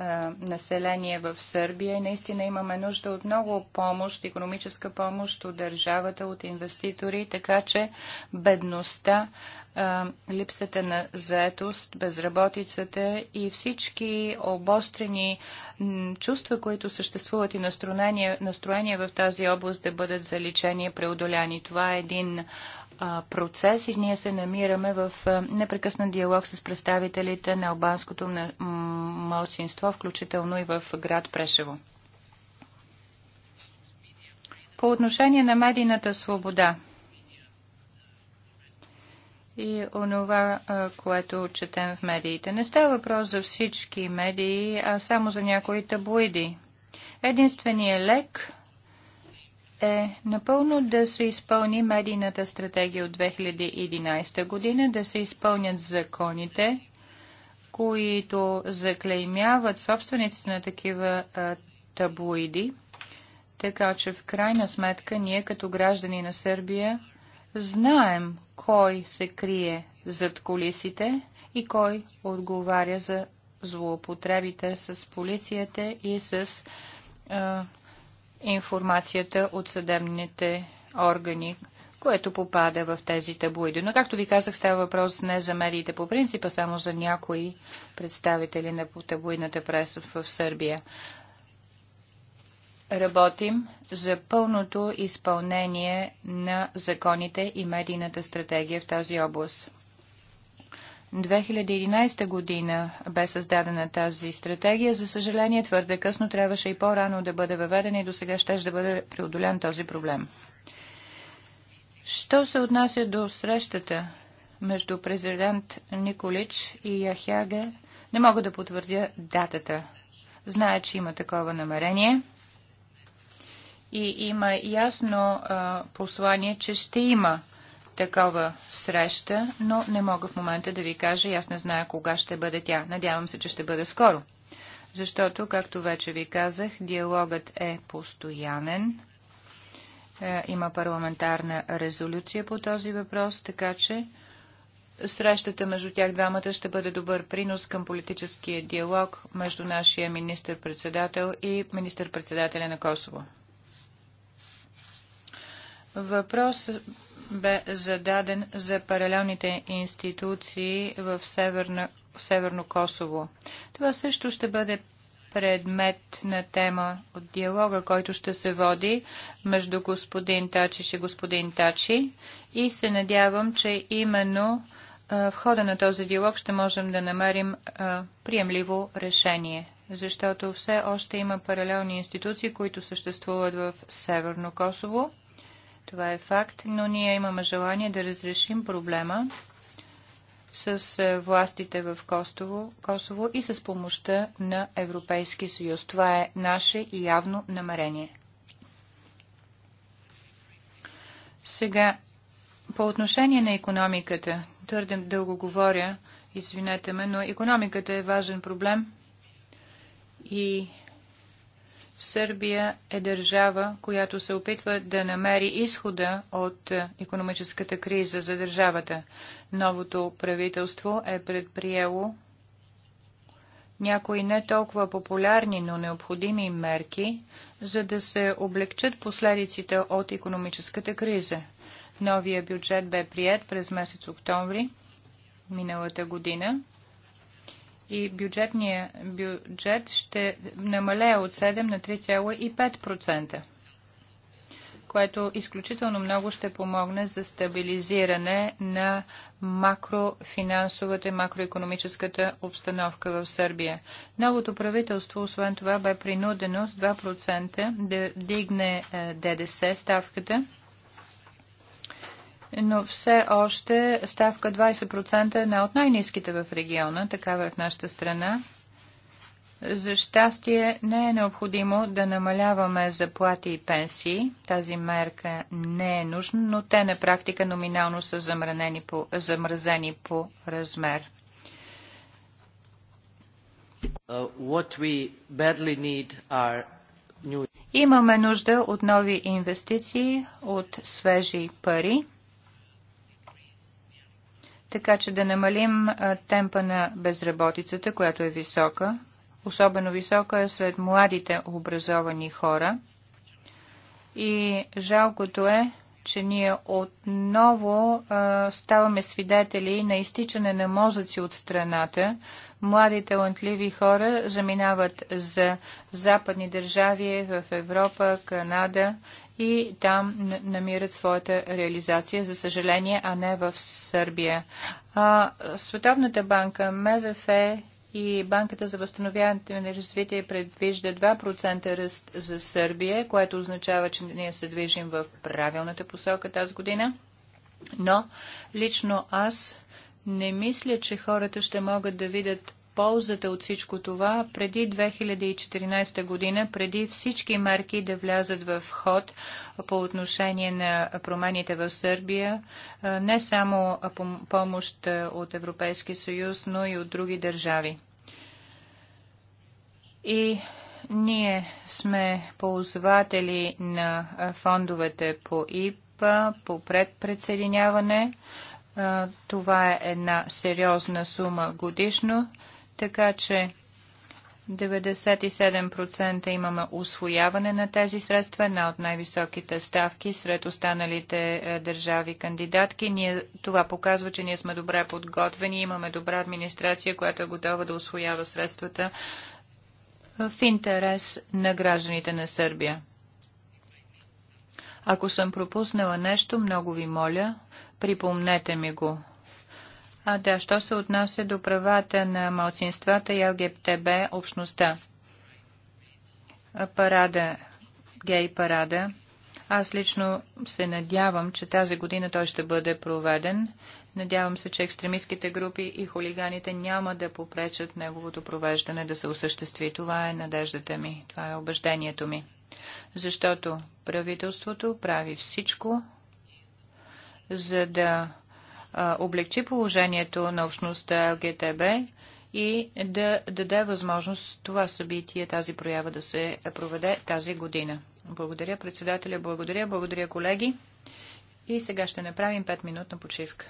е, население в Сърбия и наистина имаме нужда от много помощ, економическа помощ от държавата, от инвеститори, така че бедността, е, липсата на заетост, безработицата и всички обострени чувства, които съществуват и настроения, в тази област да бъдат заличени и преодоляни. Това е един процес и ние се намираме в непрекъснат диалог с представителите на албанското малцинство, включително и в град Прешево. По отношение на медийната свобода и онова, което четем в медиите. Не става въпрос за всички медии, а само за някои таблоиди. Единственият лек е напълно да се изпълни медийната стратегия от 2011 година, да се изпълнят законите, които заклеймяват собствениците на такива а, таблоиди. Така че в крайна сметка ние като граждани на Сърбия знаем кой се крие зад колисите и кой отговаря за злоупотребите с полицията и с а, информацията от съдебните органи, което попада в тези таблоиди. Но, както ви казах, става въпрос не за медиите по принцип, а само за някои представители на таблоидната преса в Сърбия. Работим за пълното изпълнение на законите и медийната стратегия в тази област. 2011 година бе създадена тази стратегия. За съжаление, твърде късно трябваше и по-рано да бъде въведена и до сега ще да бъде преодолян този проблем. Що се отнася до срещата между президент Николич и Яхяга, не мога да потвърдя датата. Зная, че има такова намерение и има ясно а, послание, че ще има такова среща, но не мога в момента да ви кажа и аз не зная кога ще бъде тя. Надявам се, че ще бъде скоро. Защото, както вече ви казах, диалогът е постоянен. Е, има парламентарна резолюция по този въпрос, така че срещата между тях двамата ще бъде добър принос към политическия диалог между нашия министр-председател и министр-председателя на Косово. Въпрос бе зададен за паралелните институции в Северна, Северно Косово. Това също ще бъде предмет на тема от диалога, който ще се води между господин Тачи и господин Тачи. И се надявам, че именно в хода на този диалог ще можем да намерим приемливо решение, защото все още има паралелни институции, които съществуват в Северно Косово. Това е факт, но ние имаме желание да разрешим проблема с е, властите в Костово, Косово и с помощта на Европейски съюз. Това е наше и явно намерение. Сега, по отношение на економиката, твърде дълго говоря, извинете ме, но економиката е важен проблем и Сърбия е държава, която се опитва да намери изхода от економическата криза за държавата. Новото правителство е предприело някои не толкова популярни, но необходими мерки, за да се облегчат последиците от економическата криза. Новия бюджет бе прият през месец октомври миналата година и бюджетния бюджет ще намалее от 7 на 3,5%, което изключително много ще помогне за стабилизиране на макрофинансовата и макроекономическата обстановка в Сърбия. Новото правителство, освен това, бе принудено с 2% да дигне е, ДДС ставката – но все още ставка 20% е една от най-низките в региона, такава е в нашата страна. За щастие не е необходимо да намаляваме заплати и пенсии. Тази мерка не е нужна, но те на практика номинално са замразени по, замразени по размер. Uh, new... Имаме нужда от нови инвестиции, от свежи пари така че да намалим темпа на безработицата, която е висока. Особено висока е сред младите образовани хора. И жалкото е, че ние отново а, ставаме свидетели на изтичане на мозъци от страната. Млади талантливи хора заминават за западни държави в Европа, Канада и там намират своята реализация, за съжаление, а не в Сърбия. А, Световната банка, МВФ и Банката за възстановяване на развитие предвижда 2% ръст за Сърбия, което означава, че ние се движим в правилната посока тази година. Но лично аз не мисля, че хората ще могат да видят ползата от всичко това преди 2014 година, преди всички мерки да влязат в ход по отношение на промените в Сърбия, не само помощ от Европейския съюз, но и от други държави. И ние сме ползватели на фондовете по ИПА, по предпредсъединяване. Това е една сериозна сума годишно. Така че 97% имаме усвояване на тези средства, една от най-високите ставки сред останалите е, държави кандидатки. Ние, това показва, че ние сме добре подготвени, имаме добра администрация, която е готова да освоява средствата е, в интерес на гражданите на Сърбия. Ако съм пропуснала нещо, много ви моля, припомнете ми го. А да, що се отнася до правата на малцинствата и ЛГБТБ общността? Парада, гей парада. Аз лично се надявам, че тази година той ще бъде проведен. Надявам се, че екстремистските групи и хулиганите няма да попречат неговото провеждане да се осъществи. Това е надеждата ми, това е убеждението ми. Защото правителството прави всичко, за да облегчи положението на общността ЛГТБ и да даде възможност това събитие, тази проява да се проведе тази година. Благодаря председателя, благодаря, благодаря колеги. И сега ще направим 5-минутна почивка.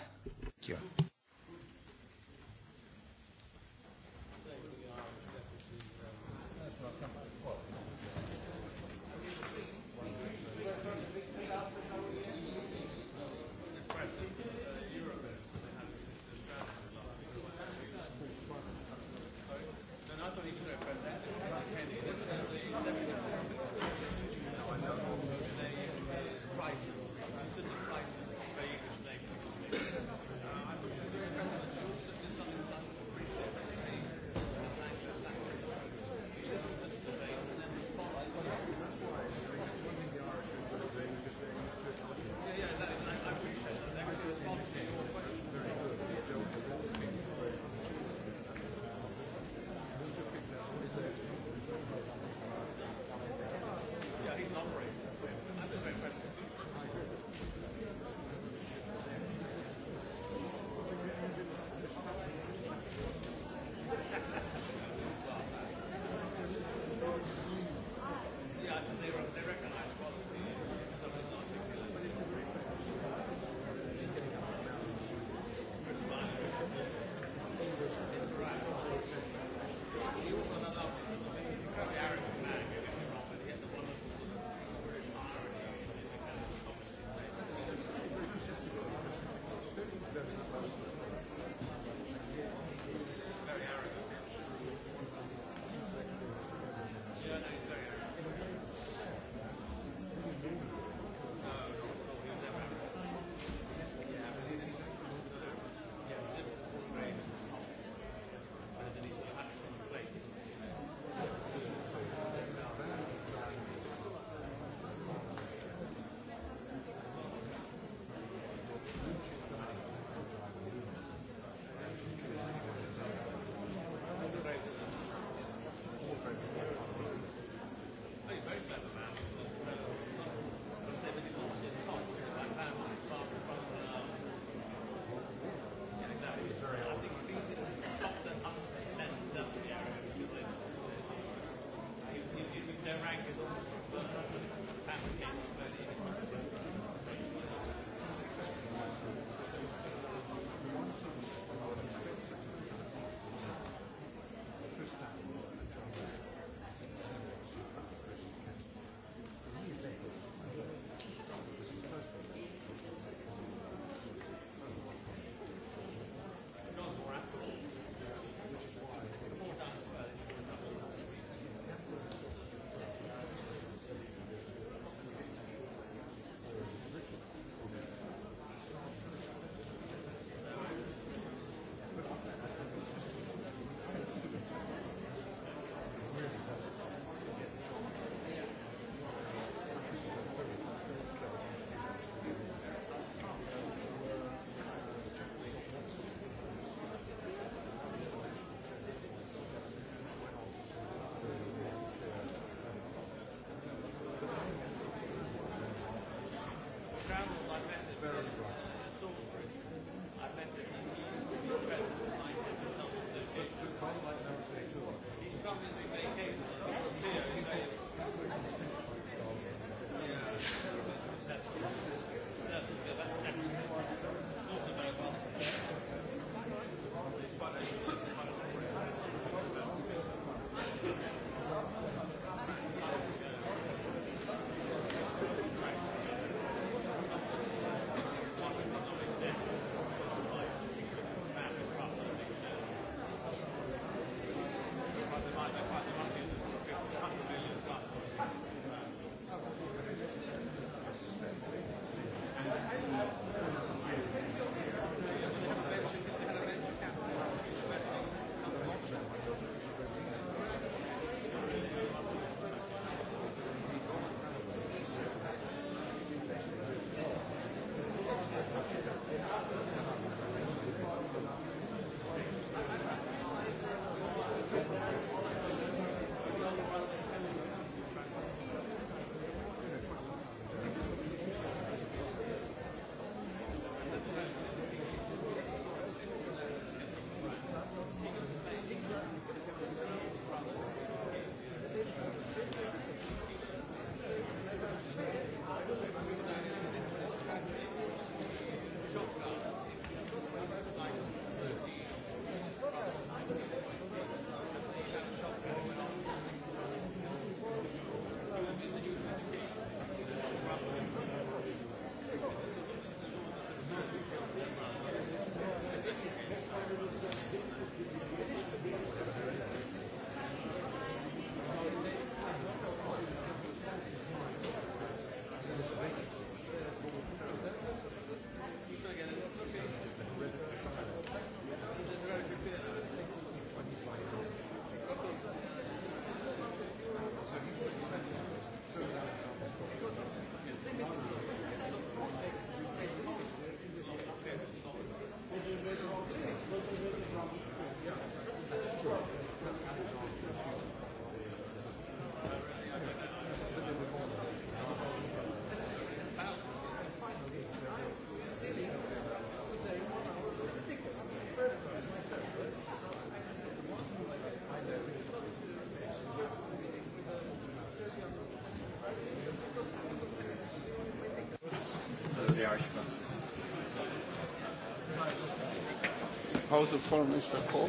how's the foreign minister called?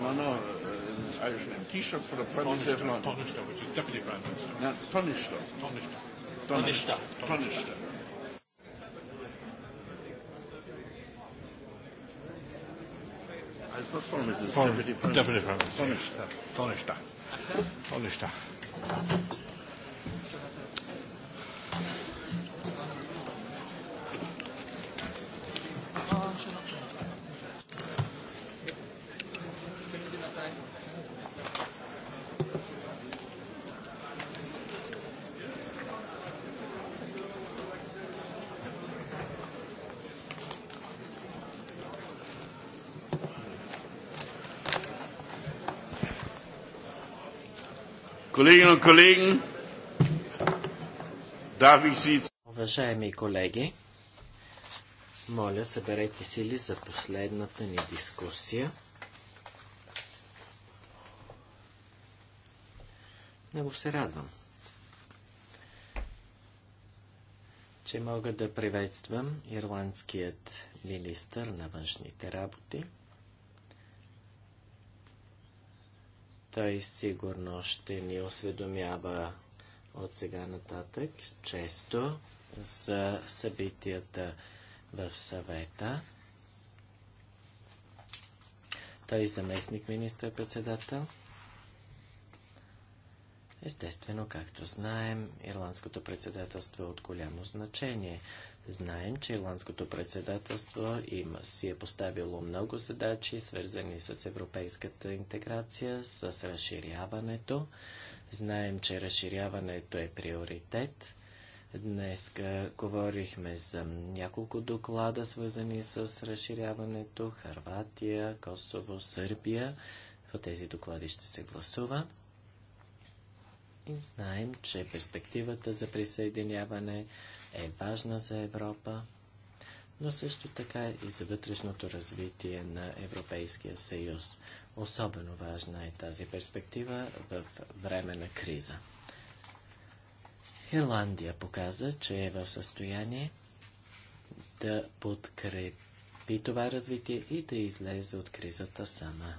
No, no, uh, Irish name. for the Prime Minister of London. Tonishta, which is Deputy Prime Minister. No, Tonishta. Tonishta. Tonishta. Tonishta. It's not foreign minister, it's Deputy Prime Minister. Deputy Prime Minister. Tonishta. Tonishta. Tonishta. Kolleginnen und Kollegen, darf ich Sie... Уважаеми колеги, моля, съберете сили за последната ни дискусия. Много се радвам, че мога да приветствам ирландският министър на външните работи – Той сигурно ще ни осведомява от сега нататък често за събитията в съвета. Той е заместник министър-председател. Естествено, както знаем, ирландското председателство е от голямо значение. Знаем, че ирландското председателство има, си е поставило много задачи, свързани с европейската интеграция, с разширяването. Знаем, че разширяването е приоритет. Днес говорихме за няколко доклада, свързани с разширяването Харватия, Косово, Сърбия. В тези доклади ще се гласува. И знаем, че перспективата за присъединяване е важна за Европа, но също така и за вътрешното развитие на Европейския съюз. Особено важна е тази перспектива в време на криза. Ирландия показа, че е в състояние да подкрепи това развитие и да излезе от кризата сама.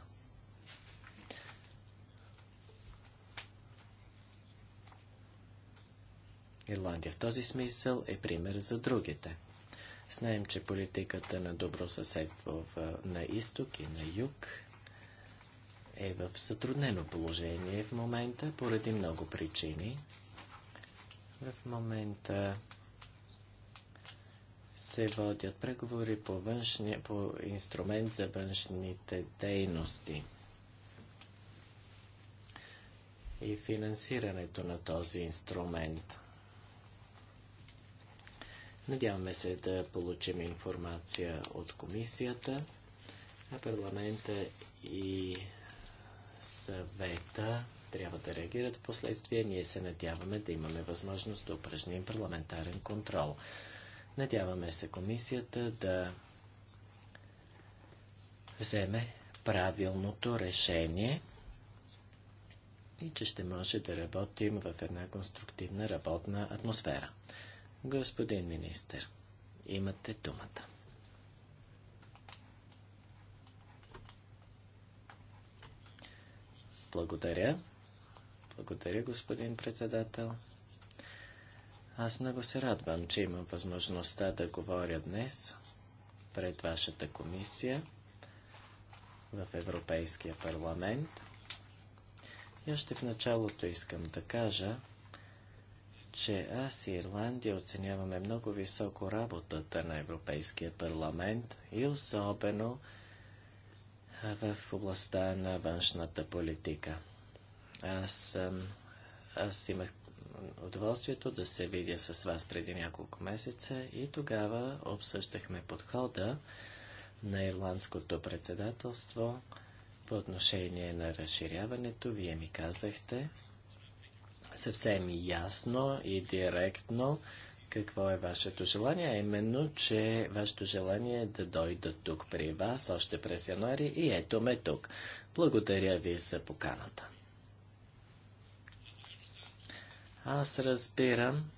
Ирландия в този смисъл е пример за другите. Знаем, че политиката на добро съседство в, на изток и на юг е в сътруднено положение в момента поради много причини. В момента се водят преговори по, външни, по инструмент за външните дейности и финансирането на този инструмент. Надяваме се да получим информация от комисията, а парламента и съвета трябва да реагират в последствие. Ние се надяваме да имаме възможност да упражним парламентарен контрол. Надяваме се комисията да вземе правилното решение и че ще може да работим в една конструктивна работна атмосфера. Господин министр, имате думата. Благодаря. Благодаря, господин председател. Аз много се радвам, че имам възможността да говоря днес пред вашата комисия в Европейския парламент. И още в началото искам да кажа, че аз и Ирландия оценяваме много високо работата на Европейския парламент и особено в областта на външната политика. Аз, аз имах удоволствието да се видя с вас преди няколко месеца и тогава обсъждахме подхода на ирландското председателство по отношение на разширяването. Вие ми казахте, съвсем ясно и директно какво е вашето желание, а именно, че вашето желание е да дойда тук при вас още през януари и ето ме тук. Благодаря ви за поканата. Аз разбирам.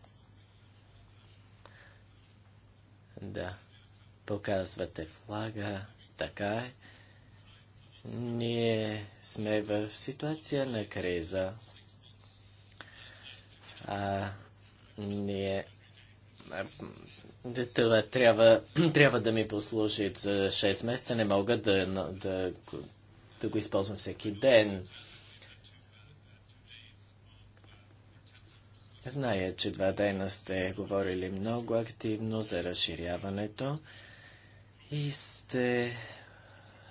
Да, показвате флага, така е. Ние сме в ситуация на криза. А, ние това трябва, трябва да ми послужи за 6 месеца. Не мога да, да, да го използвам всеки ден. Зная, че два дена сте говорили много активно за разширяването и сте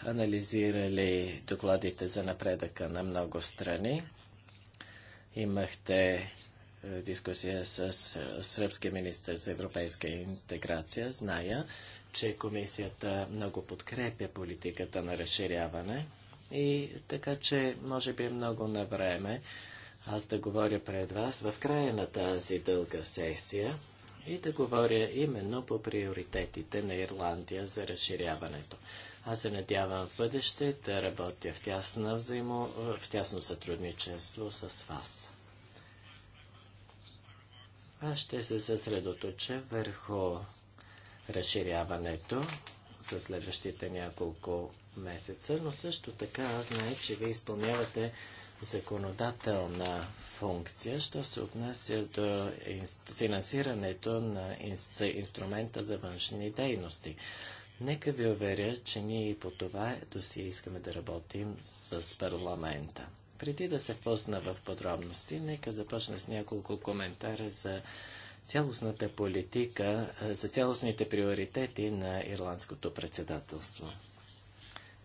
анализирали докладите за напредъка на много страни. Имахте дискусия с сръбския министр за европейска интеграция, зная, че комисията много подкрепя политиката на разширяване и така, че може би е много на време аз да говоря пред вас в края на тази дълга сесия и да говоря именно по приоритетите на Ирландия за разширяването. Аз се надявам в бъдеще да работя в, тясно, взаимо, в тясно сътрудничество с вас. Аз ще се съсредоточа върху разширяването за следващите няколко месеца, но също така аз знае, че вие изпълнявате законодателна функция, що се отнася до финансирането на инструмента за външни дейности. Нека ви уверя, че ние и по това досие искаме да работим с парламента. Преди да се впусна в подробности, нека започна с няколко коментара за цялостната политика, за цялостните приоритети на ирландското председателство.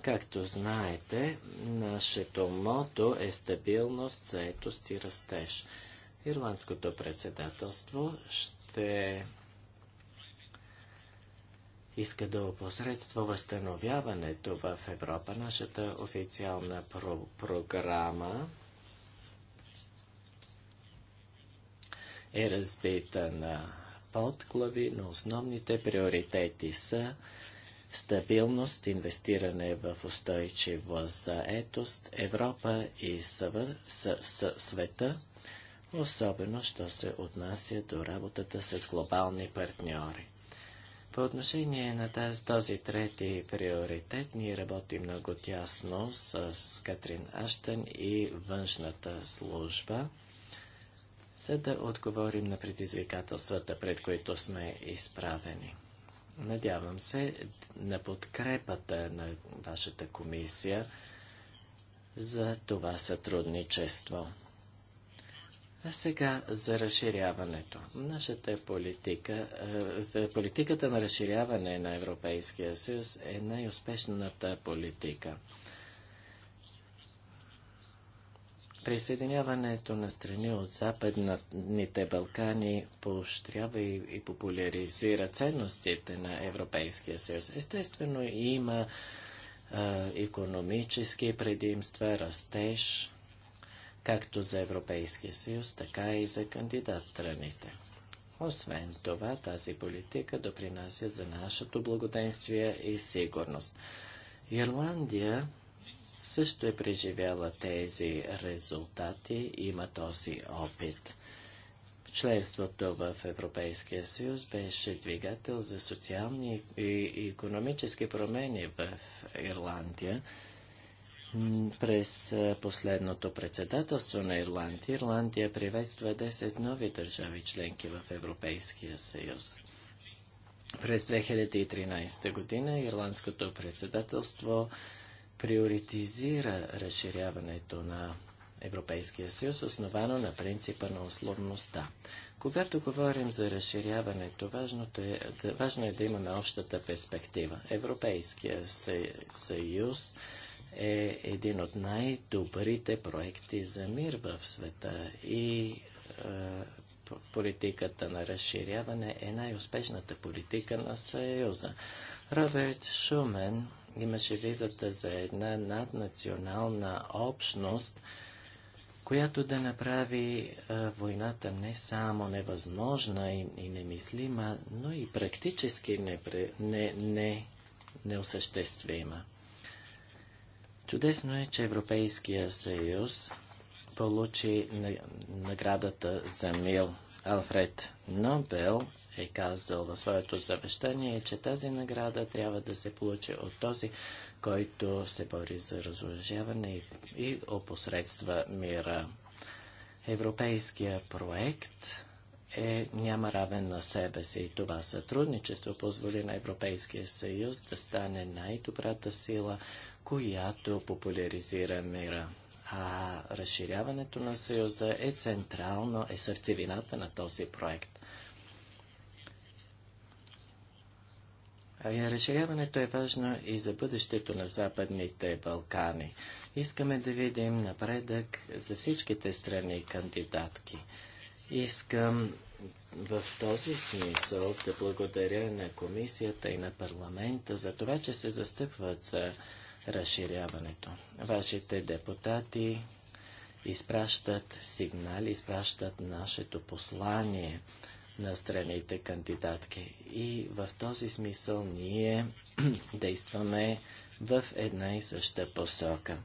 Както знаете, нашето мото е стабилност, заетост и растеж. Ирландското председателство ще иска да опосредства възстановяването в Европа. Нашата официална про- програма е разбита на подглави, но основните приоритети са стабилност, инвестиране в устойчиво заетост, Европа и съв... с, с, света, особено що се отнася до работата с глобални партньори. По отношение на тази, този трети приоритет, ние работим много тясно с Катрин Аштен и външната служба, за да отговорим на предизвикателствата, пред които сме изправени. Надявам се на подкрепата на вашата комисия за това сътрудничество. А сега за разширяването. Нашата политика, е, е, политиката на разширяване на Европейския съюз е най-успешната политика. Присъединяването на страни от Западните Балкани поощрява и, популяризира ценностите на Европейския съюз. Естествено, има економически предимства, растеж – както за Европейския съюз, така и за кандидат страните. Освен това, тази политика допринася за нашето благоденствие и сигурност. Ирландия също е преживяла тези резултати, има този опит. Членството в Европейския съюз беше двигател за социални и економически промени в Ирландия през последното председателство на Ирландия, Ирландия приветства 10 нови държави членки в Европейския съюз. През 2013 година Ирландското председателство приоритизира разширяването на Европейския съюз, основано на принципа на условността. Когато говорим за разширяването, важното е, важно е да имаме общата перспектива. Европейския съюз е един от най-добрите проекти за мир в света и е, политиката на разширяване е най-успешната политика на Съюза. Роберт Шумен имаше визата за една наднационална общност, която да направи е, войната не само невъзможна и, и немислима, но и практически непре, не, не, неосъществима. Чудесно е, че Европейския съюз получи наградата за мил. Алфред Нобел е казал в своето завещание, че тази награда трябва да се получи от този, който се бори за разоръжаване и опосредства мира. Европейския проект е, няма равен на себе си. И това сътрудничество позволи на Европейския съюз да стане най-добрата сила, която популяризира мира. А разширяването на съюза е централно, е сърцевината на този проект. Разширяването е важно и за бъдещето на Западните Балкани. Искаме да видим напредък за всичките страни кандидатки. Искам в този смисъл да благодаря на комисията и на парламента за това, че се застъпват за разширяването. Вашите депутати изпращат сигнали, изпращат нашето послание на страните кандидатки. И в този смисъл ние действаме в една и съща посока.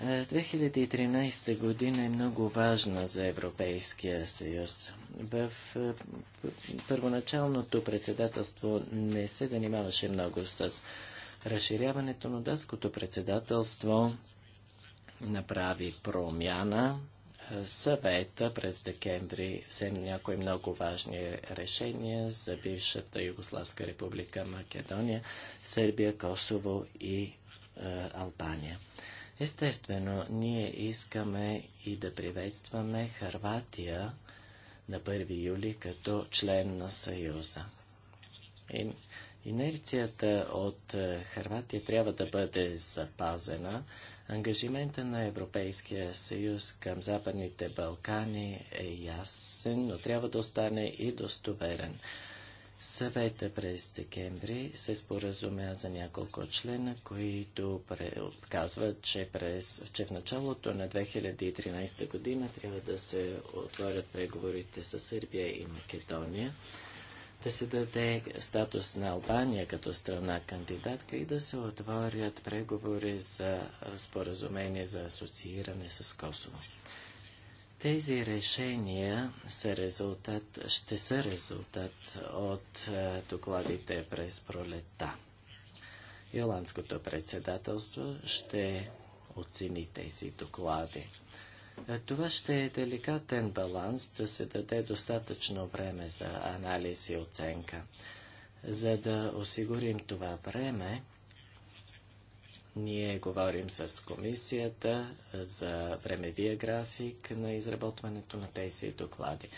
2013 година е много важна за Европейския съюз. В е, първоначалното председателство не се занимаваше много с разширяването, но датското председателство направи промяна. Съвета през декември взе някои много важни решения за бившата Югославска република Македония, Сърбия, Косово и е, Албания. Естествено, ние искаме и да приветстваме Харватия на 1 юли като член на Съюза. Инерцията от е, Харватия трябва да бъде запазена. Ангажимента на Европейския съюз към Западните Балкани е ясен, но трябва да остане и достоверен. Съвета през декември се споразумя за няколко члена, които казват, че, през, че в началото на 2013 година трябва да се отворят преговорите с Сърбия и Македония, да се даде статус на Албания като страна кандидатка и да се отворят преговори за споразумение за асоцииране с Косово. Тези решения са резултат, ще са резултат от е, докладите през пролета. Ирландското председателство ще оцени тези доклади. Е, това ще е деликатен баланс да се даде достатъчно време за анализ и оценка. За да осигурим това време, ние говорим с комисията за времевия график на изработването на тези доклади.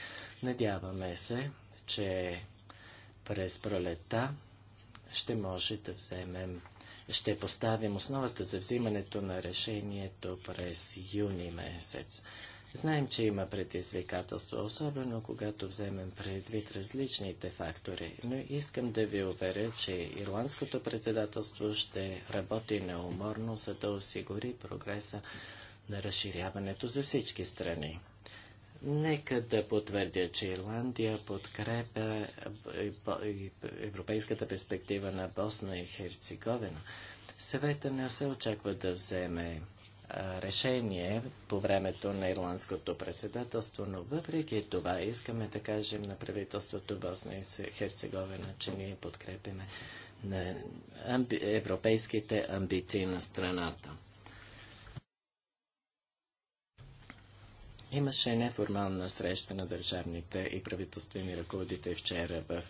Надяваме се, че през пролета ще може да вземем, ще поставим основата за взимането на решението през юни месец. Знаем, че има предизвикателства, особено когато вземем предвид различните фактори, но искам да ви уверя, че ирландското председателство ще работи неуморно, за да осигури прогреса на разширяването за всички страни. Нека да потвърдя, че Ирландия подкрепя европейската перспектива на Босна и Херцеговина. Съвета не се очаква да вземе решение по времето на ирландското председателство, но въпреки това искаме да кажем на правителството Босна и Херцеговина, че ние подкрепиме на амби... европейските амбиции на страната. Имаше неформална среща на държавните и правителствени ръководители вчера в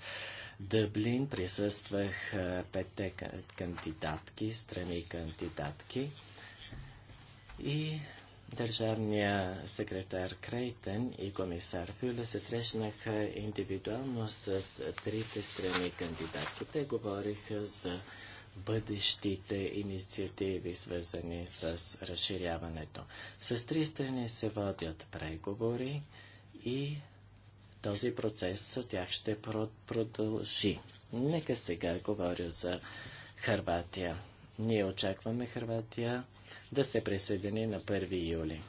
Дъблин. Присъствах петте кандидатки, страни кандидатки. И държавния секретар Крейтен и комисар Фюле се срещнаха индивидуално с трите страни кандидатки. Те говориха за бъдещите инициативи, свързани с разширяването. С три страни се водят преговори и този процес с тях ще продължи. Нека сега говоря за Харватия. Ние очакваме Харватия да се присъедини на 1 юли.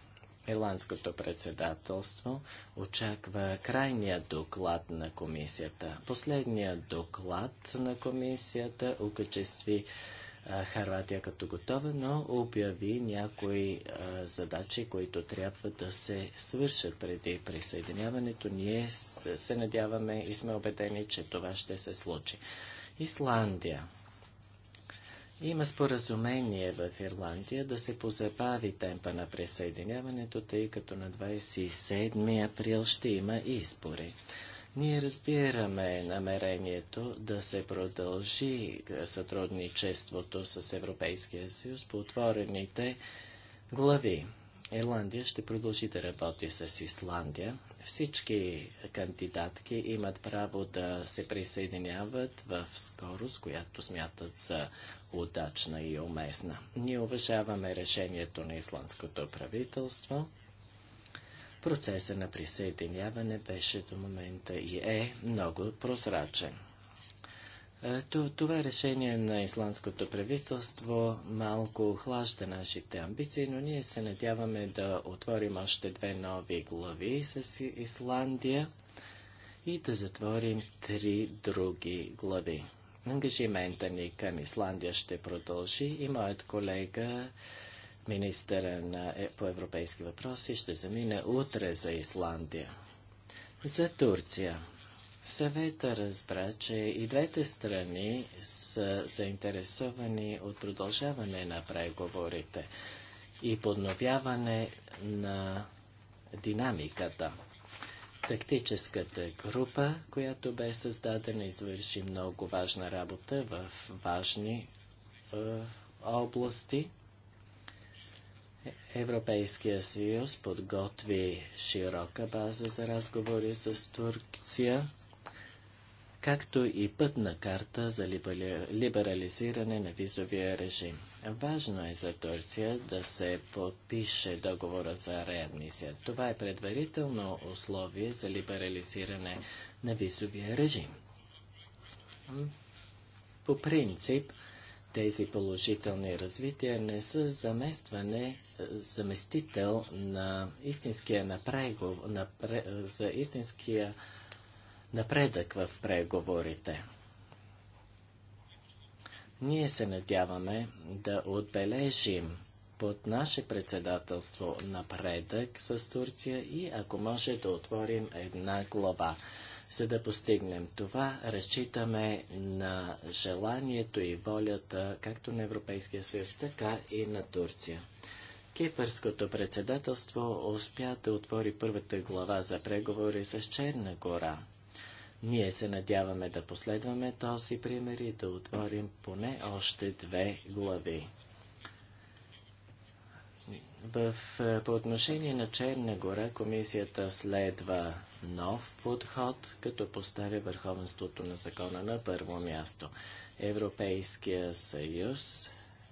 Ирландското председателство очаква крайния доклад на комисията. Последният доклад на комисията окачестви Харватия като готова, но обяви някои задачи, които трябва да се свършат преди присъединяването. Ние се надяваме и сме убедени, че това ще се случи. Исландия. Има споразумение в Ирландия да се позабави темпа на присъединяването, тъй като на 27 април ще има избори. Ние разбираме намерението да се продължи сътрудничеството с Европейския съюз по отворените глави. Ирландия ще продължи да работи с Исландия. Всички кандидатки имат право да се присъединяват в скорост, която смятат за удачна и уместна. Ние уважаваме решението на исландското правителство. Процесът на присъединяване беше до момента и е много прозрачен. Е, това е решение на исландското правителство малко охлажда нашите амбиции, но ние се надяваме да отворим още две нови глави с Исландия и да затворим три други глави. Ангажимента ни към Исландия ще продължи и моят колега, министъра на, е, по европейски въпроси, ще замине утре за Исландия. За Турция. Съвета разбра, че и двете страни са заинтересовани от продължаване на преговорите и подновяване на динамиката. Тактическата група, която бе създадена, извърши много важна работа в важни е, области. Европейския съюз подготви широка база за разговори с Турция както и пътна карта за либерализиране на визовия режим. Важно е за Турция да се подпише договора за реадмисия. Това е предварително условие за либерализиране на визовия режим. По принцип, тези положителни развития не са заместване, заместител на истинския напрегов, напре, за истинския напредък в преговорите. Ние се надяваме да отбележим под наше председателство напредък с Турция и ако може да отворим една глава. За да постигнем това, разчитаме на желанието и волята както на Европейския съюз, така и на Турция. Кипърското председателство успя да отвори първата глава за преговори с Черна гора. Ние се надяваме да последваме този пример и да отворим поне още две глави. В, е, по отношение на Черна гора, комисията следва нов подход, като поставя върховенството на закона на първо място. Европейския съюз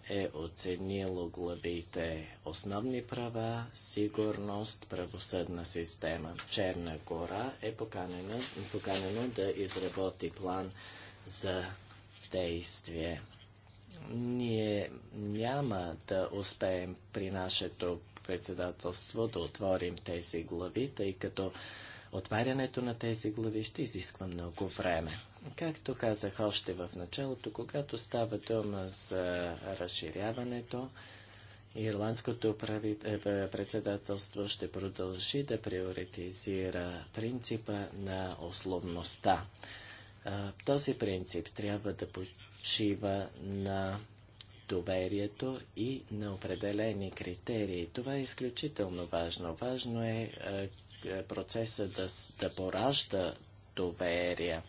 е оценило главите основни права, сигурност, правосъдна система. Черна гора е поканена, поканено да изработи план за действие. Ние няма да успеем при нашето председателство да отворим тези глави, тъй като отварянето на тези глави ще изисква много време. Както казах още в началото, когато става дума за разширяването, Ирландското е, председателство ще продължи да приоритизира принципа на условността. Този принцип трябва да почива на доверието и на определени критерии. Това е изключително важно. Важно е, е процеса да, да поражда доверие.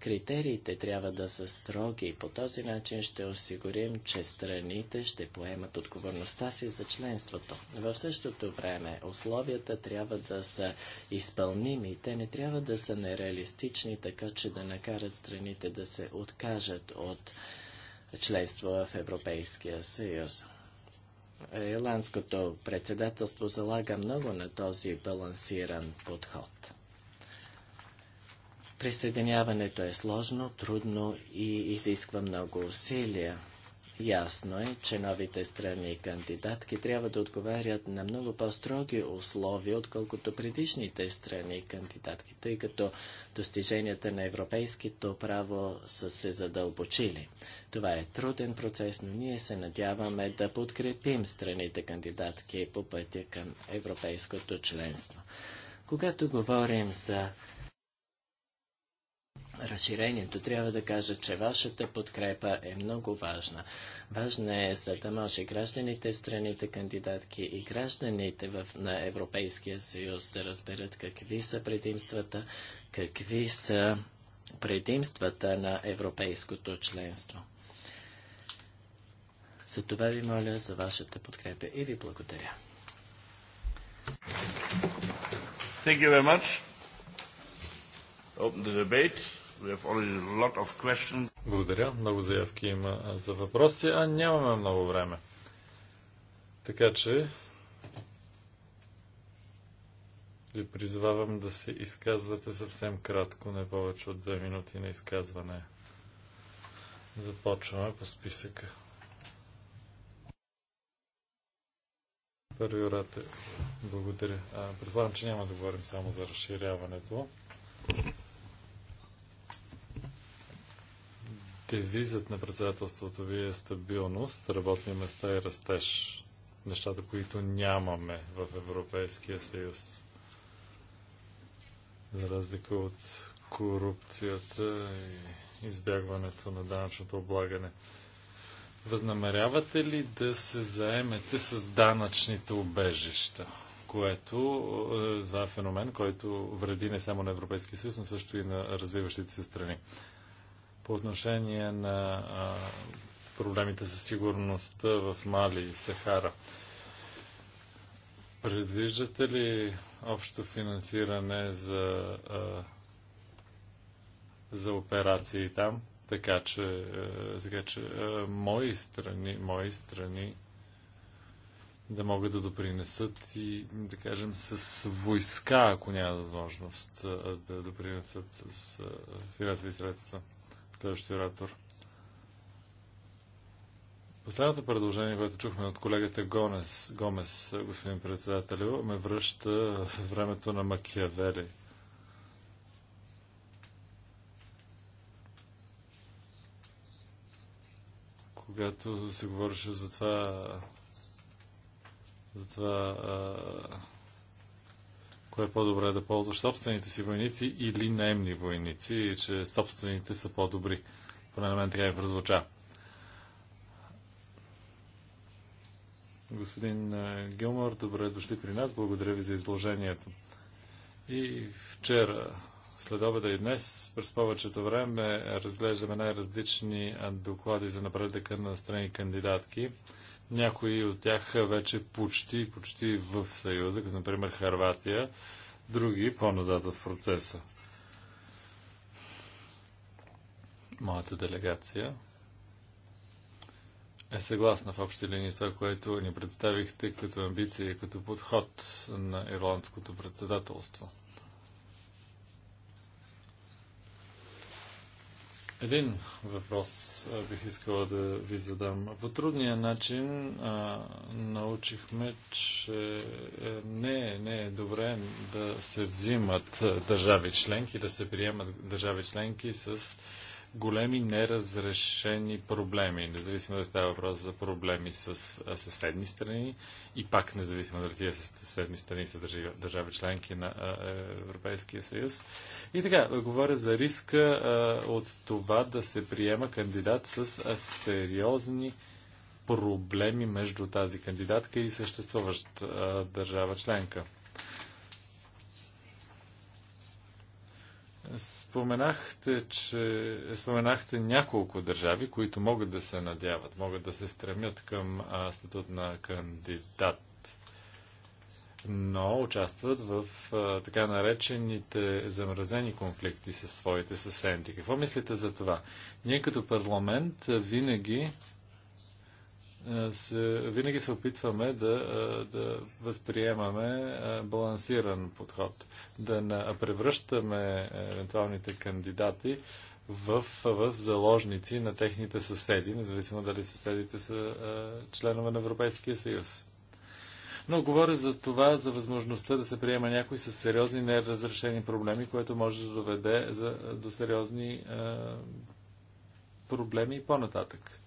Критериите трябва да са строги. и По този начин ще осигурим, че страните ще поемат отговорността си за членството. В същото време условията трябва да са изпълними. Те не трябва да са нереалистични, така че да накарат страните да се откажат от членство в Европейския съюз. Ирландското председателство залага много на този балансиран подход. Присъединяването е сложно, трудно и изисква много усилия. Ясно е, че новите страни и кандидатки трябва да отговарят на много по-строги условия, отколкото предишните страни и кандидатки, тъй като достиженията на европейското право са се задълбочили. Това е труден процес, но ние се надяваме да подкрепим страните кандидатки по пътя към европейското членство. Когато говорим за разширението, трябва да кажа, че вашата подкрепа е много важна. Важна е, за да може гражданите, страните кандидатки и гражданите в, на Европейския съюз да разберат какви са предимствата, какви са предимствата на европейското членство. За това ви моля за вашата подкрепа и ви благодаря. Thank you very much. Open the debate. Благодаря. Много заявки има за въпроси, а нямаме много време. Така че ви призвавам да се изказвате съвсем кратко, не повече от две минути на изказване. Започваме по списъка. Първи оратор. Благодаря. Предполагам, че няма да говорим само за разширяването. Девизът на председателството ви е стабилност, работни места и растеж. Нещата, които нямаме в Европейския съюз. За разлика от корупцията и избягването на данъчното облагане. Възнамерявате ли да се заемете с данъчните обежища? Което е, това е феномен, който вреди не само на Европейския съюз, но също и на развиващите се страни по отношение на проблемите със сигурността в Мали и Сахара. Предвиждате ли общо финансиране за, за операции там? Така че, така че мои страни, мои страни да могат да допринесат и, да кажем, с войска, ако няма възможност да допринесат с финансови средства. Следващия оратор. Последното предложение, което чухме от колегата Гонес, Гомес, господин председател, ме връща в времето на Макиавели. Когато се говореше за това, за това а, кое е по-добре да ползваш собствените си войници или наемни войници, и че собствените са по-добри. Поне на мен така и прозвуча. Господин е, Гилмор, добре дошли при нас. Благодаря ви за изложението. И вчера, след обеда и днес, през повечето време разглеждаме най-различни доклади за напредъка на страни кандидатки. Някои от тях вече почти, почти в Съюза, като например Харватия, други по-назад в процеса. Моята делегация е съгласна в общи линии това, което ни представихте като амбиция и като подход на ирландското председателство. Един въпрос бих искала да ви задам. По трудния начин а, научихме, че е, не, не е добре да се взимат държави членки, да се приемат държави членки с големи неразрешени проблеми, независимо дали става въпрос за проблеми с съседни страни и пак независимо дали тия съседни страни са държави, членки на е, Европейския съюз. И така, говоря за риска от това да се приема кандидат с сериозни проблеми между тази кандидатка и съществуващ държава членка. Споменахте, че споменахте няколко държави, които могат да се надяват, могат да се стремят към а, статут на кандидат но участват в а, така наречените замразени конфликти със своите съседи. Какво мислите за това? Ние като парламент винаги е, се, винаги се опитваме да, е, да възприемаме е, балансиран подход, да не превръщаме евентуалните кандидати в, в заложници на техните съседи, независимо дали съседите са членове на Европейския съюз. Но говоря за това, за възможността да се приема някой с сериозни неразрешени проблеми, което може да доведе за, до сериозни е, проблеми и по-нататък.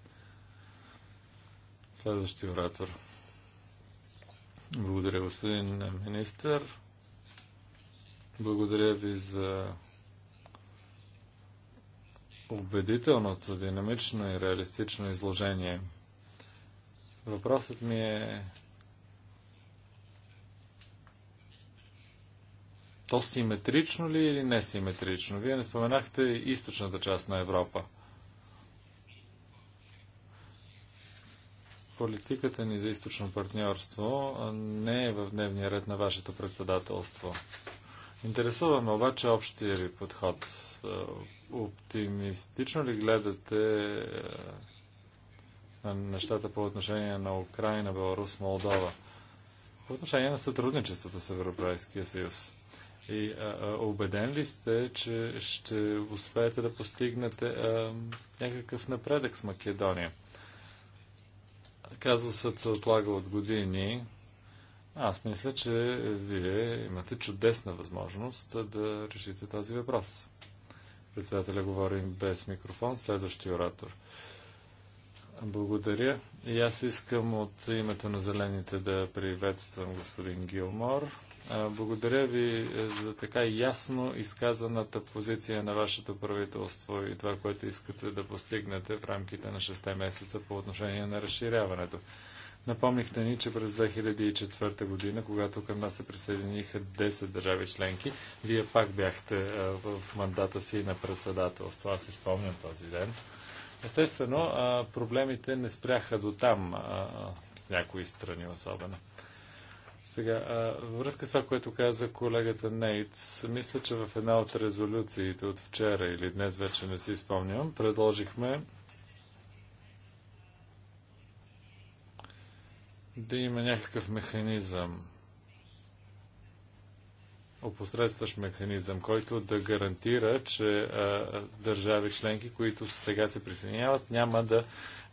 Следващия оратор. Благодаря, господин Министър. Благодаря ви за убедителното, динамично и реалистично изложение. Въпросът ми е то симетрично ли или несиметрично? Вие не споменахте източната част на Европа – политиката ни за източно партньорство не е в дневния ред на вашето председателство. Интересуваме обаче общия ви подход. Оптимистично ли гледате на нещата по отношение на Украина, Беларус, Молдова? По отношение на сътрудничеството с Европейския съюз? И а, убеден ли сте, че ще успеете да постигнете а, някакъв напредък с Македония? Казусът се отлага от години. Аз мисля, че вие имате чудесна възможност да решите този въпрос. Председателя говорим без микрофон. Следващия оратор. Благодаря. И аз искам от името на Зелените да приветствам господин Гилмор благодаря ви е, за така ясно изказаната позиция на вашето правителство и това, което искате да постигнете в рамките на 6 месеца по отношение на разширяването. Напомнихте ни, че през 2004 година, когато към нас се присъединиха 10 държави членки, вие пак бяхте е, в мандата си на председателство. Аз си спомням този ден. Естествено, е, проблемите не спряха до там, с някои страни особено. Сега, а, връзка с това, което каза колегата Нейтс, мисля, че в една от резолюциите от вчера или днес вече не си спомням, предложихме да има някакъв механизъм опосредстващ механизъм, който да гарантира, че а, държави членки, които сега се присъединяват, няма да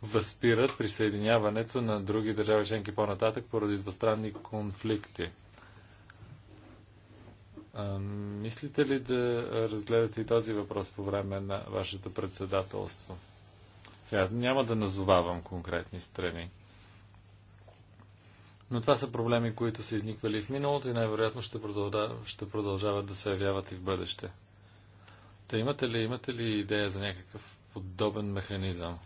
възпират присъединяването на други държави членки по-нататък поради двустранни конфликти. А, мислите ли да разгледате и този въпрос по време на вашето председателство? Сега няма да назовавам конкретни страни. Но това са проблеми, които са изниквали в миналото и най-вероятно ще, продължават, ще продължават да се явяват и в бъдеще. Та имате ли, имате ли идея за някакъв подобен механизъм?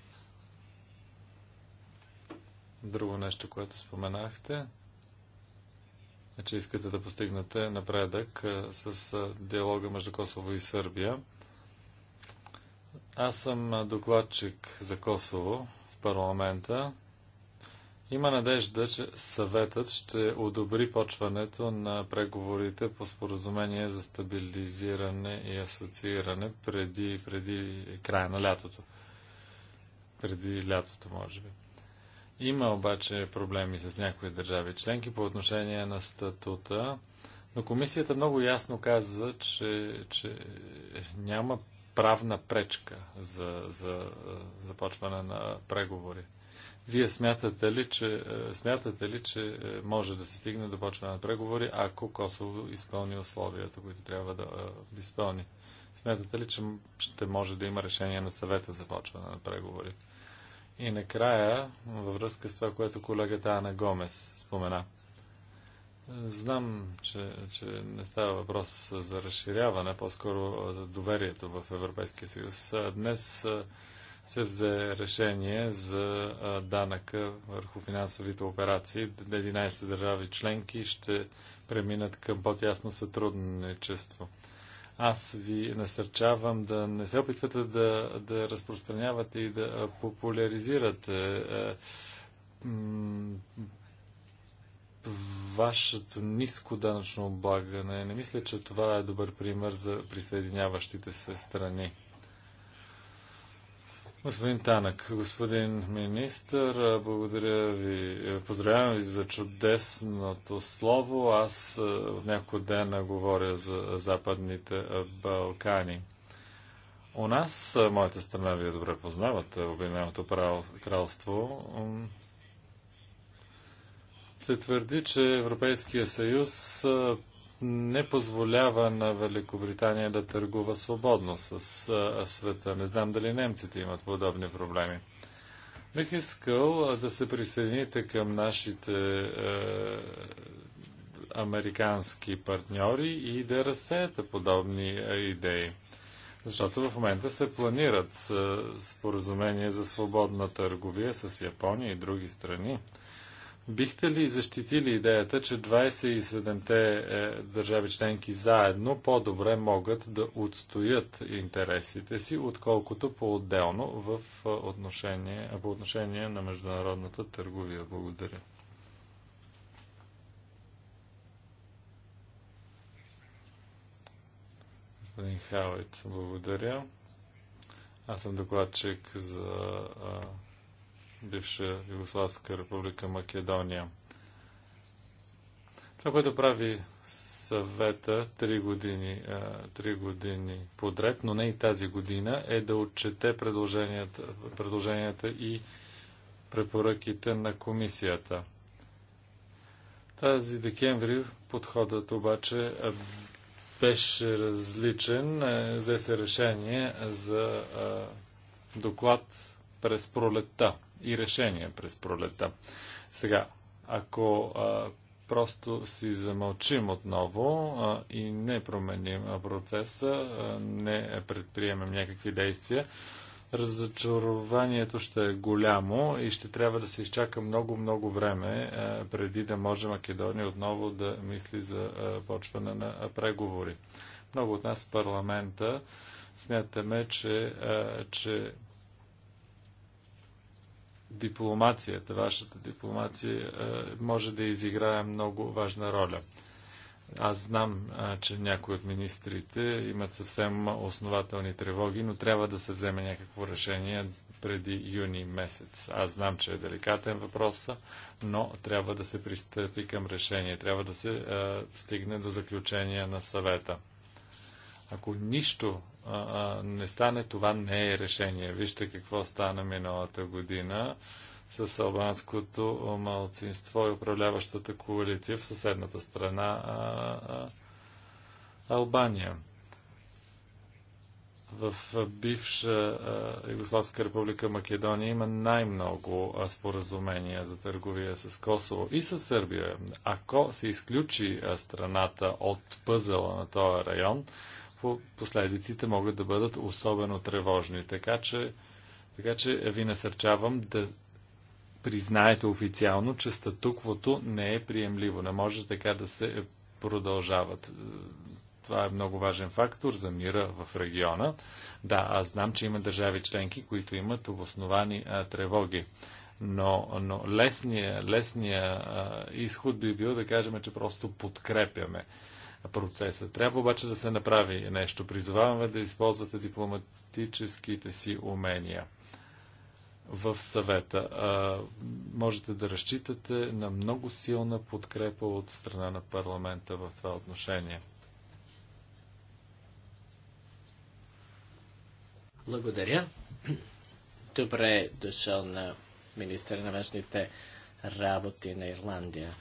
Друго нещо, което споменахте, е, че искате да постигнете напредък е, с е, диалога между Косово и Сърбия. Аз съм е, докладчик за Косово в парламента има надежда, че съветът ще одобри почването на преговорите по споразумение за стабилизиране и асоцииране преди, преди края на лятото. Преди лятото, може би. Има обаче проблеми с някои държави членки по отношение на статута, но комисията много ясно каза, че, че няма правна пречка за, за започване на преговори. Вие смятате ли, че, е, смятате ли, че е, може да се стигне до почване на преговори, ако Косово изпълни условията, които трябва да е, изпълни? Смятате ли, че ще може да има решение на съвета за почване на преговори? И накрая, във връзка с това, което колегата Ана Гомес спомена. Знам, че, че не става въпрос за разширяване, по-скоро за доверието в Европейския съюз. Днес се взе решение за данъка върху финансовите операции. 11 държави членки ще преминат към по-тясно сътрудничество. Аз ви насърчавам да не се опитвате да, да разпространявате и да популяризирате вашето ниско данъчно облагане. Не мисля, че това е добър пример за присъединяващите се страни. Господин Танък, господин министр, благодаря ви. Поздравявам ви за чудесното слово. Аз от няколко дена говоря за Западните Балкани. У нас, моята страна, вие добре познавате Обединеното кралство, се твърди, че Европейския съюз не позволява на Великобритания да търгува свободно с света. Не знам дали немците имат подобни проблеми. Бих искал да се присъедините към нашите е, американски партньори и да разсеете подобни идеи. Защото в момента се планират споразумения за свободна търговия с Япония и други страни. Бихте ли защитили идеята, че 27-те е, държави членки заедно по-добре могат да отстоят интересите си, отколкото по-отделно в е, отношение, по отношение на международната търговия? Благодаря. Господин Хауит, благодаря. Аз съм докладчик за а, е, бивша Югославска република Македония. Това, което прави съвета три години, три години подред, но не и тази година, е да отчете предложенията, предложенията и препоръките на комисията. Тази декември подходът обаче беше различен. Е, взе се решение за доклад през пролетта и решения през пролета. Сега, ако а, просто си замълчим отново а, и не променим процеса, а, не предприемем някакви действия, разочарованието ще е голямо и ще трябва да се изчака много-много време а, преди да може Македония отново да мисли за а, почване на а, преговори. Много от нас в парламента смятаме, че, а, че дипломацията, вашата дипломация е, може да изиграе много важна роля. Аз знам, е, че някои от министрите имат съвсем основателни тревоги, но трябва да се вземе някакво решение преди юни месец. Аз знам, че е деликатен въпрос, но трябва да се пристъпи към решение. Трябва да се е, стигне до заключение на съвета. Ако нищо а, а, не стане, това не е решение. Вижте какво стана миналата година с албанското малцинство и управляващата коалиция в съседната страна а, а, Албания. В бивша Югославска република Македония има най-много споразумения за търговия с Косово и с Сърбия. Ако се изключи страната от пъзела на този район, последиците могат да бъдат особено тревожни. Така че, така че ви насърчавам да признаете официално, че статуквото не е приемливо. Не може така да се продължават. Това е много важен фактор за мира в региона. Да, аз знам, че има държави членки, които имат обосновани а, тревоги. Но, но лесният лесния изход би бил да кажем, че просто подкрепяме процеса. Трябва обаче да се направи нещо. Призоваваме да използвате дипломатическите си умения в съвета. А, можете да разчитате на много силна подкрепа от страна на парламента в това отношение. Благодаря. Добре е дошъл на министър на външните работи на Ирландия.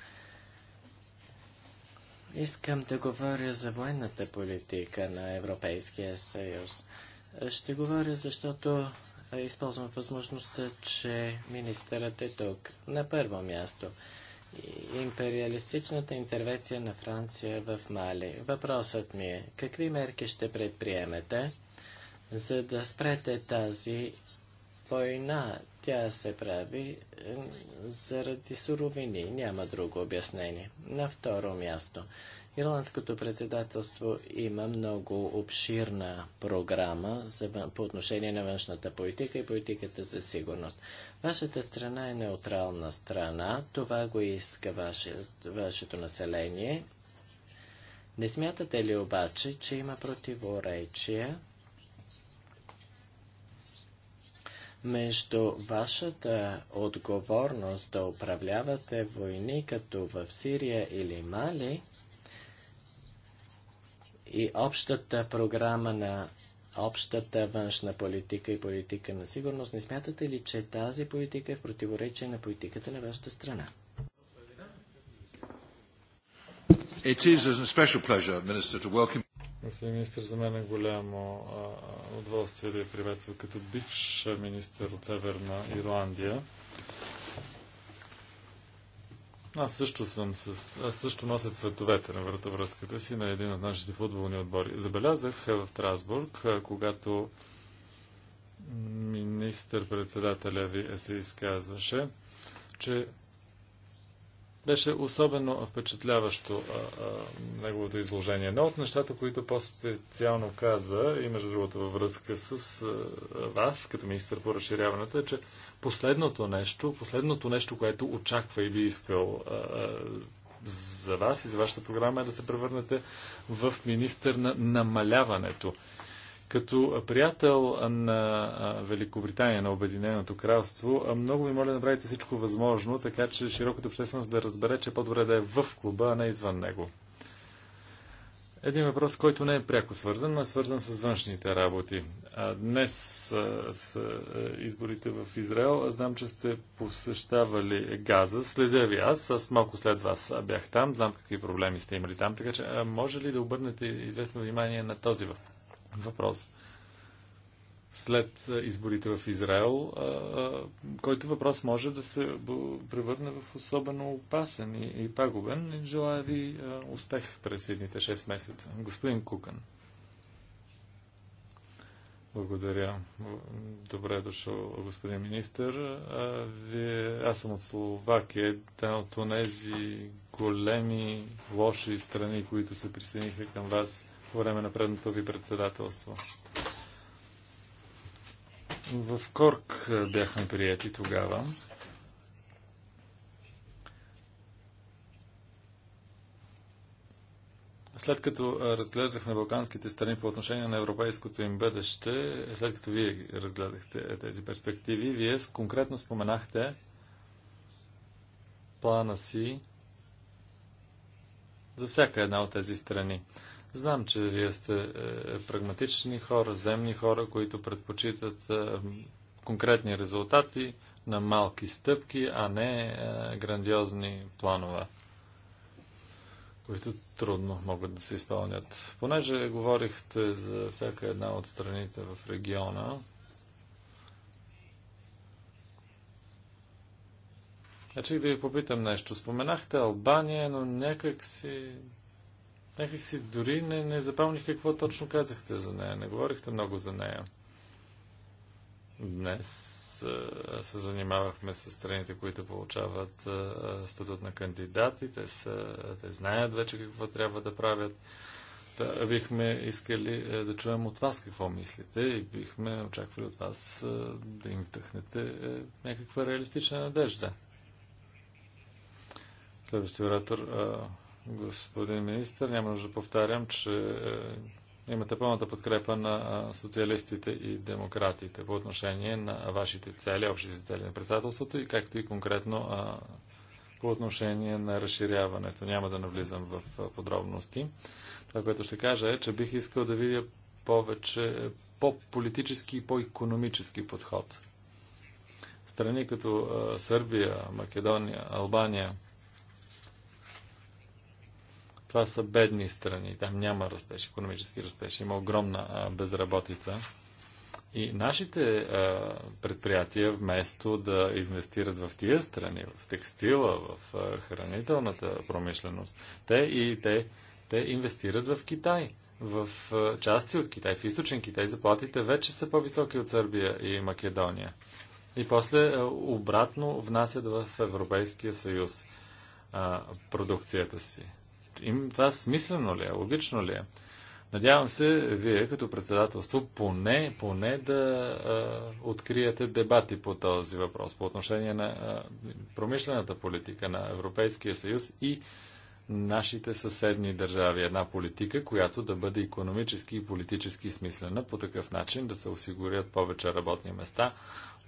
Искам да говоря за военната политика на Европейския съюз. Ще говоря, защото използвам възможността, че министърът е тук. На първо място империалистичната интервенция на Франция в Мали. Въпросът ми е, какви мерки ще предприемете, за да спрете тази война. Тя се прави е, заради суровини. Няма друго обяснение. На второ място. Ирландското председателство има много обширна програма за, по отношение на външната политика и политиката за сигурност. Вашата страна е неутрална страна. Това го иска ваше, вашето население. Не смятате ли обаче, че има противоречия между вашата отговорност да управлявате войни като в Сирия или Мали и общата програма на общата външна политика и политика на сигурност, не смятате ли, че тази политика е в противоречие на политиката на вашата страна? It is a special pleasure, Minister, to welcome Господин министр, за мен е голямо а, удоволствие да я приветствам като бивш министр от Северна Ирландия. Аз също съм с... Аз също нося цветовете на вратовръзката си на един от нашите футболни отбори. Забелязах в Страсбург, когато министър-председателя ви се изказваше, че беше особено впечатляващо а, а, неговото изложение. Едно от нещата, които по-специално каза, и между другото във връзка с а, вас, като министър по разширяването, е, че последното нещо, последното нещо, което очаква и би искал а, а, за вас и за вашата програма е да се превърнете в министър на намаляването. Като приятел на Великобритания, на Обединеното кралство, много ви моля да направите всичко възможно, така че широката общественост да разбере, че е по-добре да е в клуба, а не извън него. Един въпрос, който не е пряко свързан, но е свързан с външните работи. Днес с изборите в Израел, знам, че сте посещавали Газа. Следя ви аз, аз малко след вас бях там, знам какви проблеми сте имали там, така че може ли да обърнете известно внимание на този въпрос? въпрос след изборите в Израел, който въпрос може да се превърне в особено опасен и пагубен. Желая ви успех през едните 6 месеца. Господин Кукан. Благодаря. Добре е дошъл, господин министр. Вие... Аз съм от Словакия, една от тези големи, лоши страни, които се присъединиха към вас по време на предното ви председателство. В Корк е, бяхме прияти тогава. След като е, разглеждахме балканските страни по отношение на европейското им бъдеще, след като вие разгледахте е, тези перспективи, вие конкретно споменахте плана си за всяка една от тези страни. Знам, че вие сте е, прагматични хора, земни хора, които предпочитат е, конкретни резултати на малки стъпки, а не е, грандиозни планове които трудно могат да се изпълнят. Понеже говорихте за всяка една от страните в региона, Значи да ви попитам нещо. Споменахте Албания, но някак си Някак си дори не, не запомних какво точно казахте за нея. Не говорихте много за нея. Днес се занимавахме с страните, които получават статут на кандидатите. Те, са, те знаят вече какво трябва да правят. Та, бихме искали е, да чуем от вас какво мислите и бихме очаквали от вас е, да им вдъхнете е, някаква реалистична надежда. Следващия оратор господин министр. Няма нужда да повтарям, че е, имате пълната подкрепа на социалистите и демократите по отношение на вашите цели, общите цели на председателството и както и конкретно по отношение на разширяването. Няма да навлизам в подробности. Това, което ще кажа е, че бих искал да видя повече е, по-политически и по-економически подход. Страни като Сърбия, Македония, Албания – това са бедни страни. Там няма растеж, економически растеж. Има огромна а, безработица. И нашите а, предприятия, вместо да инвестират в тия страни, в текстила, в а, хранителната промишленост, те и те, те инвестират в Китай. В а, части от Китай, в източен Китай, заплатите вече са по-високи от Сърбия и Македония. И после а, обратно внасят в Европейския съюз а, продукцията си им това смислено ли е, логично ли е? Надявам се, вие като председателство поне, поне да а, откриете дебати по този въпрос, по отношение на а, промишлената политика на Европейския съюз и нашите съседни държави. Една политика, която да бъде економически и политически смислена, по такъв начин да се осигурят повече работни места,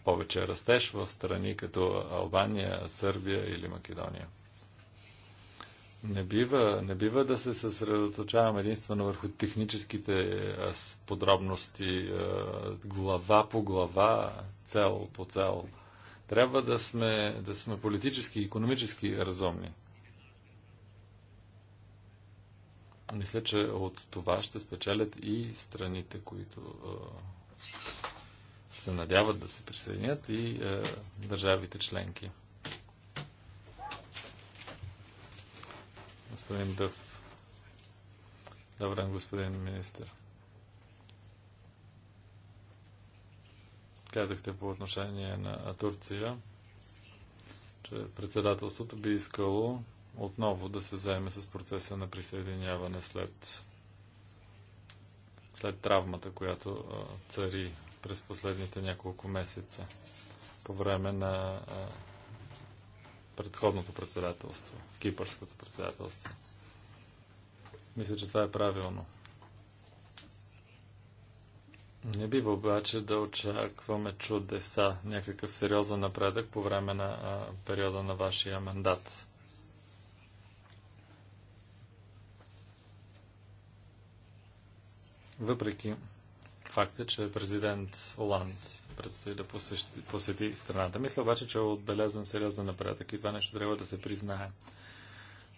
повече растеж в страни като Албания, Сърбия или Македония. Не бива, не бива да се съсредоточавам единствено върху техническите подробности, глава по глава, цел по цел. Трябва да сме, да сме политически и економически разумни. Мисля, че от това ще спечелят и страните, които се надяват да се присъединят и държавите членки. господин Дъв. Добре, господин министр. Казахте по отношение на Турция, че председателството би искало отново да се заеме с процеса на присъединяване след, след травмата, която цари през последните няколко месеца по време на предходното председателство, кипърското председателство. Мисля, че това е правилно. Не бива обаче да очакваме чудеса, някакъв сериозен напредък по време на а, периода на вашия мандат. Въпреки факта, че президент Оланд предстои да посещи, посети страната. Мисля обаче, че е отбелязан сериозен напредък и това нещо трябва да се признае.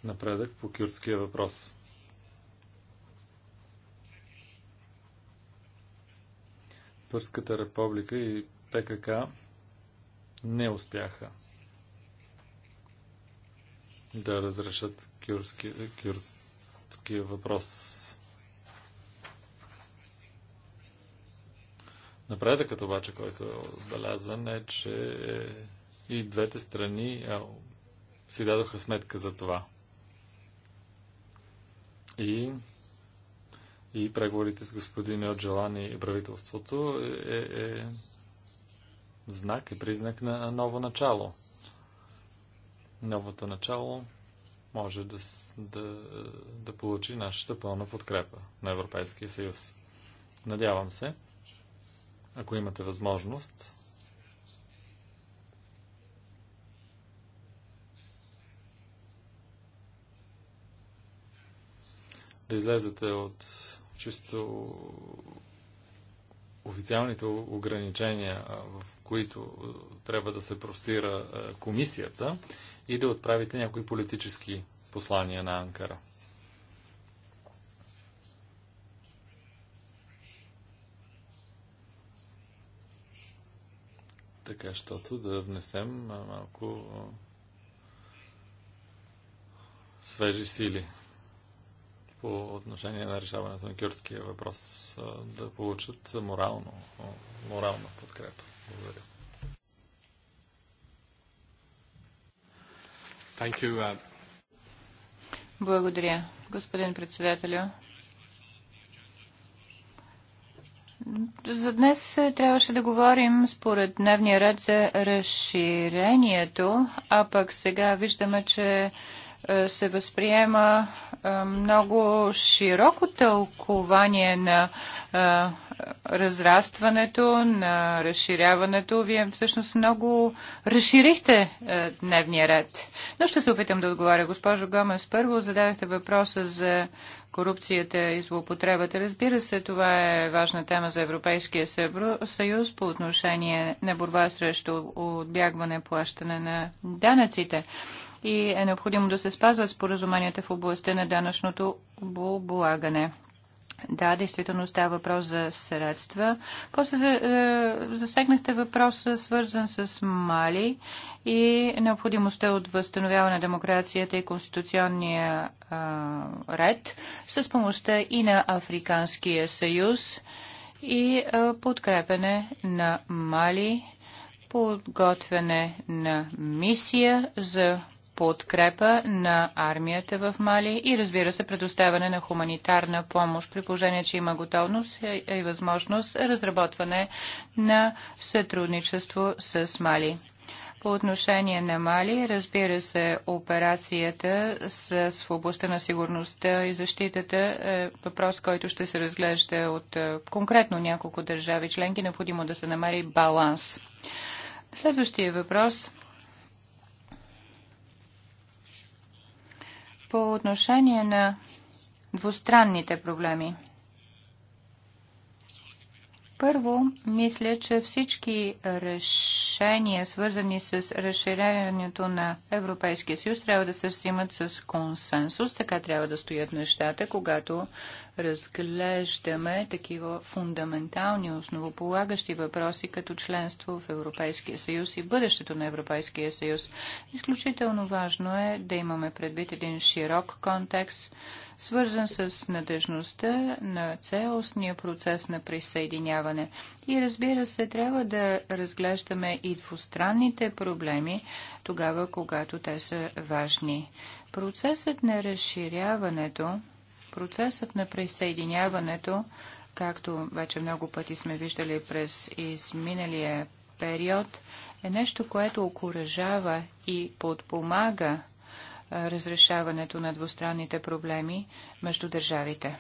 Напредък по кюртския въпрос. Пърската република и ПКК не успяха да разрешат кюртския кюрския въпрос. Напредъкът обаче, който е отбелязан е, че и двете страни си дадоха сметка за това. И, и преговорите с господин Оджелани и правителството е, е, е знак и е признак на ново начало. Новото начало може да, да, да получи нашата пълна подкрепа на Европейския съюз. Надявам се ако имате възможност. Да излезете от чисто официалните ограничения, в които трябва да се простира комисията и да отправите някои политически послания на Анкара. така, щото да внесем малко свежи сили по отношение на решаването на кюртския въпрос, да получат морално, морална подкрепа. Благодаря. Thank you. Uh, Благодаря, господин председателю. За днес трябваше да говорим според дневния ред за разширението, а пък сега виждаме, че е, се възприема е, много широко тълкование на е, разрастването, на разширяването. Вие всъщност много разширихте е, дневния ред. Но ще се опитам да отговаря. Госпожо Гомес, първо зададахте въпроса за корупцията и злоупотребата. Разбира се, това е важна тема за Европейския съюз по отношение на борба срещу отбягване плащане на данъците и е необходимо да се спазват споразуменията в областта на данъчното облагане. Да, действително става въпрос за средства. После за, е, засегнахте въпроса, свързан с Мали и необходимостта от възстановяване на демокрацията и конституционния е, ред с помощта и на Африканския съюз и е, подкрепене на Мали, подготвяне на мисия за подкрепа на армията в Мали и разбира се предоставяне на хуманитарна помощ, при положение, че има готовност и възможност разработване на сътрудничество с Мали. По отношение на Мали, разбира се, операцията с, в областта на сигурността и защитата е въпрос, който ще се разглежда от е, конкретно няколко държави членки. Необходимо да се намери баланс. Следващия въпрос – по отношение на двустранните проблеми. Първо, мисля, че всички решения, свързани с разширението на Европейския съюз, трябва да се взимат с консенсус. Така трябва да стоят нещата, когато разглеждаме такива фундаментални, основополагащи въпроси, като членство в Европейския съюз и бъдещето на Европейския съюз. Изключително важно е да имаме предвид един широк контекст, свързан с надежността на цялостния процес на присъединяване. И разбира се, трябва да разглеждаме и двустранните проблеми тогава, когато те са важни. Процесът на разширяването Процесът на присъединяването, както вече много пъти сме виждали през изминалия период, е нещо, което окоръжава и подпомага разрешаването на двустранните проблеми между държавите.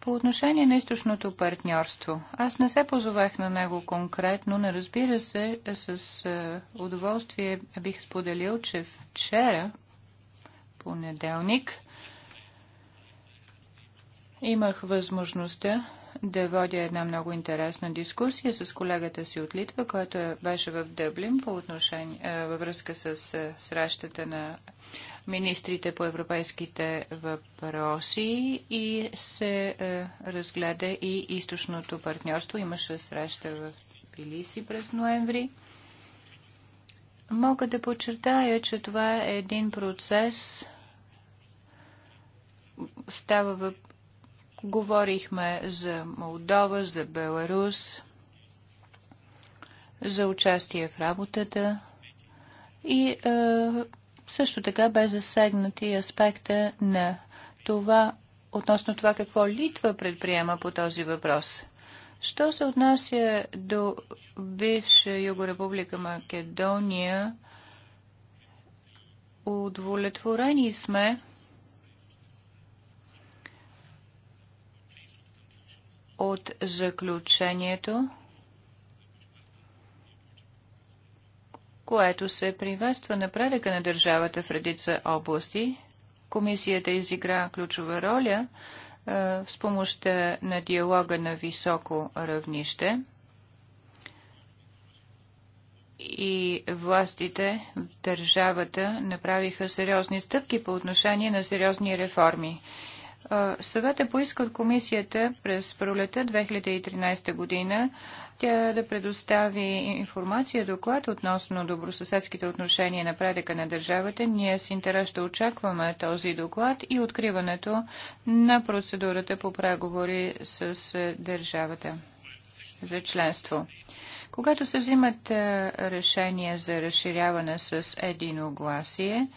По отношение на източното партньорство, аз не се позовах на него конкретно, но разбира се, с удоволствие бих споделил, че вчера, понеделник, Имах възможността да водя една много интересна дискусия с колегата си от Литва, който беше в Дъблин по отношение, е, във връзка с е, срещата на министрите по европейските въпроси и се е, разгледа и източното партньорство. Имаше среща в Тбилиси през ноември. Мога да подчертая, че това е един процес, става въпрос Говорихме за Молдова, за Беларус, за участие в работата и е, също така бе засегнати аспекта на това, относно това какво Литва предприема по този въпрос. Що се отнася до бивша Югорепублика Македония, удовлетворени сме от заключението, което се приветства напредъка на държавата в редица области. Комисията изигра ключова роля е, с помощта на диалога на високо равнище и властите в държавата направиха сериозни стъпки по отношение на сериозни реформи. Съвета поиска от комисията през пролета 2013 година тя да предостави информация, доклад относно добросъседските отношения на предека на държавата. Ние с интерес ще очакваме този доклад и откриването на процедурата по преговори с е, държавата за членство. Когато се взимат е, решения за разширяване с единогласие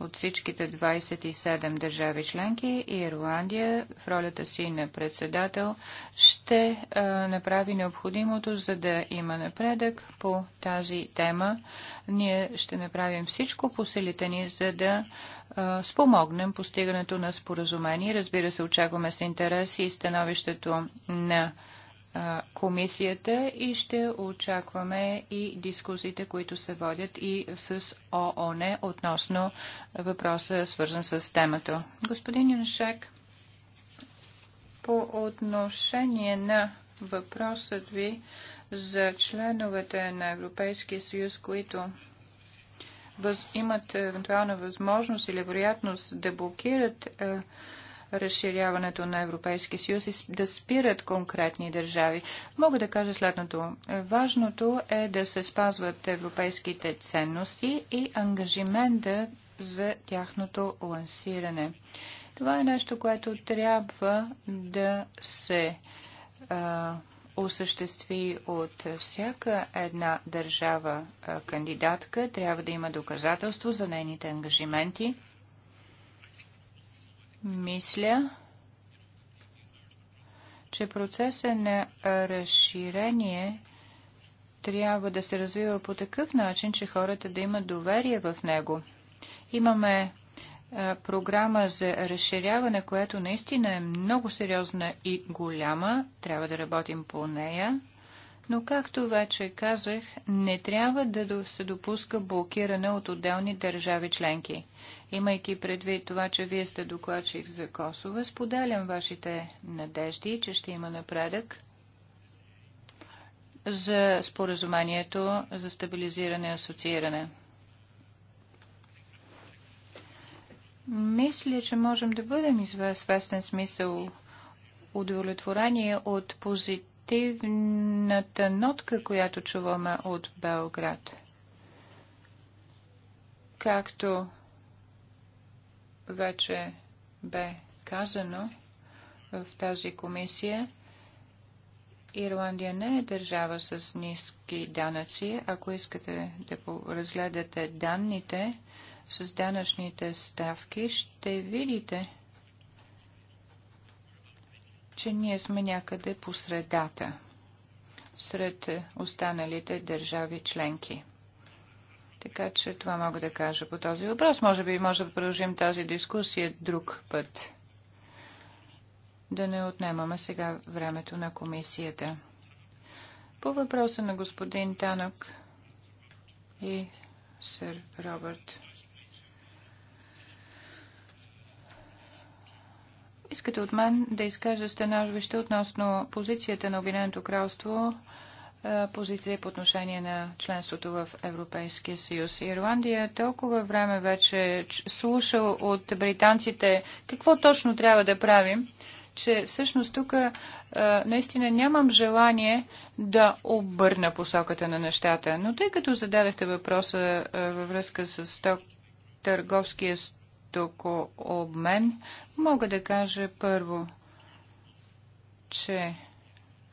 от всичките 27 държави членки, и Ирландия в ролята си на председател ще е, направи необходимото, за да има напредък по тази тема. Ние ще направим всичко по силите ни, за да е, спомогнем постигането на споразумение. Разбира се, очакваме с интерес и становището на комисията и ще очакваме и дискусиите, които се водят и с ООН относно въпроса, свързан с темата. Господин Юншек, по отношение на въпросът ви за членовете на Европейския съюз, които имат евентуална възможност или вероятност да блокират е, разширяването на Европейски съюз и да спират конкретни държави. Мога да кажа следното. Важното е да се спазват европейските ценности и ангажимента за тяхното лансиране. Това е нещо, което трябва да се а, осъществи от всяка една държава а, кандидатка. Трябва да има доказателство за нейните ангажименти мисля, че процесът на разширение трябва да се развива по такъв начин, че хората да имат доверие в него. Имаме програма за разширяване, която наистина е много сериозна и голяма. Трябва да работим по нея. Но, както вече казах, не трябва да се допуска блокиране от отделни държави членки. Имайки предвид това, че вие сте докладчик за Косово, споделям вашите надежди, че ще има напредък за споразумението за стабилизиране и асоцииране. Мисля, че можем да бъдем известен смисъл удовлетворение от позитивно негативната нотка, която чуваме от Белград. Както вече бе казано в тази комисия, Ирландия не е държава с ниски данъци. Ако искате да разгледате данните с данъчните ставки, ще видите, че ние сме някъде по средата сред останалите държави членки. Така че това мога да кажа по този въпрос. Може би може да продължим тази дискусия друг път. Да не отнемаме сега времето на комисията. По въпроса на господин Танък и сър Робърт Искате от мен да изкажа становище относно позицията на Обединеното кралство, позиция по отношение на членството в Европейския съюз. Ирландия е толкова време вече слушал от британците какво точно трябва да правим, че всъщност тук наистина нямам желание да обърна посоката на нещата. Но тъй като зададахте въпроса във връзка с търговския мен, мога да кажа първо, че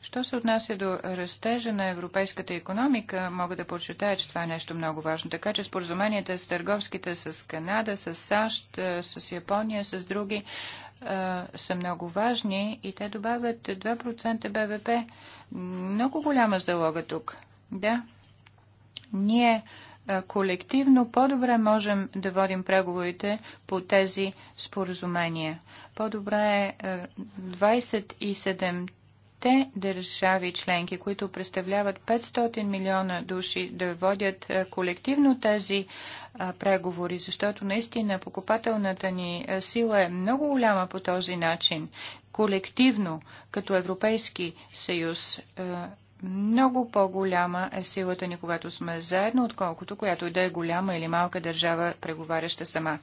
Що се отнася до растежа на европейската економика, мога да подчертая, че това е нещо много важно. Така че споразуменията с търговските с Канада, с САЩ, е, с Япония, с други е, са много важни и те добавят 2% БВП. Много голяма залога тук. Да. Ние колективно по-добре можем да водим преговорите по тези споразумения. По-добре е 27 те държави членки, които представляват 500 милиона души, да водят колективно тези преговори, защото наистина покупателната ни сила е много голяма по този начин. Колективно, като Европейски съюз, много по-голяма е силата ни, когато сме заедно, отколкото която и да е голяма или малка държава, преговаряща сама.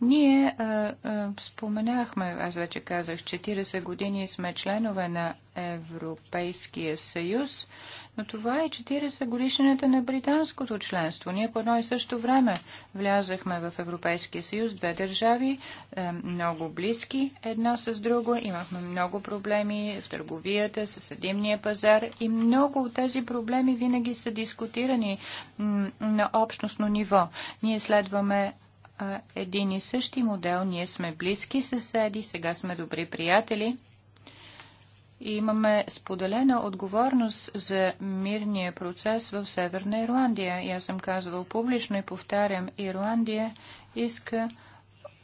Ние а, а, споменахме, аз вече казах, 40 години сме членове на Европейския съюз, но това е 40 годишната на британското членство. Ние по едно и също време влязахме в Европейския съюз, две държави, а, много близки една с друга. Имахме много проблеми в търговията, със съдимния пазар и много от тези проблеми винаги са дискутирани на общностно ниво. Ние следваме един и същи модел. Ние сме близки съседи, сега сме добри приятели. И имаме споделена отговорност за мирния процес в Северна Ирландия. И аз съм казвал публично и повтарям, Ирландия иска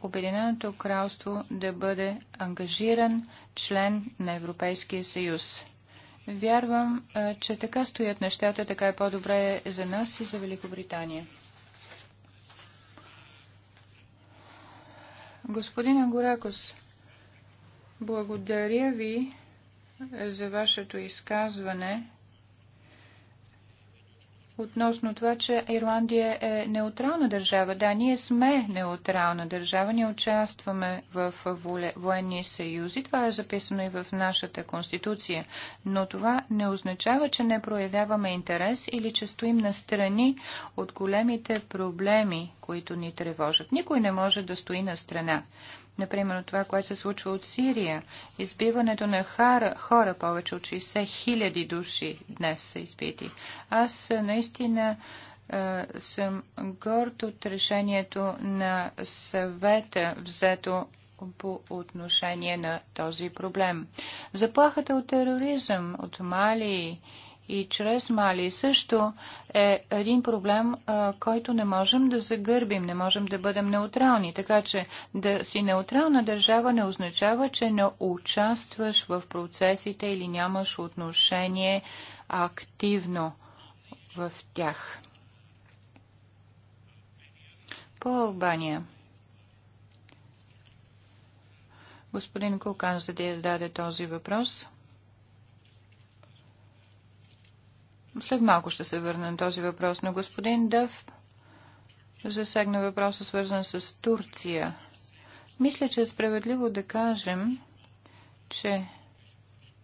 Обединеното кралство да бъде ангажиран член на Европейския съюз. Вярвам, че така стоят нещата, така е по-добре за нас и за Великобритания. Господин Ангоракос, благодаря ви за вашето изказване относно това, че Ирландия е неутрална държава. Да, ние сме неутрална държава, ние участваме в военни съюзи. Това е записано и в нашата конституция. Но това не означава, че не проявяваме интерес или че стоим на страни от големите проблеми, които ни тревожат. Никой не може да стои на страна. Например, това, което се случва от Сирия. Избиването на хора, хора повече от 60 хиляди души днес са избити. Аз наистина съм горд от решението на съвета, взето по отношение на този проблем. Заплахата от тероризъм от Мали и чрез Мали също е един проблем, който не можем да загърбим, не можем да бъдем неутрални. Така че да си неутрална държава не означава, че не участваш в процесите или нямаш отношение активно в тях. По Албания. Господин Кулкан даде този въпрос. След малко ще се върна на този въпрос, но господин Дъв засегна въпроса, свързан с Турция. Мисля, че е справедливо да кажем, че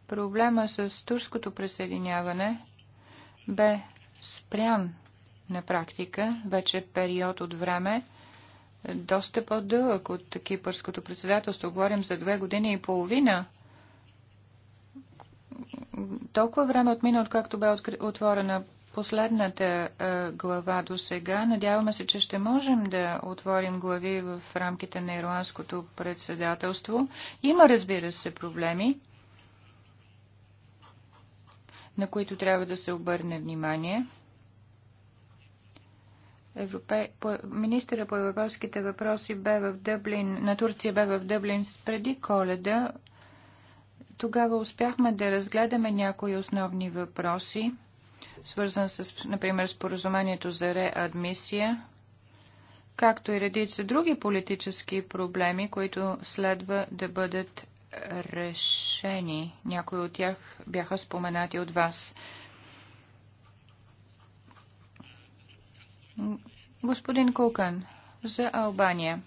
проблема с турското присъединяване бе спрян на практика вече период от време, доста по-дълъг от кипърското председателство. Говорим за две години и половина – толкова време отмина, откакто бе отворена последната е, глава до сега. Надяваме се, че ще можем да отворим глави в рамките на ирландското председателство. Има, разбира се, проблеми, на които трябва да се обърне внимание. Европе... По... Министъра по европейските въпроси бе в Дъблин, на Турция бе в Дъблин преди коледа. Тогава успяхме да разгледаме някои основни въпроси, свързан с, например, споразумението за реадмисия, както и редица други политически проблеми, които следва да бъдат решени. Някои от тях бяха споменати от вас. Господин Кукан, за Албания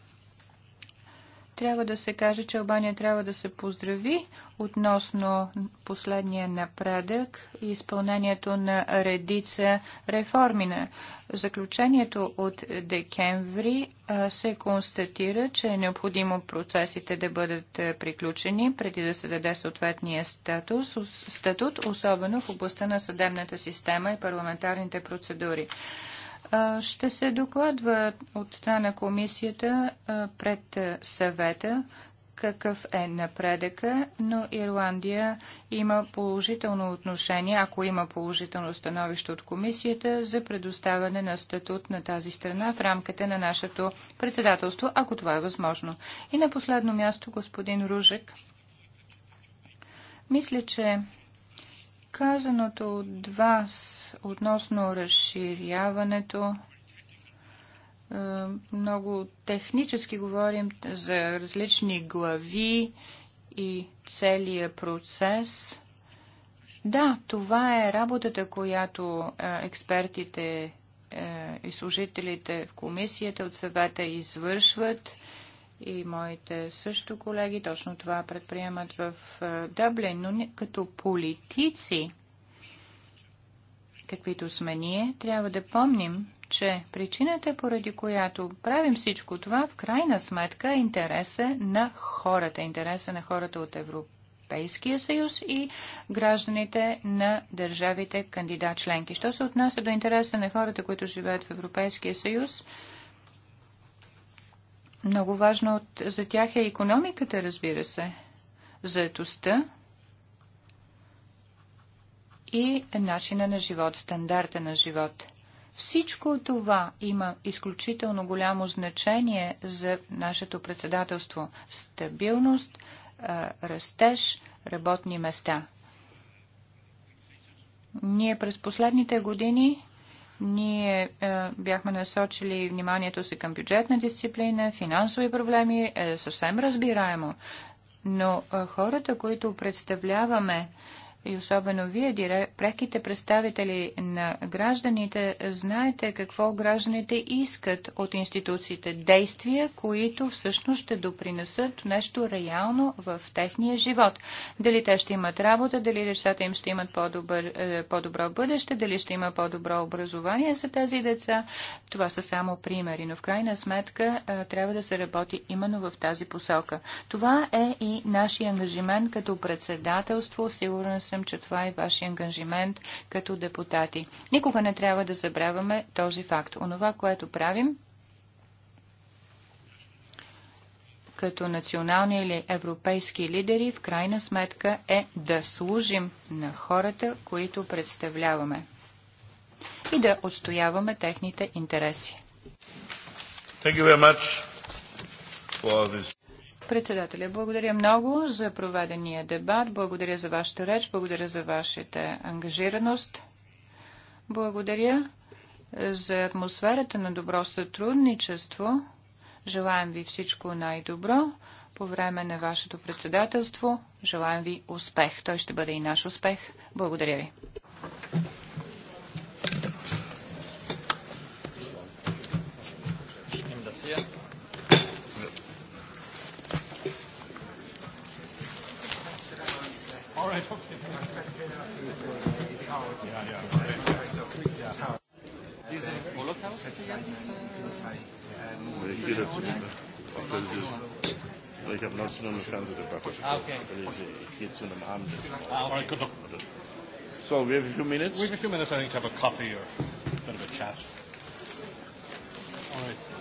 трябва да се каже, че Албания трябва да се поздрави относно последния напредък и изпълнението на редица реформи. На заключението от декември се констатира, че е необходимо процесите да бъдат приключени преди да се даде съответния статус, статут, особено в областта на съдебната система и парламентарните процедури ще се докладва от страна комисията пред съвета какъв е напредъка, но Ирландия има положително отношение, ако има положително становище от комисията за предоставяне на статут на тази страна в рамките на нашето председателство, ако това е възможно. И на последно място, господин Ружек, мисля, че Казаното от вас относно разширяването, е, много технически говорим за различни глави и целия процес. Да, това е работата, която е, експертите е, и служителите в комисията от съвета извършват и моите също колеги точно това предприемат в е, Дъблин, но не, като политици, каквито сме ние, трябва да помним, че причината, поради която правим всичко това, в крайна сметка е интереса на хората, интереса на хората от Европейския съюз и гражданите на държавите кандидат членки. Що се отнася до интереса на хората, които живеят в Европейския съюз, много важно от, за тях е економиката, разбира се, заетостта и начина на живот, стандарта на живот. Всичко това има изключително голямо значение за нашето председателство. Стабилност, растеж, работни места. Ние през последните години ние е, бяхме насочили вниманието си към бюджетна дисциплина, финансови проблеми, е съвсем разбираемо. Но е, хората, които представляваме и особено вие, преките представители на гражданите, знаете какво гражданите искат от институциите. Действия, които всъщност ще допринесат нещо реално в техния живот. Дали те ще имат работа, дали децата им ще имат по-добър, е, по-добро бъдеще, дали ще има по-добро образование за тези деца. Това са само примери, но в крайна сметка е, трябва да се работи именно в тази посока. Това е и нашия ангажимент като председателство, сигурен съм, че това е вашия ангажимент като депутати. Никога не трябва да забравяме този факт. Онова, което правим като национални или европейски лидери, в крайна сметка е да служим на хората, които представляваме и да отстояваме техните интереси. Thank you very much for this. Председателя, благодаря много за проведения дебат. Благодаря за вашата реч. Благодаря за вашата ангажираност. Благодаря за атмосферата на добро сътрудничество. Желаем ви всичко най-добро по време на вашето председателство. Желаем ви успех. Той ще бъде и наш успех. Благодаря ви. Yeah. Ich habe 19 Uhr eine Fernsehdebatte. Ah, okay. Ich zu einem Abendessen. So, we have a few minutes? We have a few minutes, I think, to have a coffee or a bit of a chat. All right.